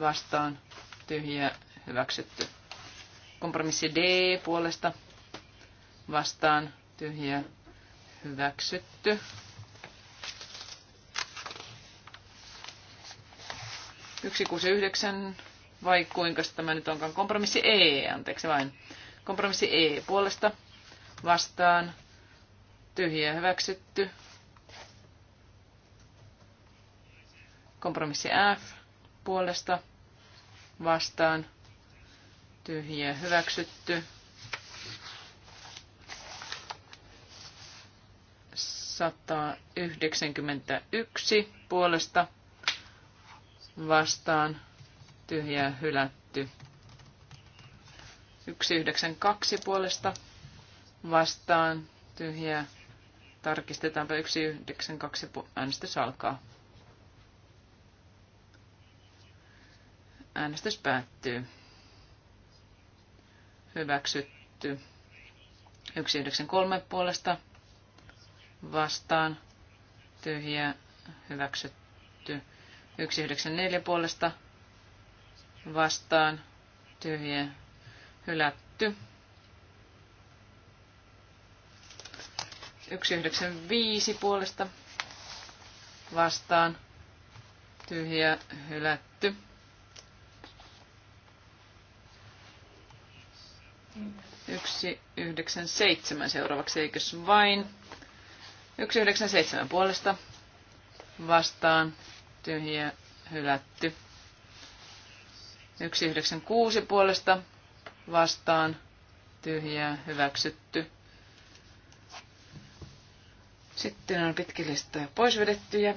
vastaan tyhjä hyväksytty. Kompromissi D puolesta vastaan tyhjä hyväksytty. 169 vai kuinka tämä nyt onkaan? Kompromissi E, anteeksi vain. Kompromissi E puolesta vastaan. Tyhjä hyväksytty. Kompromissi F puolesta vastaan. Tyhjä hyväksytty. yhdeksänkymmentä yksi puolesta vastaan tyhjää hylätty. 192 puolesta vastaan tyhjää. Tarkistetaanpa 192 äänestys alkaa. Äänestys päättyy. Hyväksytty. 193 puolesta vastaan tyhjää hyväksytty. 194 puolesta vastaan tyhjä hylätty. 195 puolesta vastaan tyhjä hylätty. Yksi yhdeksän seitsemän seuraavaksi, eikös vain? Yksi yhdeksän seitsemän puolesta vastaan tyhjä hylätty. 196 puolesta vastaan tyhjä hyväksytty. Sitten on pitkilistä ja pois vedettyjä.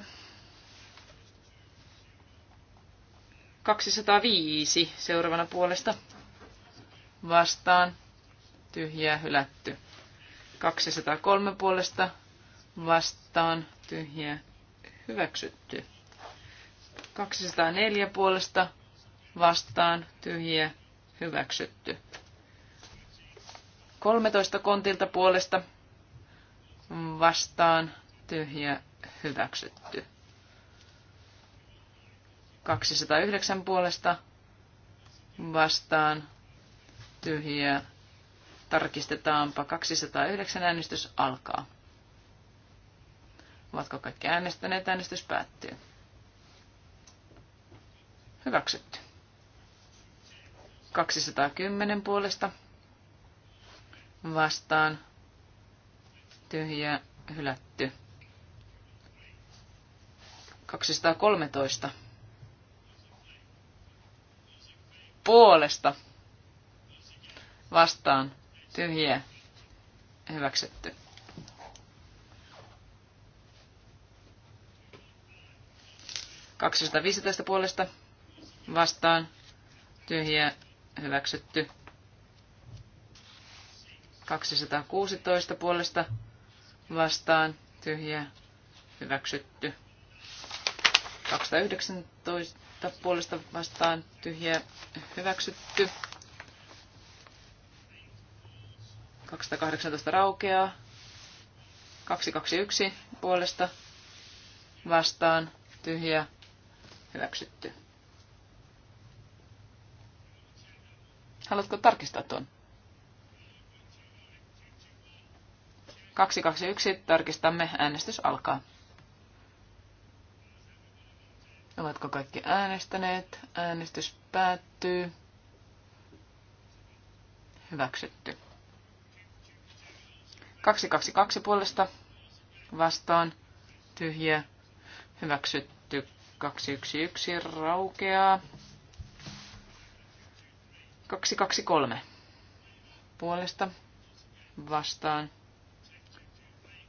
205 seuraavana puolesta vastaan tyhjää hylätty. 203 puolesta vastaan tyhjä hyväksytty. 204 puolesta vastaan tyhjiä hyväksytty. 13 kontilta puolesta vastaan tyhjiä hyväksytty. 209 puolesta vastaan tyhjiä. Tarkistetaanpa 209 äänestys alkaa. Ovatko kaikki äänestäneet? Äänestys päättyy. Hyväksytty. 210 puolesta vastaan tyhjä hylätty. 213 puolesta vastaan tyhjä hyväksytty. Kaksisataaviisitoista puolesta vastaan tyhjiä hyväksytty. 216 puolesta vastaan tyhjiä hyväksytty. 219 puolesta vastaan tyhjiä hyväksytty. 218 raukeaa. 221 puolesta vastaan tyhjä hyväksytty. Haluatko tarkistaa tuon? 221 tarkistamme. Äänestys alkaa. Ovatko kaikki äänestäneet? Äänestys päättyy. Hyväksytty. 222 puolesta vastaan tyhjä. Hyväksytty. 211 raukeaa. 223 puolesta vastaan.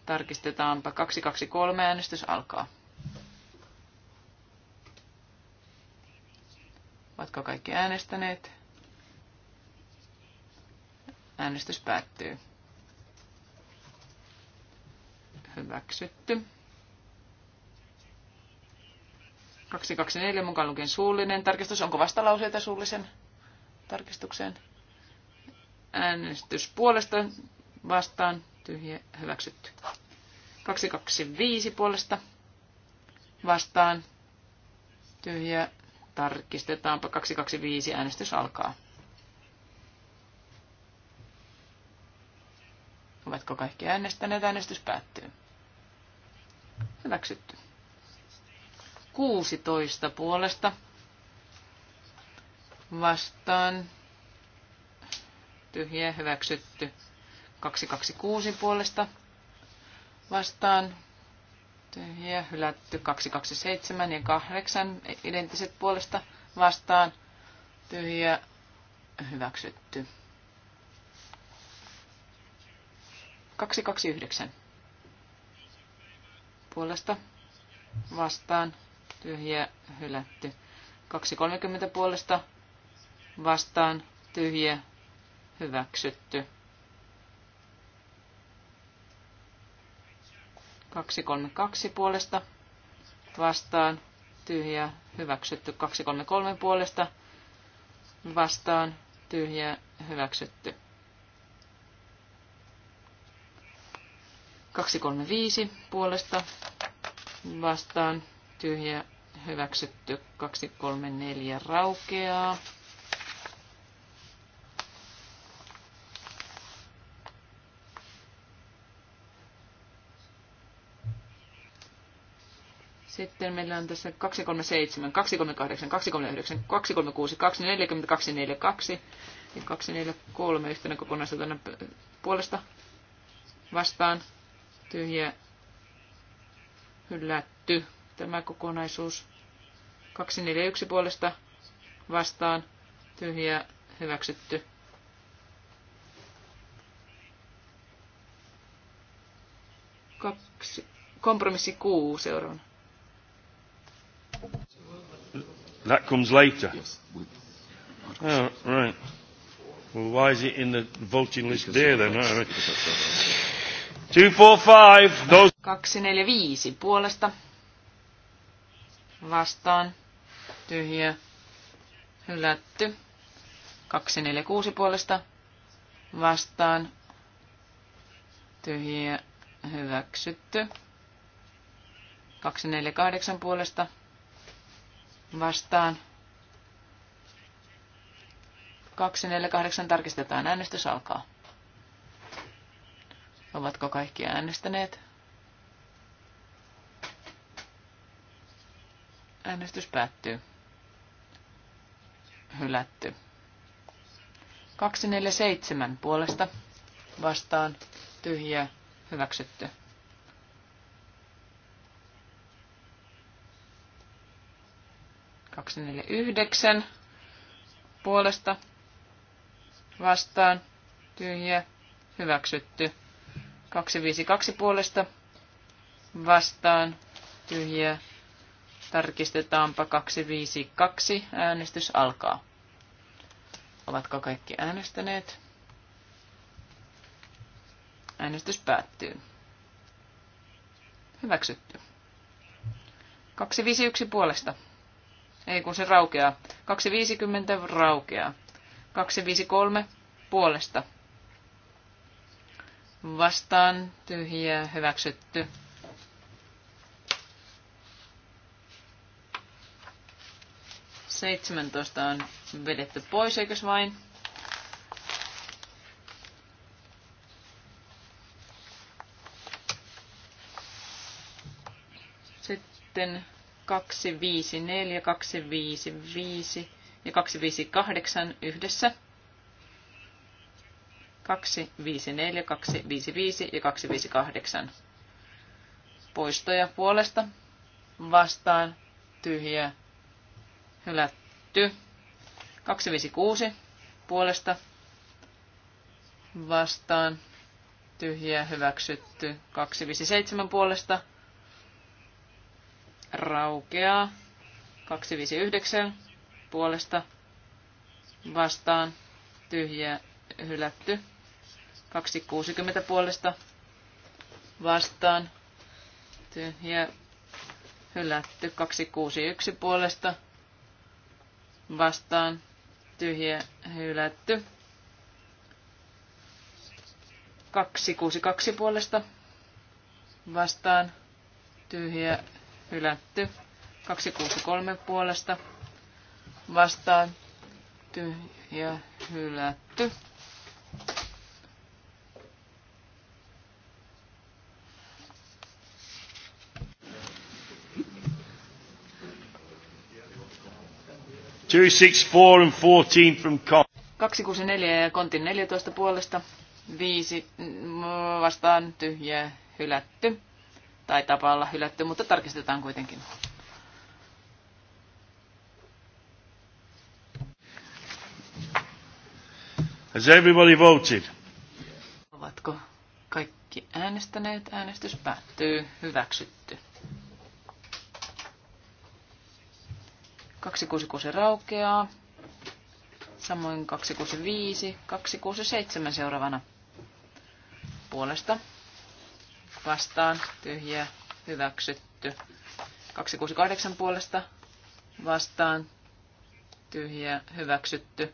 Tarkistetaanpa. 223 äänestys alkaa. Ovatko kaikki äänestäneet? Äänestys päättyy. Hyväksytty. 224 mukaan lukien suullinen tarkistus. Onko vastalauseita suullisen? tarkistukseen. Äänestys puolesta vastaan tyhjä hyväksytty. 225 puolesta vastaan tyhjä. Tarkistetaanpa 225 äänestys alkaa. Ovatko kaikki äänestäneet? Äänestys päättyy. Hyväksytty. 16 puolesta vastaan. Tyhjä hyväksytty. 226 puolesta vastaan. Tyhjä hylätty. 227 ja 8 identtiset puolesta vastaan. Tyhjä hyväksytty. 229 puolesta vastaan. Tyhjä hylätty. 230 puolesta vastaan tyhjä hyväksytty. 232 puolesta vastaan tyhjä hyväksytty. 233 puolesta vastaan tyhjä hyväksytty. 235 puolesta vastaan tyhjä hyväksytty. 234 raukeaa. sitten meillä on tässä 237, 238, 239, 236, 240, 242 ja 243 yhtenä kokonaisuutena puolesta vastaan tyhjä hylätty tämä kokonaisuus. 241 puolesta vastaan tyhjä hyväksytty. Kaksi, kompromissi kuu seuraavana. That comes later. Yes. Oh, right. Well, why is it in the voting list there then? I mean, two, four, five. Those. Kaksi, neljä, viisi puolesta. Vastaan. Tyhjä. Hylätty. Kaksi, neljä, kuusi puolesta. Vastaan. Tyhjä. Hyväksytty. Kaksi, neljä, kahdeksan puolesta vastaan. 248 tarkistetaan. Äänestys alkaa. Ovatko kaikki äänestäneet? Äänestys päättyy. Hylätty. 247 puolesta vastaan tyhjä hyväksytty. 249 puolesta vastaan tyhjä hyväksytty. 252 puolesta vastaan tyhjä. Tarkistetaanpa 252. Äänestys alkaa. Ovatko kaikki äänestäneet? Äänestys päättyy. Hyväksytty. 251 puolesta. Ei kun se raukeaa. 250 raukeaa. 253 puolesta. Vastaan tyhjää hyväksytty. Seitsemäntoista on vedetty pois, eikös vain? Sitten 254, 255 ja 258 yhdessä. 254, 255 ja 258. Poistoja puolesta vastaan tyhjä hylätty. 256 puolesta vastaan tyhjä hyväksytty. 257 puolesta raukeaa. 259 puolesta vastaan tyhjä hylätty. 260 puolesta vastaan tyhjä hylätty. 261 puolesta vastaan tyhjä hylätty. 262 puolesta vastaan tyhjä hylätty. 263 puolesta vastaan tyhjä hylätty. Two, six, four and fourteen from Con. 264 ja Kontin 14 puolesta. 5 mm, vastaan tyhjä hylätty tai tapa olla hylätty, mutta tarkistetaan kuitenkin. Has everybody voted? Ovatko kaikki äänestäneet? Äänestys päättyy. Hyväksytty. 266 raukeaa. Samoin 265, 267 seuraavana puolesta vastaan tyhjiä hyväksytty. 268 puolesta vastaan tyhjiä hyväksytty.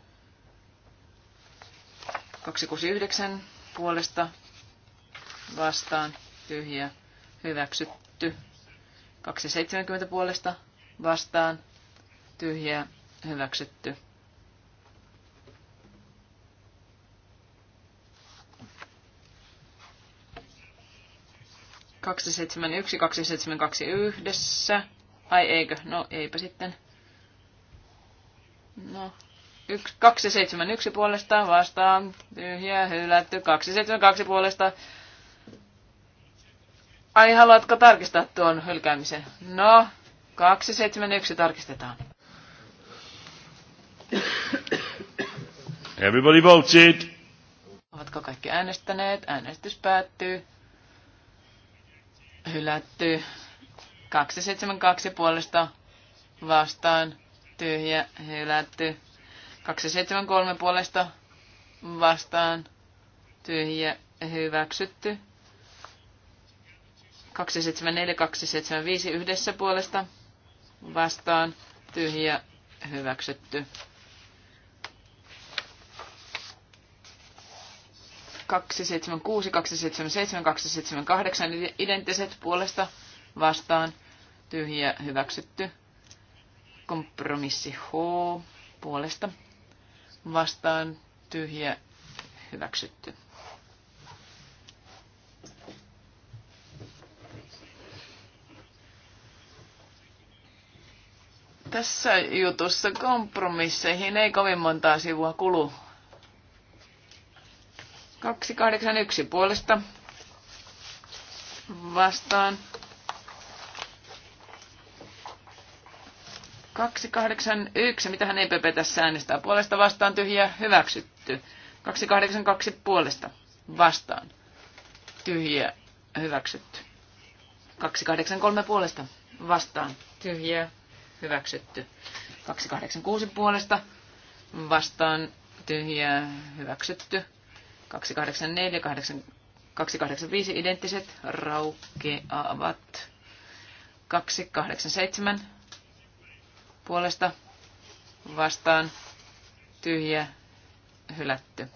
269 puolesta vastaan tyhjiä hyväksytty. 270 puolesta vastaan tyhjiä hyväksytty. 271, 272 yhdessä. Ai eikö? No eipä sitten. No. 1, 271 puolesta vastaan. Tyhjä, hylätty. 272 puolesta. Ai, haluatko tarkistaa tuon hylkäämisen? No, 271 tarkistetaan. Everybody votes it. Ovatko kaikki äänestäneet? Äänestys päättyy hylätty. 272 puolesta vastaan tyhjä hylätty. 273 puolesta vastaan tyhjä hyväksytty. 274, 275 yhdessä puolesta vastaan tyhjä hyväksytty. 276, 277, 278 identtiset puolesta vastaan tyhjä hyväksytty. Kompromissi H puolesta vastaan tyhjä hyväksytty. Tässä jutussa kompromisseihin ei kovin montaa sivua kulu 281 puolesta vastaan. 281, mitä hän ei pepe tässä äänestää? Puolesta vastaan tyhjä, hyväksytty. 282 puolesta vastaan. Tyhjä, hyväksytty. 283 puolesta vastaan. Tyhjä, hyväksytty. 286 puolesta vastaan. Tyhjä, hyväksytty. 284, 8, 285 identtiset raukeavat. 287 puolesta vastaan tyhjä hylätty.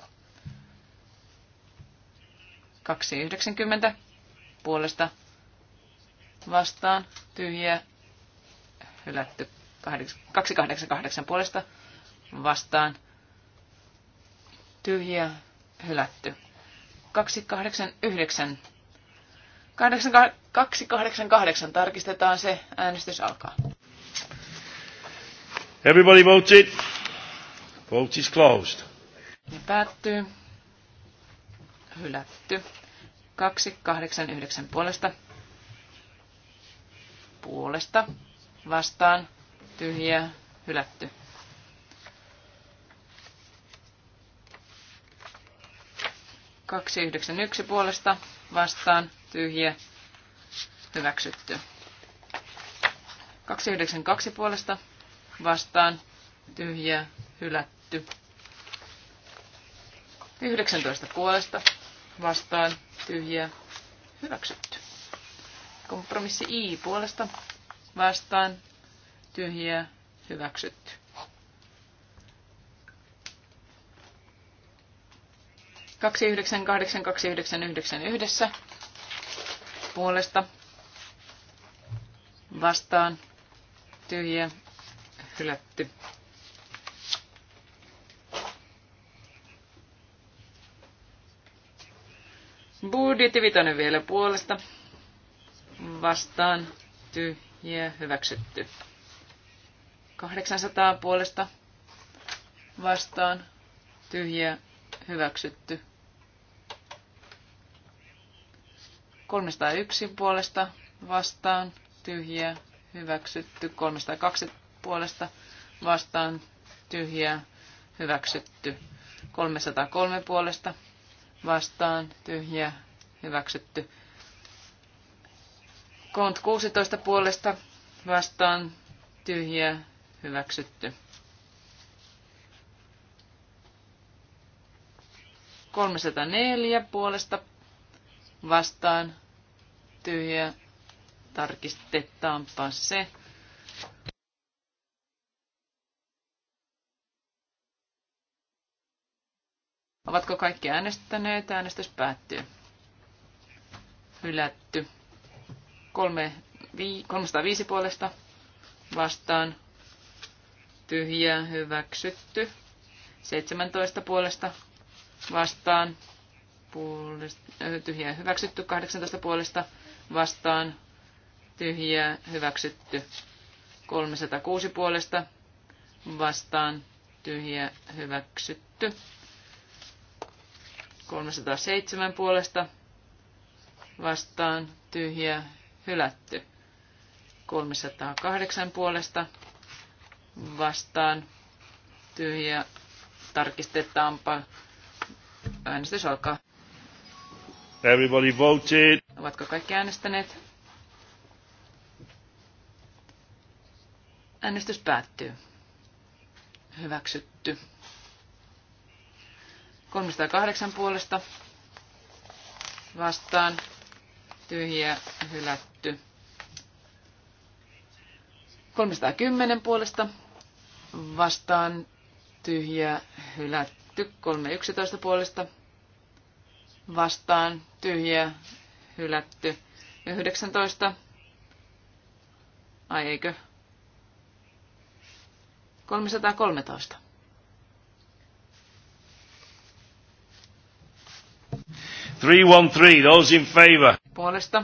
290 puolesta vastaan tyhjä hylätty. 288 puolesta vastaan tyhjä hylätty. 289. 288 tarkistetaan se. Äänestys alkaa. Everybody votes it. Vote is closed. Ja päättyy. Hylätty. 289 puolesta. Puolesta. Vastaan. Tyhjää. Hylätty. 291 puolesta vastaan tyhjä hyväksytty. 292 puolesta vastaan tyhjä hylätty. 19 puolesta vastaan tyhjä hyväksytty. Kompromissi I puolesta vastaan tyhjä hyväksytty. 298299 yhdessä puolesta vastaan tyhjä hylätty. Budjetti vitonen vielä puolesta. Vastaan tyhjä hyväksytty. 800 puolesta vastaan tyhjä hyväksytty. 301 puolesta vastaan tyhjiä hyväksytty. 302 puolesta vastaan tyhjiä hyväksytty. 303 puolesta vastaan tyhjiä hyväksytty. Kont 16 puolesta vastaan tyhjiä hyväksytty. 304 puolesta vastaan tyhjä. Tarkistetaanpa se. Ovatko kaikki äänestäneet? Äänestys päättyy. Hylätty. 305 puolesta vastaan. Tyhjää hyväksytty. 17 puolesta vastaan, äh, tyhjää hyväksytty 18 puolesta vastaan, tyhjää hyväksytty 306 puolesta vastaan, tyhjää hyväksytty 307 puolesta vastaan, tyhjää hylätty 308 puolesta vastaan, tyhjää tarkistetaanpa Äänestys alkaa. Everybody voted. Ovatko kaikki äänestäneet? Äänestys päättyy. Hyväksytty. 308 puolesta vastaan tyhjiä hylätty. 310 puolesta vastaan tyhjiä hylätty hylätty. 3.11 puolesta vastaan tyhjä hylätty. 19. Ai eikö? 313. Three one three, those in favor. Puolesta,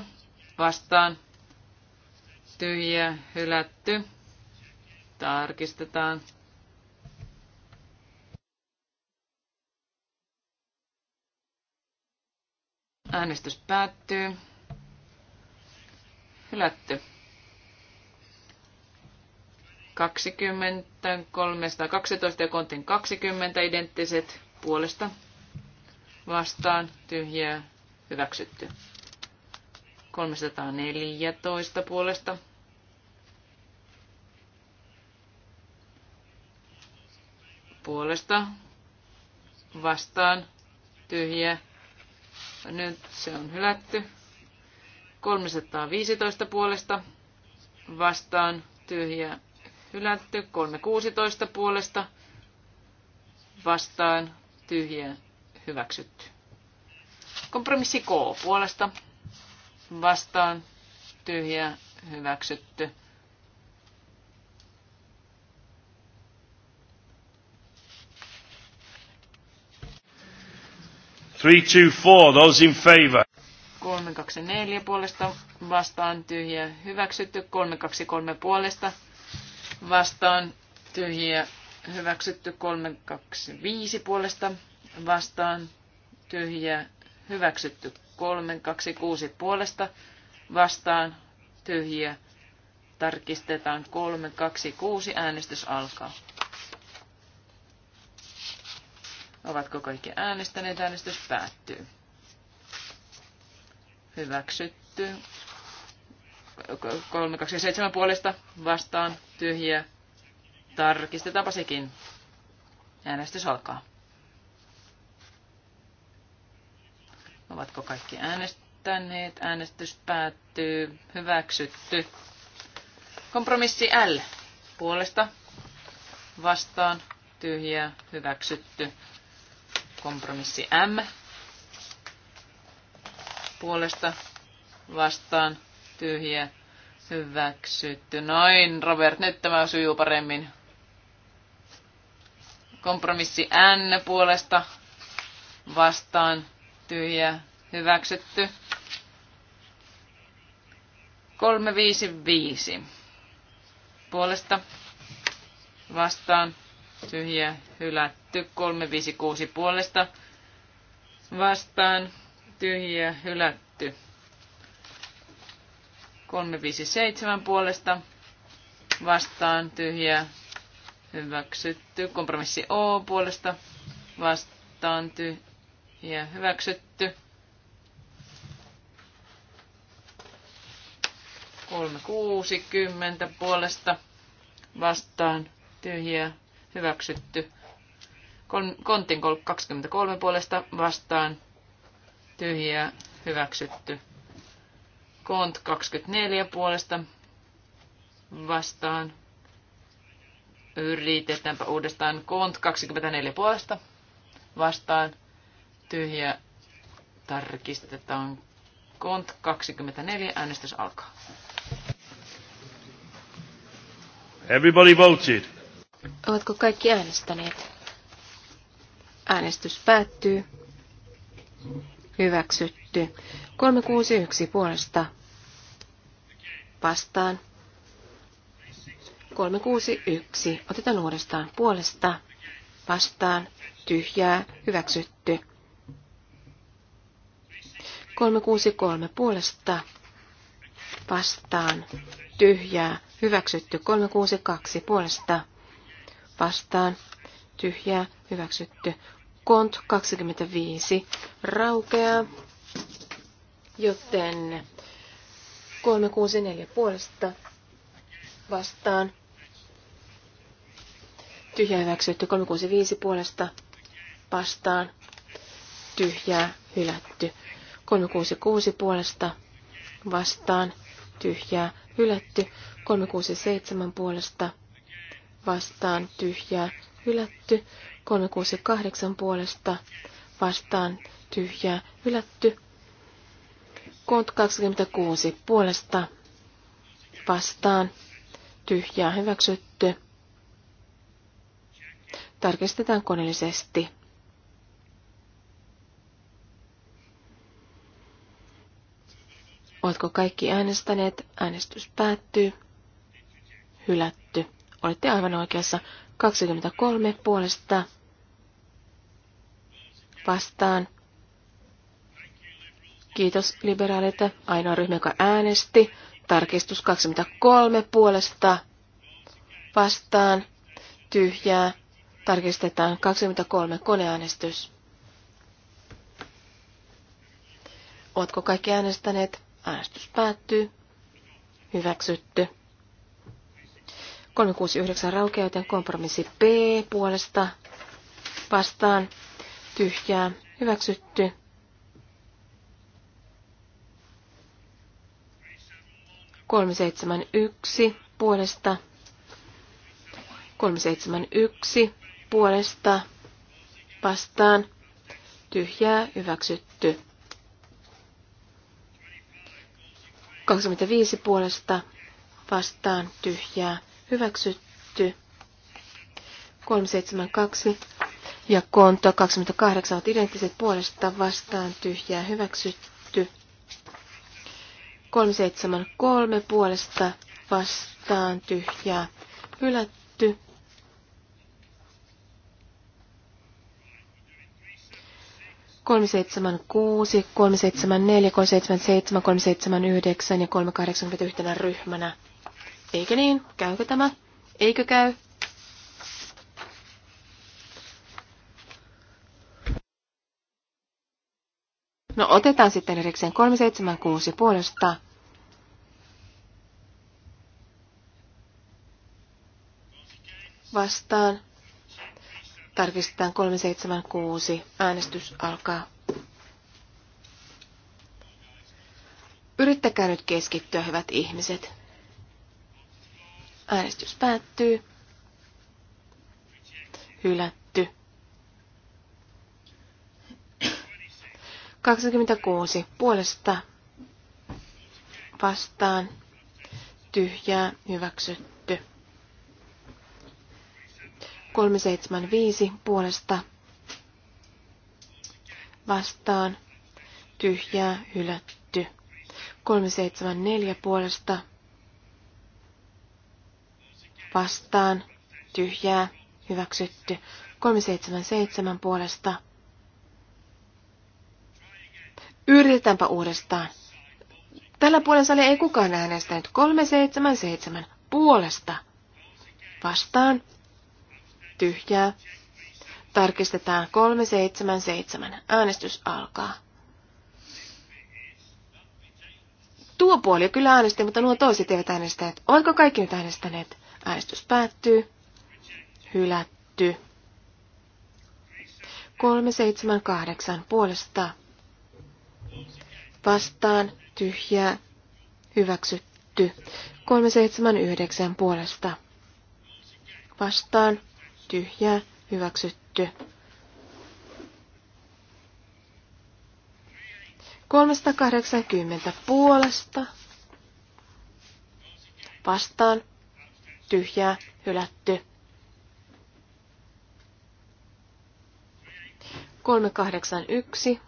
vastaan, tyhjä, hylätty. Tarkistetaan. Äänestys päättyy. Hylätty. 20, 312 ja kontin 20 identtiset puolesta vastaan tyhjää hyväksytty. 314 puolesta puolesta vastaan tyhjää nyt se on hylätty. 315 puolesta vastaan tyhjä hylätty. 316 puolesta vastaan tyhjä hyväksytty. Kompromissi K puolesta vastaan tyhjä hyväksytty. 324, those in favor. 324 puolesta vastaan tyhjä hyväksytty, 323 puolesta vastaan tyhjä hyväksytty, 325 puolesta vastaan tyhjä hyväksytty, 326 puolesta vastaan tyhjä tarkistetaan 326 äänestys alkaa. Ovatko kaikki äänestäneet? Äänestys päättyy. Hyväksytty. 327 puolesta vastaan tyhjiä. Tarkistetaanpa sekin. Äänestys alkaa. Ovatko kaikki äänestäneet? Äänestys päättyy. Hyväksytty. Kompromissi L. Puolesta vastaan tyhjä hyväksytty. Kompromissi M puolesta vastaan tyhjä hyväksytty. Noin, Robert, nyt tämä sujuu paremmin. Kompromissi N puolesta vastaan tyhjä hyväksytty. 355 puolesta vastaan tyhjä hylätty. 356 puolesta vastaan tyhjä hylätty. 357 puolesta vastaan tyhjä hyväksytty. Kompromissi O puolesta vastaan tyhjä hyväksytty. 360 puolesta vastaan tyhjä hyväksytty. Kontin 23 puolesta vastaan tyhjää hyväksytty. Kont 24 puolesta vastaan. Yritetäänpä uudestaan. Kont 24 puolesta vastaan. Tyhjä tarkistetaan. Kont 24. Äänestys alkaa. Everybody voted. Ovatko kaikki äänestäneet? Äänestys päättyy. Hyväksytty. 361 puolesta. Vastaan. 361. Otetaan uudestaan puolesta. Vastaan. Tyhjää. Hyväksytty. 363 puolesta. Vastaan. Tyhjää. Hyväksytty. 362 puolesta vastaan tyhjää hyväksytty. Kont 25 raukeaa, joten 364 puolesta vastaan tyhjää hyväksytty. 365 puolesta vastaan tyhjää hylätty. 366 puolesta vastaan tyhjää hylätty. 367 puolesta vastaan vastaan tyhjää hylätty. 368 puolesta vastaan tyhjää hylätty. Kont 26 puolesta vastaan tyhjää hyväksytty. Tarkistetaan koneellisesti. Oletko kaikki äänestäneet? Äänestys päättyy. Hylätty. Olette aivan oikeassa. 23 puolesta vastaan. Kiitos liberaaleita. ainoa ryhmä, joka äänesti. Tarkistus 23 puolesta vastaan. Tyhjää. Tarkistetaan 23 koneäänestys. Ootko kaikki äänestäneet? Äänestys päättyy. Hyväksytty. 369 raukeaa, joten kompromissi B puolesta vastaan tyhjää hyväksytty. Kolme seitsemän yksi puolesta. Kolme seitsemän yksi puolesta vastaan tyhjää hyväksytty. 25 puolesta vastaan tyhjää hyväksytty. 372 ja konto 28 ovat identtiset puolesta vastaan tyhjää hyväksytty. 373 puolesta vastaan tyhjää hylätty. 376, 374, 377, 379 ja 381 yhtenä ryhmänä. Eikö niin? Käykö tämä? Eikö käy? No otetaan sitten erikseen 376 puolesta. Vastaan. Tarkistetaan 376. Äänestys alkaa. Yrittäkää nyt keskittyä, hyvät ihmiset. Äänestys päättyy. Hylätty. 26. Puolesta vastaan. Tyhjää hyväksytty. 375. Puolesta vastaan. Tyhjää hylätty. 374. Puolesta vastaan, tyhjää, hyväksytty. 377 puolesta. Yritetäänpä uudestaan. Tällä puolen salia ei kukaan äänestänyt. 377 puolesta. Vastaan. Tyhjää. Tarkistetaan 377. Äänestys alkaa. Tuo puoli kyllä äänesti, mutta nuo toiset eivät äänestäneet. Oliko kaikki nyt äänestäneet? Äänestys päättyy. Hylätty. 378 puolesta. Vastaan tyhjää. Hyväksytty. 379 puolesta. Vastaan tyhjää. Hyväksytty. 380 puolesta. Vastaan tyhjää, hylätty. 381.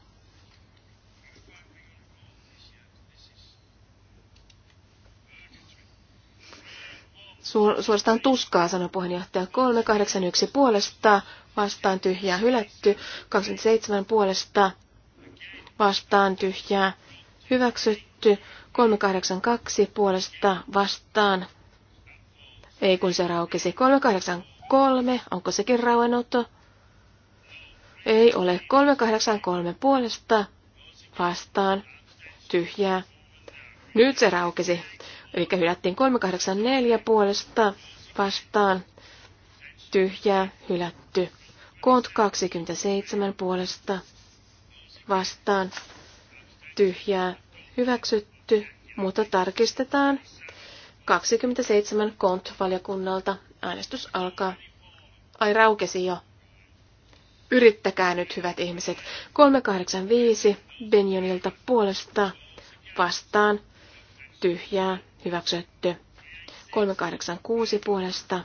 Suorastaan tuskaa, sanoi puheenjohtaja. 381 puolesta, vastaan tyhjää, hylätty. 27 puolesta, vastaan tyhjää, hyväksytty. 382 puolesta, vastaan ei kun se raukesi. 383, onko sekin rauennut? Ei ole. 383 puolesta vastaan. Tyhjää. Nyt se raukesi. Eli hylättiin 384 puolesta vastaan. Tyhjää, hylätty. Koot 27 puolesta vastaan. Tyhjää, hyväksytty, mutta tarkistetaan 27 KONT-valiokunnalta. Äänestys alkaa. Ai raukesi jo. Yrittäkää nyt, hyvät ihmiset. 385 Benjonilta puolesta vastaan. Tyhjää. Hyväksytty. 386 puolesta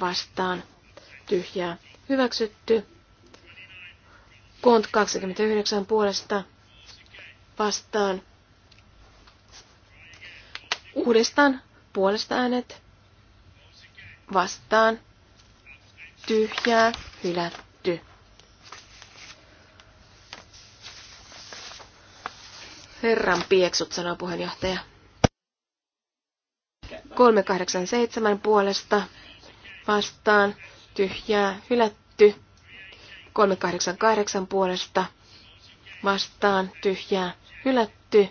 vastaan. Tyhjää. Hyväksytty. Kont 29 puolesta vastaan. Uudestaan puolesta äänet vastaan tyhjää hylätty. Herran pieksut, sanoo puheenjohtaja. 387 puolesta vastaan tyhjää hylätty. 388 puolesta vastaan tyhjää hylätty.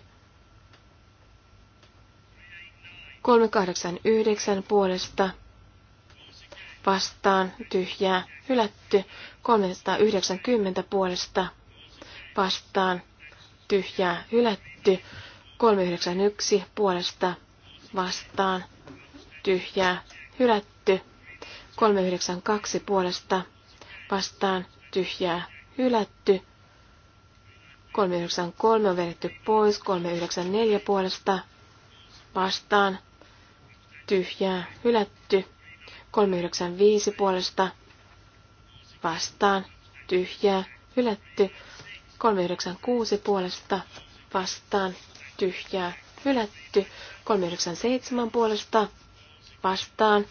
389 puolesta vastaan tyhjää hylätty. 390 puolesta vastaan tyhjää hylätty. 391 puolesta vastaan tyhjää hylätty. 392 puolesta vastaan tyhjää hylätty. 393 on vedetty pois. 394 puolesta vastaan tyhjää hylätty. 395 puolesta vastaan tyhjää hylätty. 396 puolesta vastaan tyhjää hylätty. 397 puolesta vastaan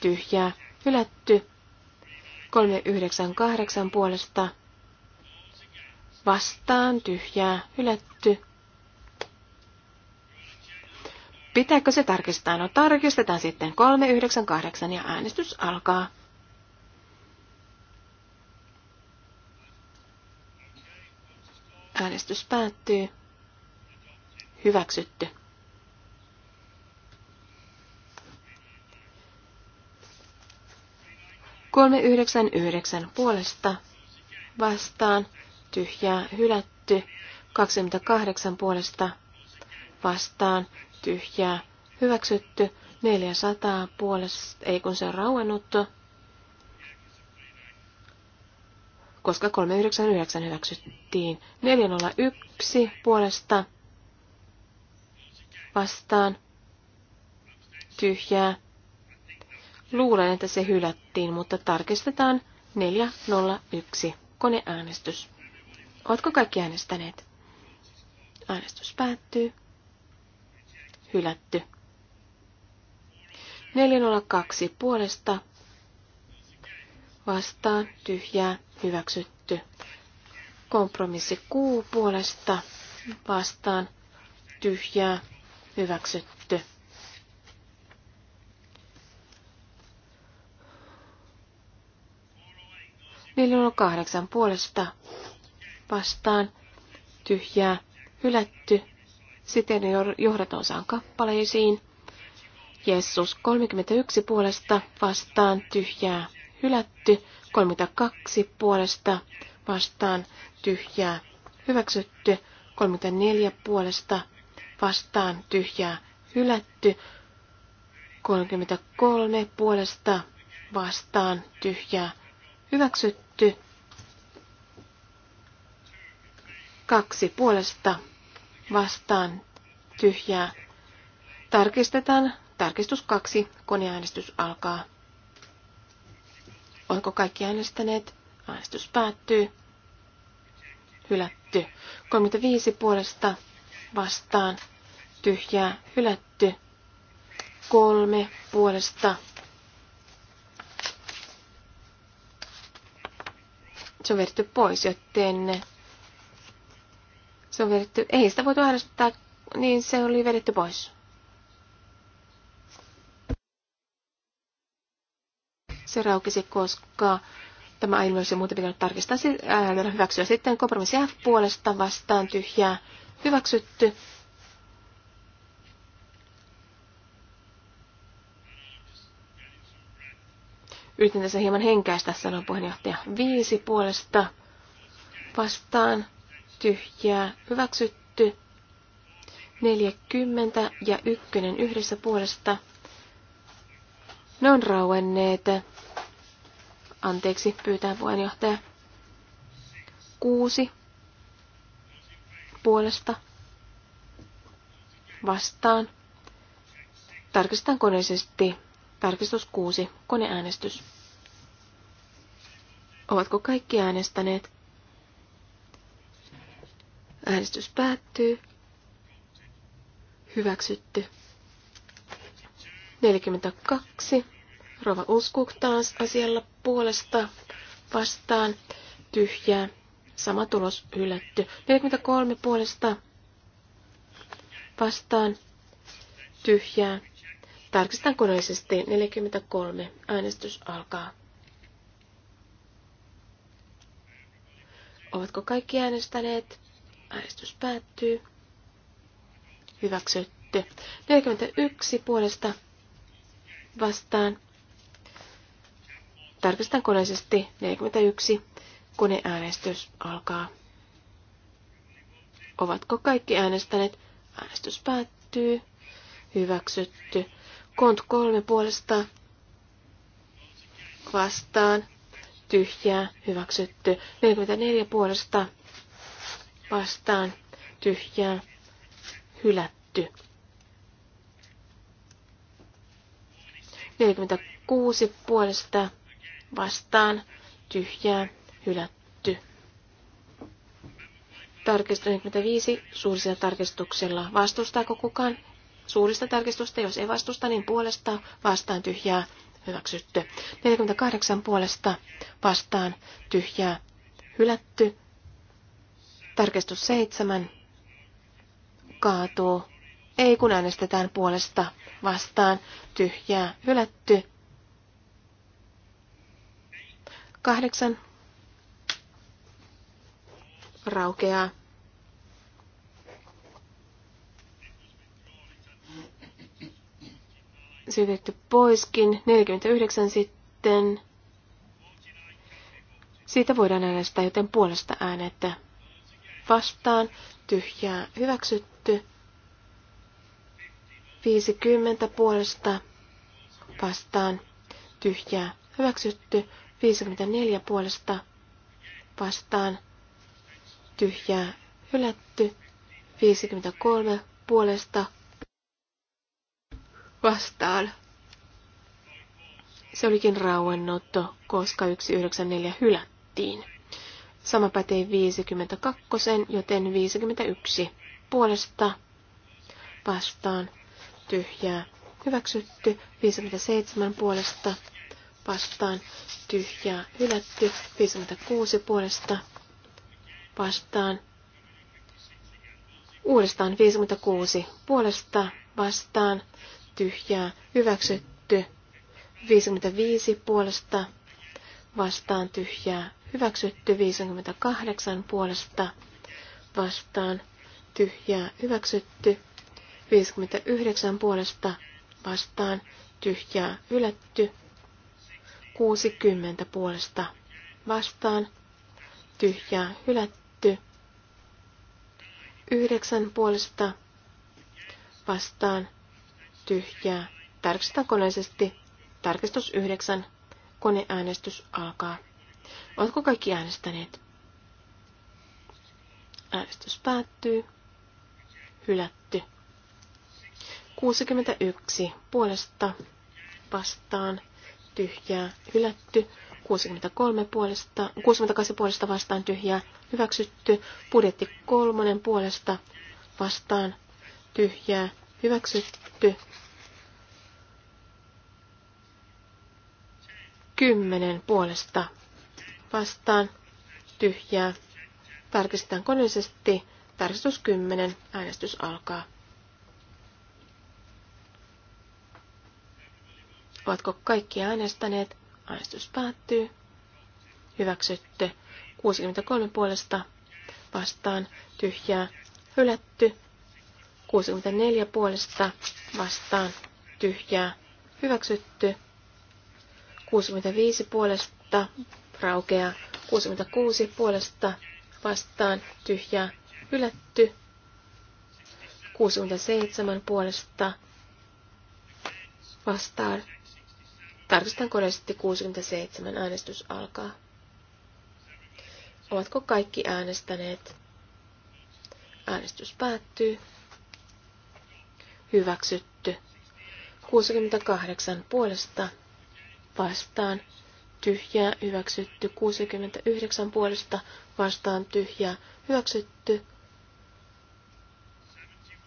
tyhjää hylätty. 398 puolesta vastaan tyhjää hylätty. Pitääkö se tarkistaa? No tarkistetaan sitten 398 ja äänestys alkaa. Äänestys päättyy. Hyväksytty. Kolme yhdeksän yhdeksän puolesta vastaan tyhjää hylätty. 28 puolesta vastaan tyhjää, hyväksytty. 400 puolesta, ei kun se on rauennut, koska 399 hyväksyttiin. 401 puolesta vastaan tyhjää. Luulen, että se hylättiin, mutta tarkistetaan 401 koneäänestys. Oletko kaikki äänestäneet? Äänestys päättyy hylätty. 402 puolesta vastaan tyhjää hyväksytty. Kompromissi Q puolesta vastaan tyhjää hyväksytty. kahdeksan puolesta vastaan tyhjää hylätty. Sitten johdatonsa kappaleisiin. Jeesus 31 puolesta vastaan tyhjää hylätty, 32 puolesta vastaan tyhjää hyväksytty, 34 puolesta vastaan tyhjää hylätty, 33 puolesta vastaan tyhjää hyväksytty, kaksi puolesta vastaan tyhjää. Tarkistetaan. Tarkistus kaksi Koneäänestys alkaa. onko kaikki äänestäneet? Äänestys päättyy. Hylätty. 35 puolesta vastaan. Tyhjää. Hylätty. Kolme puolesta. Se on pois, joten se on vedetty, ei sitä voitu äänestää, niin se oli vedetty pois. Se raukisi, koska tämä aiemmin olisi muuten pitänyt tarkistaa äänellä hyväksyä. Sitten kompromissi F puolesta vastaan tyhjää hyväksytty. Yritin tässä hieman henkäistä, sanoi puheenjohtaja. Viisi puolesta vastaan tyhjää hyväksytty. 40 ja ykkönen yhdessä puolesta. Ne on rauenneet. Anteeksi, pyytää puheenjohtaja. Kuusi puolesta vastaan. Tarkistetaan koneisesti. Tarkistus kuusi Koneäänestys. Ovatko kaikki äänestäneet? Äänestys päättyy. Hyväksytty. 42. Rova Uskuk taas asialla puolesta vastaan. Tyhjää. Sama tulos hylätty. 43 puolesta vastaan. Tyhjää. Tarkistan koneellisesti. 43. Äänestys alkaa. Ovatko kaikki äänestäneet? Äänestys päättyy. Hyväksytty. 41 puolesta vastaan. Tarkistan koneisesti 41. Koneäänestys alkaa. Ovatko kaikki äänestäneet? Äänestys päättyy. Hyväksytty. Kont kolme puolesta vastaan. Tyhjää. Hyväksytty. 44 puolesta vastaan tyhjää hylätty. 46 puolesta vastaan tyhjää hylätty. Tarkistus 45 suurisella tarkistuksella. Vastustaako kukaan suurista tarkistusta? Jos ei vastusta, niin puolesta vastaan tyhjää hyväksytty. 48 puolesta vastaan tyhjää hylätty. Tarkistus seitsemän kaatuu. Ei kun äänestetään puolesta vastaan. Tyhjää hylätty. Kahdeksan raukeaa. Sytetty poiskin. 49 sitten. Siitä voidaan äänestää, joten puolesta äänettä vastaan, tyhjää hyväksytty. 50 puolesta vastaan, tyhjää hyväksytty. 54 puolesta vastaan, tyhjää hylätty. 53 puolesta vastaan. Se olikin rauennutto, koska 194 hylättiin. Sama pätee 52, joten 51 puolesta vastaan tyhjää hyväksytty, 57 puolesta vastaan tyhjää hylätty, 56 puolesta vastaan uudestaan 56 puolesta vastaan tyhjää hyväksytty, 55 puolesta vastaan tyhjää hyväksytty 58 puolesta vastaan tyhjää hyväksytty 59 puolesta vastaan tyhjää hylätty 60 puolesta vastaan tyhjää hylätty 9 puolesta vastaan tyhjää tarkistetaan koneellisesti tarkistus 9 koneäänestys alkaa Oletko kaikki äänestäneet? Äänestys päättyy. Hylätty. 61 puolesta vastaan tyhjää hylätty. 63 puolesta, 68 puolesta vastaan tyhjää hyväksytty. Budjetti kolmonen puolesta vastaan tyhjää hyväksytty. 10 puolesta vastaan tyhjää. Tarkistetaan koneellisesti. Tarkistus 10. Äänestys alkaa. Ovatko kaikki äänestäneet? Äänestys päättyy. Hyväksytty. 63 puolesta vastaan tyhjää. Hylätty. 64 puolesta vastaan tyhjää. Hyväksytty. 65 puolesta raukeaa. 66 puolesta vastaan tyhjää hylätty. 67 puolesta vastaan. Tarkistan koneellisesti 67. Äänestys alkaa. Ovatko kaikki äänestäneet? Äänestys päättyy. Hyväksytty. 68 puolesta vastaan tyhjää hyväksytty, 69 puolesta vastaan tyhjää hyväksytty,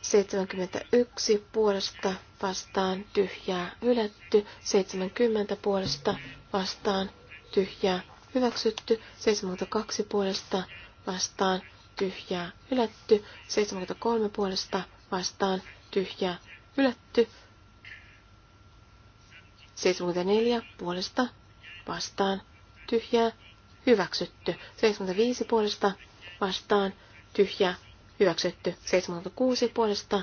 71 puolesta vastaan tyhjää hylätty, 70 puolesta vastaan tyhjää hyväksytty, 72 puolesta vastaan tyhjää hylätty, 73 puolesta vastaan tyhjää hylätty, 74 puolesta vastaan, tyhjää, hyväksytty. 75 puolesta vastaan, tyhjää, hyväksytty. 76 puolesta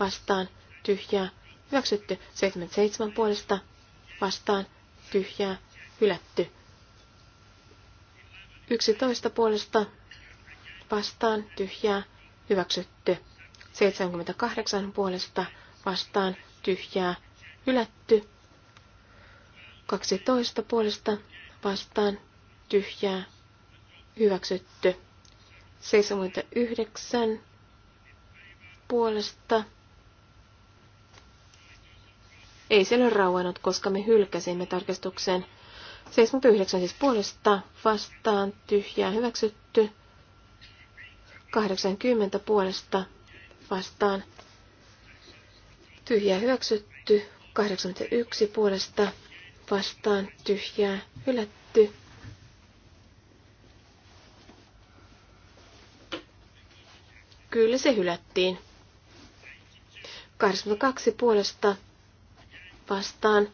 vastaan, tyhjää, hyväksytty. 77 puolesta vastaan, tyhjää, hylätty. 11 puolesta vastaan, tyhjää, hyväksytty. 78 puolesta vastaan, tyhjää, hylätty. 12 puolesta vastaan tyhjää hyväksytty. 79 puolesta. Ei se ole rauennut, koska me hylkäsimme tarkistuksen. 79 siis puolesta vastaan tyhjää hyväksytty. 80 puolesta vastaan tyhjää hyväksytty. 81 puolesta vastaan tyhjää hylätty. Kyllä se hylättiin. kaksi puolesta vastaan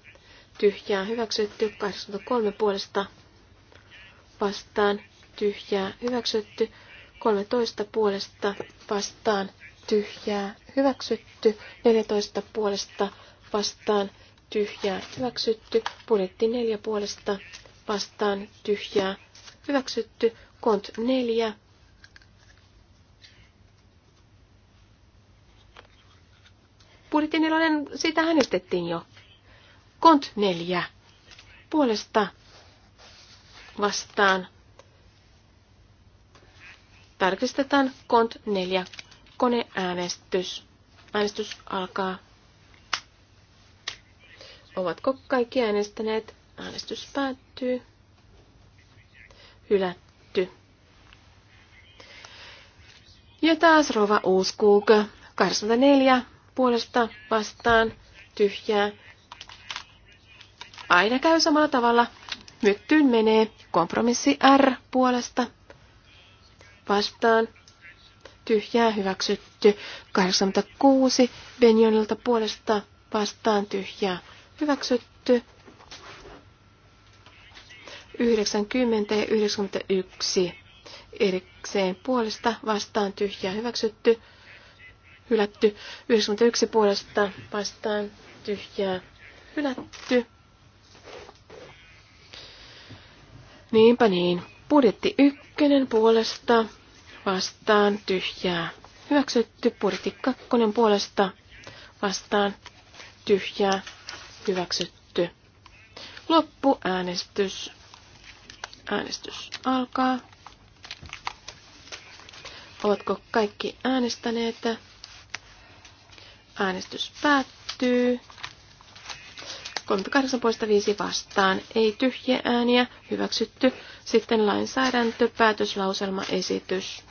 tyhjää hyväksytty. kolme puolesta vastaan tyhjää hyväksytty. 13 puolesta vastaan tyhjää hyväksytty. 14 puolesta vastaan tyhjää hyväksytty. Budjetti neljä puolesta vastaan tyhjää hyväksytty. Kont neljä, Budjetti nelonen, siitä äänestettiin jo. Kont neljä. Puolesta vastaan. Tarkistetaan kont neljä. Koneäänestys. Äänestys alkaa. Ovatko kaikki äänestäneet? Äänestys päättyy. Hylätty. Ja taas rova uuskuuk. 84 puolesta vastaan tyhjää. Aina käy samalla tavalla. Myttyyn menee kompromissi R puolesta vastaan. Tyhjää hyväksytty. 86 Benjonilta puolesta vastaan tyhjää Hyväksytty. 90 ja 91 erikseen puolesta vastaan tyhjää hyväksytty. Hylätty. 91 puolesta vastaan tyhjää hylätty. Niinpä niin. Budjetti ykkönen puolesta vastaan tyhjää. Hyväksytty budjetti kakkonen puolesta vastaan tyhjää. Hyväksytty. Loppuäänestys. Äänestys alkaa. Ovatko kaikki äänestäneet? Äänestys päättyy. 38 poista 5 vastaan. Ei tyhjiä ääniä. Hyväksytty. Sitten lainsäädäntö, päätöslauselma, esitys.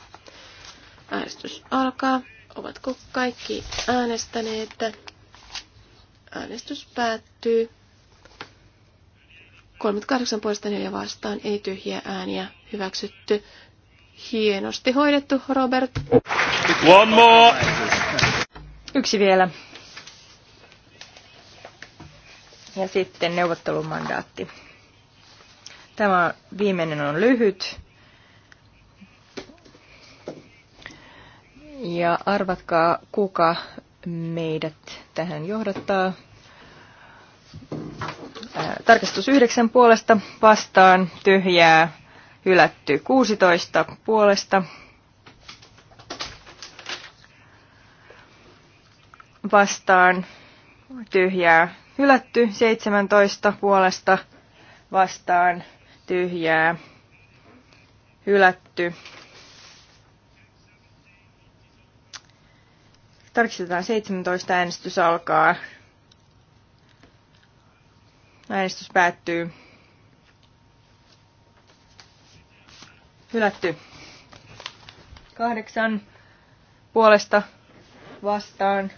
Äänestys alkaa. Ovatko kaikki äänestäneet? Äänestys päättyy. 38 puolesta ja vastaan, ei tyhjiä ääniä, hyväksytty. Hienosti hoidettu, Robert. One more. Yksi vielä. Ja sitten neuvottelumandaatti. Tämä viimeinen on lyhyt. Ja arvatkaa, kuka meidät tähän johdattaa. Tarkastus 9 puolesta vastaan, tyhjää, hylätty 16 puolesta. Vastaan, tyhjää, hylätty 17 puolesta. Vastaan, tyhjää, hylätty Tarkistetaan 17. Äänestys alkaa. Äänestys päättyy. Hylätty. Kahdeksan puolesta vastaan.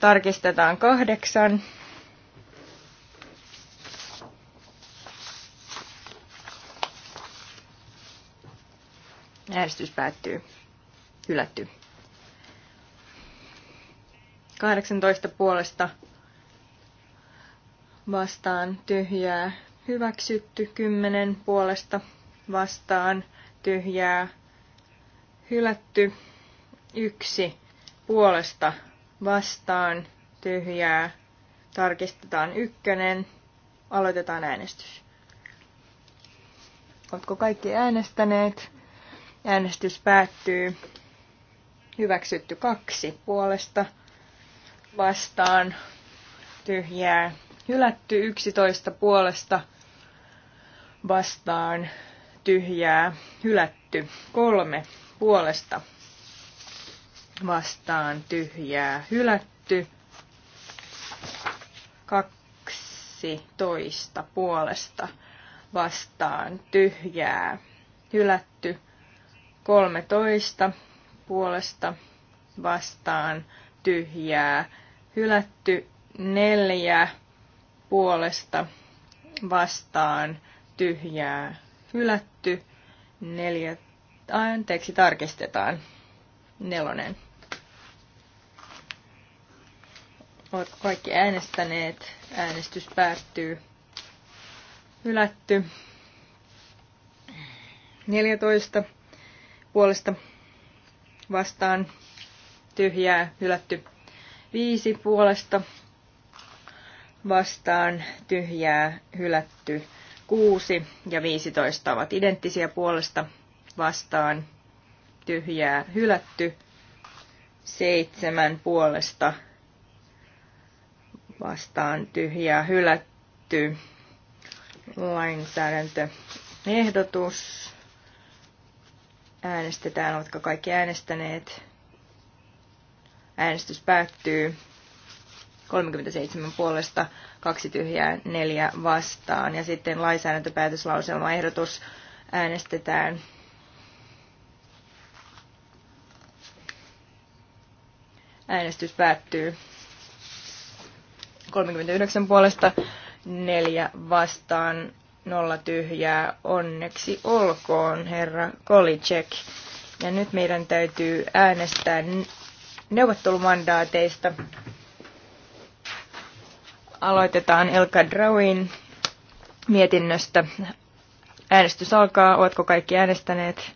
Tarkistetaan kahdeksan. Äänestys päättyy. Hylätty. 18 puolesta vastaan tyhjää hyväksytty, 10 puolesta vastaan tyhjää hylätty, 1 puolesta vastaan tyhjää tarkistetaan ykkönen, aloitetaan äänestys. Oletko kaikki äänestäneet? Äänestys päättyy. Hyväksytty kaksi puolesta vastaan tyhjää hylätty, 11 puolesta vastaan tyhjää hylätty, kolme puolesta vastaan tyhjää hylätty, 12 puolesta vastaan tyhjää hylätty, 13 puolesta vastaan tyhjää hylätty neljä puolesta vastaan tyhjää hylätty. Neljä, anteeksi, tarkistetaan. Nelonen. Oot kaikki äänestäneet? Äänestys päättyy. Hylätty. 14 puolesta vastaan tyhjää hylätty. Viisi puolesta vastaan tyhjää hylätty Kuusi ja viisitoista ovat identtisiä puolesta vastaan tyhjää hylätty Seitsemän puolesta vastaan tyhjää hylätty lainsäädäntöehdotus. Äänestetään, oletko kaikki äänestäneet? Äänestys päättyy 37 puolesta, kaksi tyhjää, neljä vastaan. Ja sitten lainsäädäntöpäätöslauselmaehdotus äänestetään. Äänestys päättyy 39 puolesta, neljä vastaan, nolla tyhjää. Onneksi olkoon, herra Kolicek. Ja nyt meidän täytyy äänestää neuvottelumandaateista. Aloitetaan Elka Drawin mietinnöstä. Äänestys alkaa. Ovatko kaikki äänestäneet?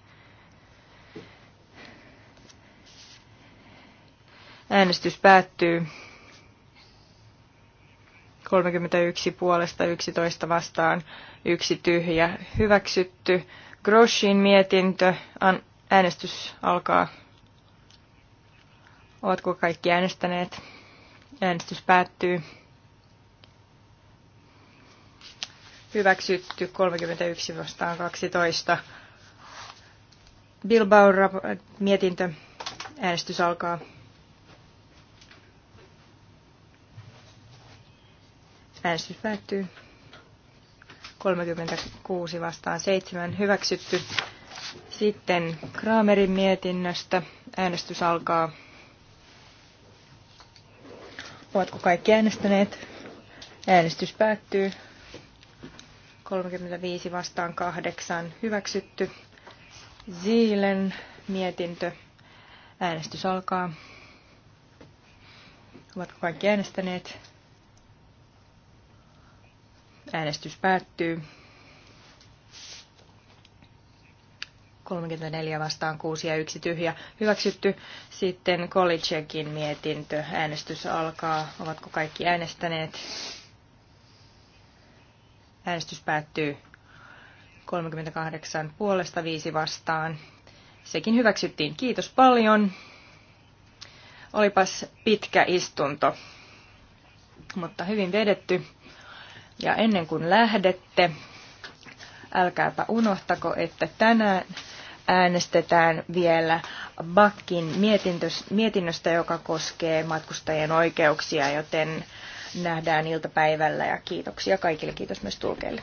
Äänestys päättyy. 31 puolesta 11 vastaan, yksi tyhjä hyväksytty. Groshin mietintö, äänestys alkaa. Ovatko kaikki äänestäneet? Äänestys päättyy. Hyväksytty 31 vastaan 12. Bilbao mietintö. Äänestys alkaa. Äänestys päättyy. 36 vastaan 7 hyväksytty. Sitten Kramerin mietinnöstä. Äänestys alkaa. Ovatko kaikki äänestäneet? Äänestys päättyy. 35 vastaan 8 hyväksytty. Ziilen mietintö. Äänestys alkaa. Ovatko kaikki äänestäneet? Äänestys päättyy. 34 vastaan 6 ja 1 tyhjä hyväksytty. Sitten Kolicekin mietintö. Äänestys alkaa. Ovatko kaikki äänestäneet? Äänestys päättyy 38 puolesta 5 vastaan. Sekin hyväksyttiin. Kiitos paljon. Olipas pitkä istunto, mutta hyvin vedetty. Ja ennen kuin lähdette, älkääpä unohtako, että tänään äänestetään vielä Bakkin mietinnöstä, joka koskee matkustajien oikeuksia, joten nähdään iltapäivällä ja kiitoksia kaikille. Kiitos myös tulkeille.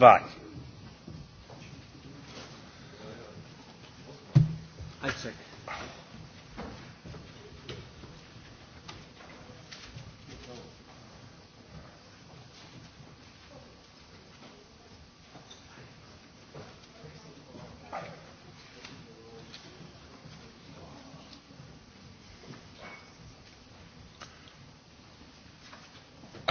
survive.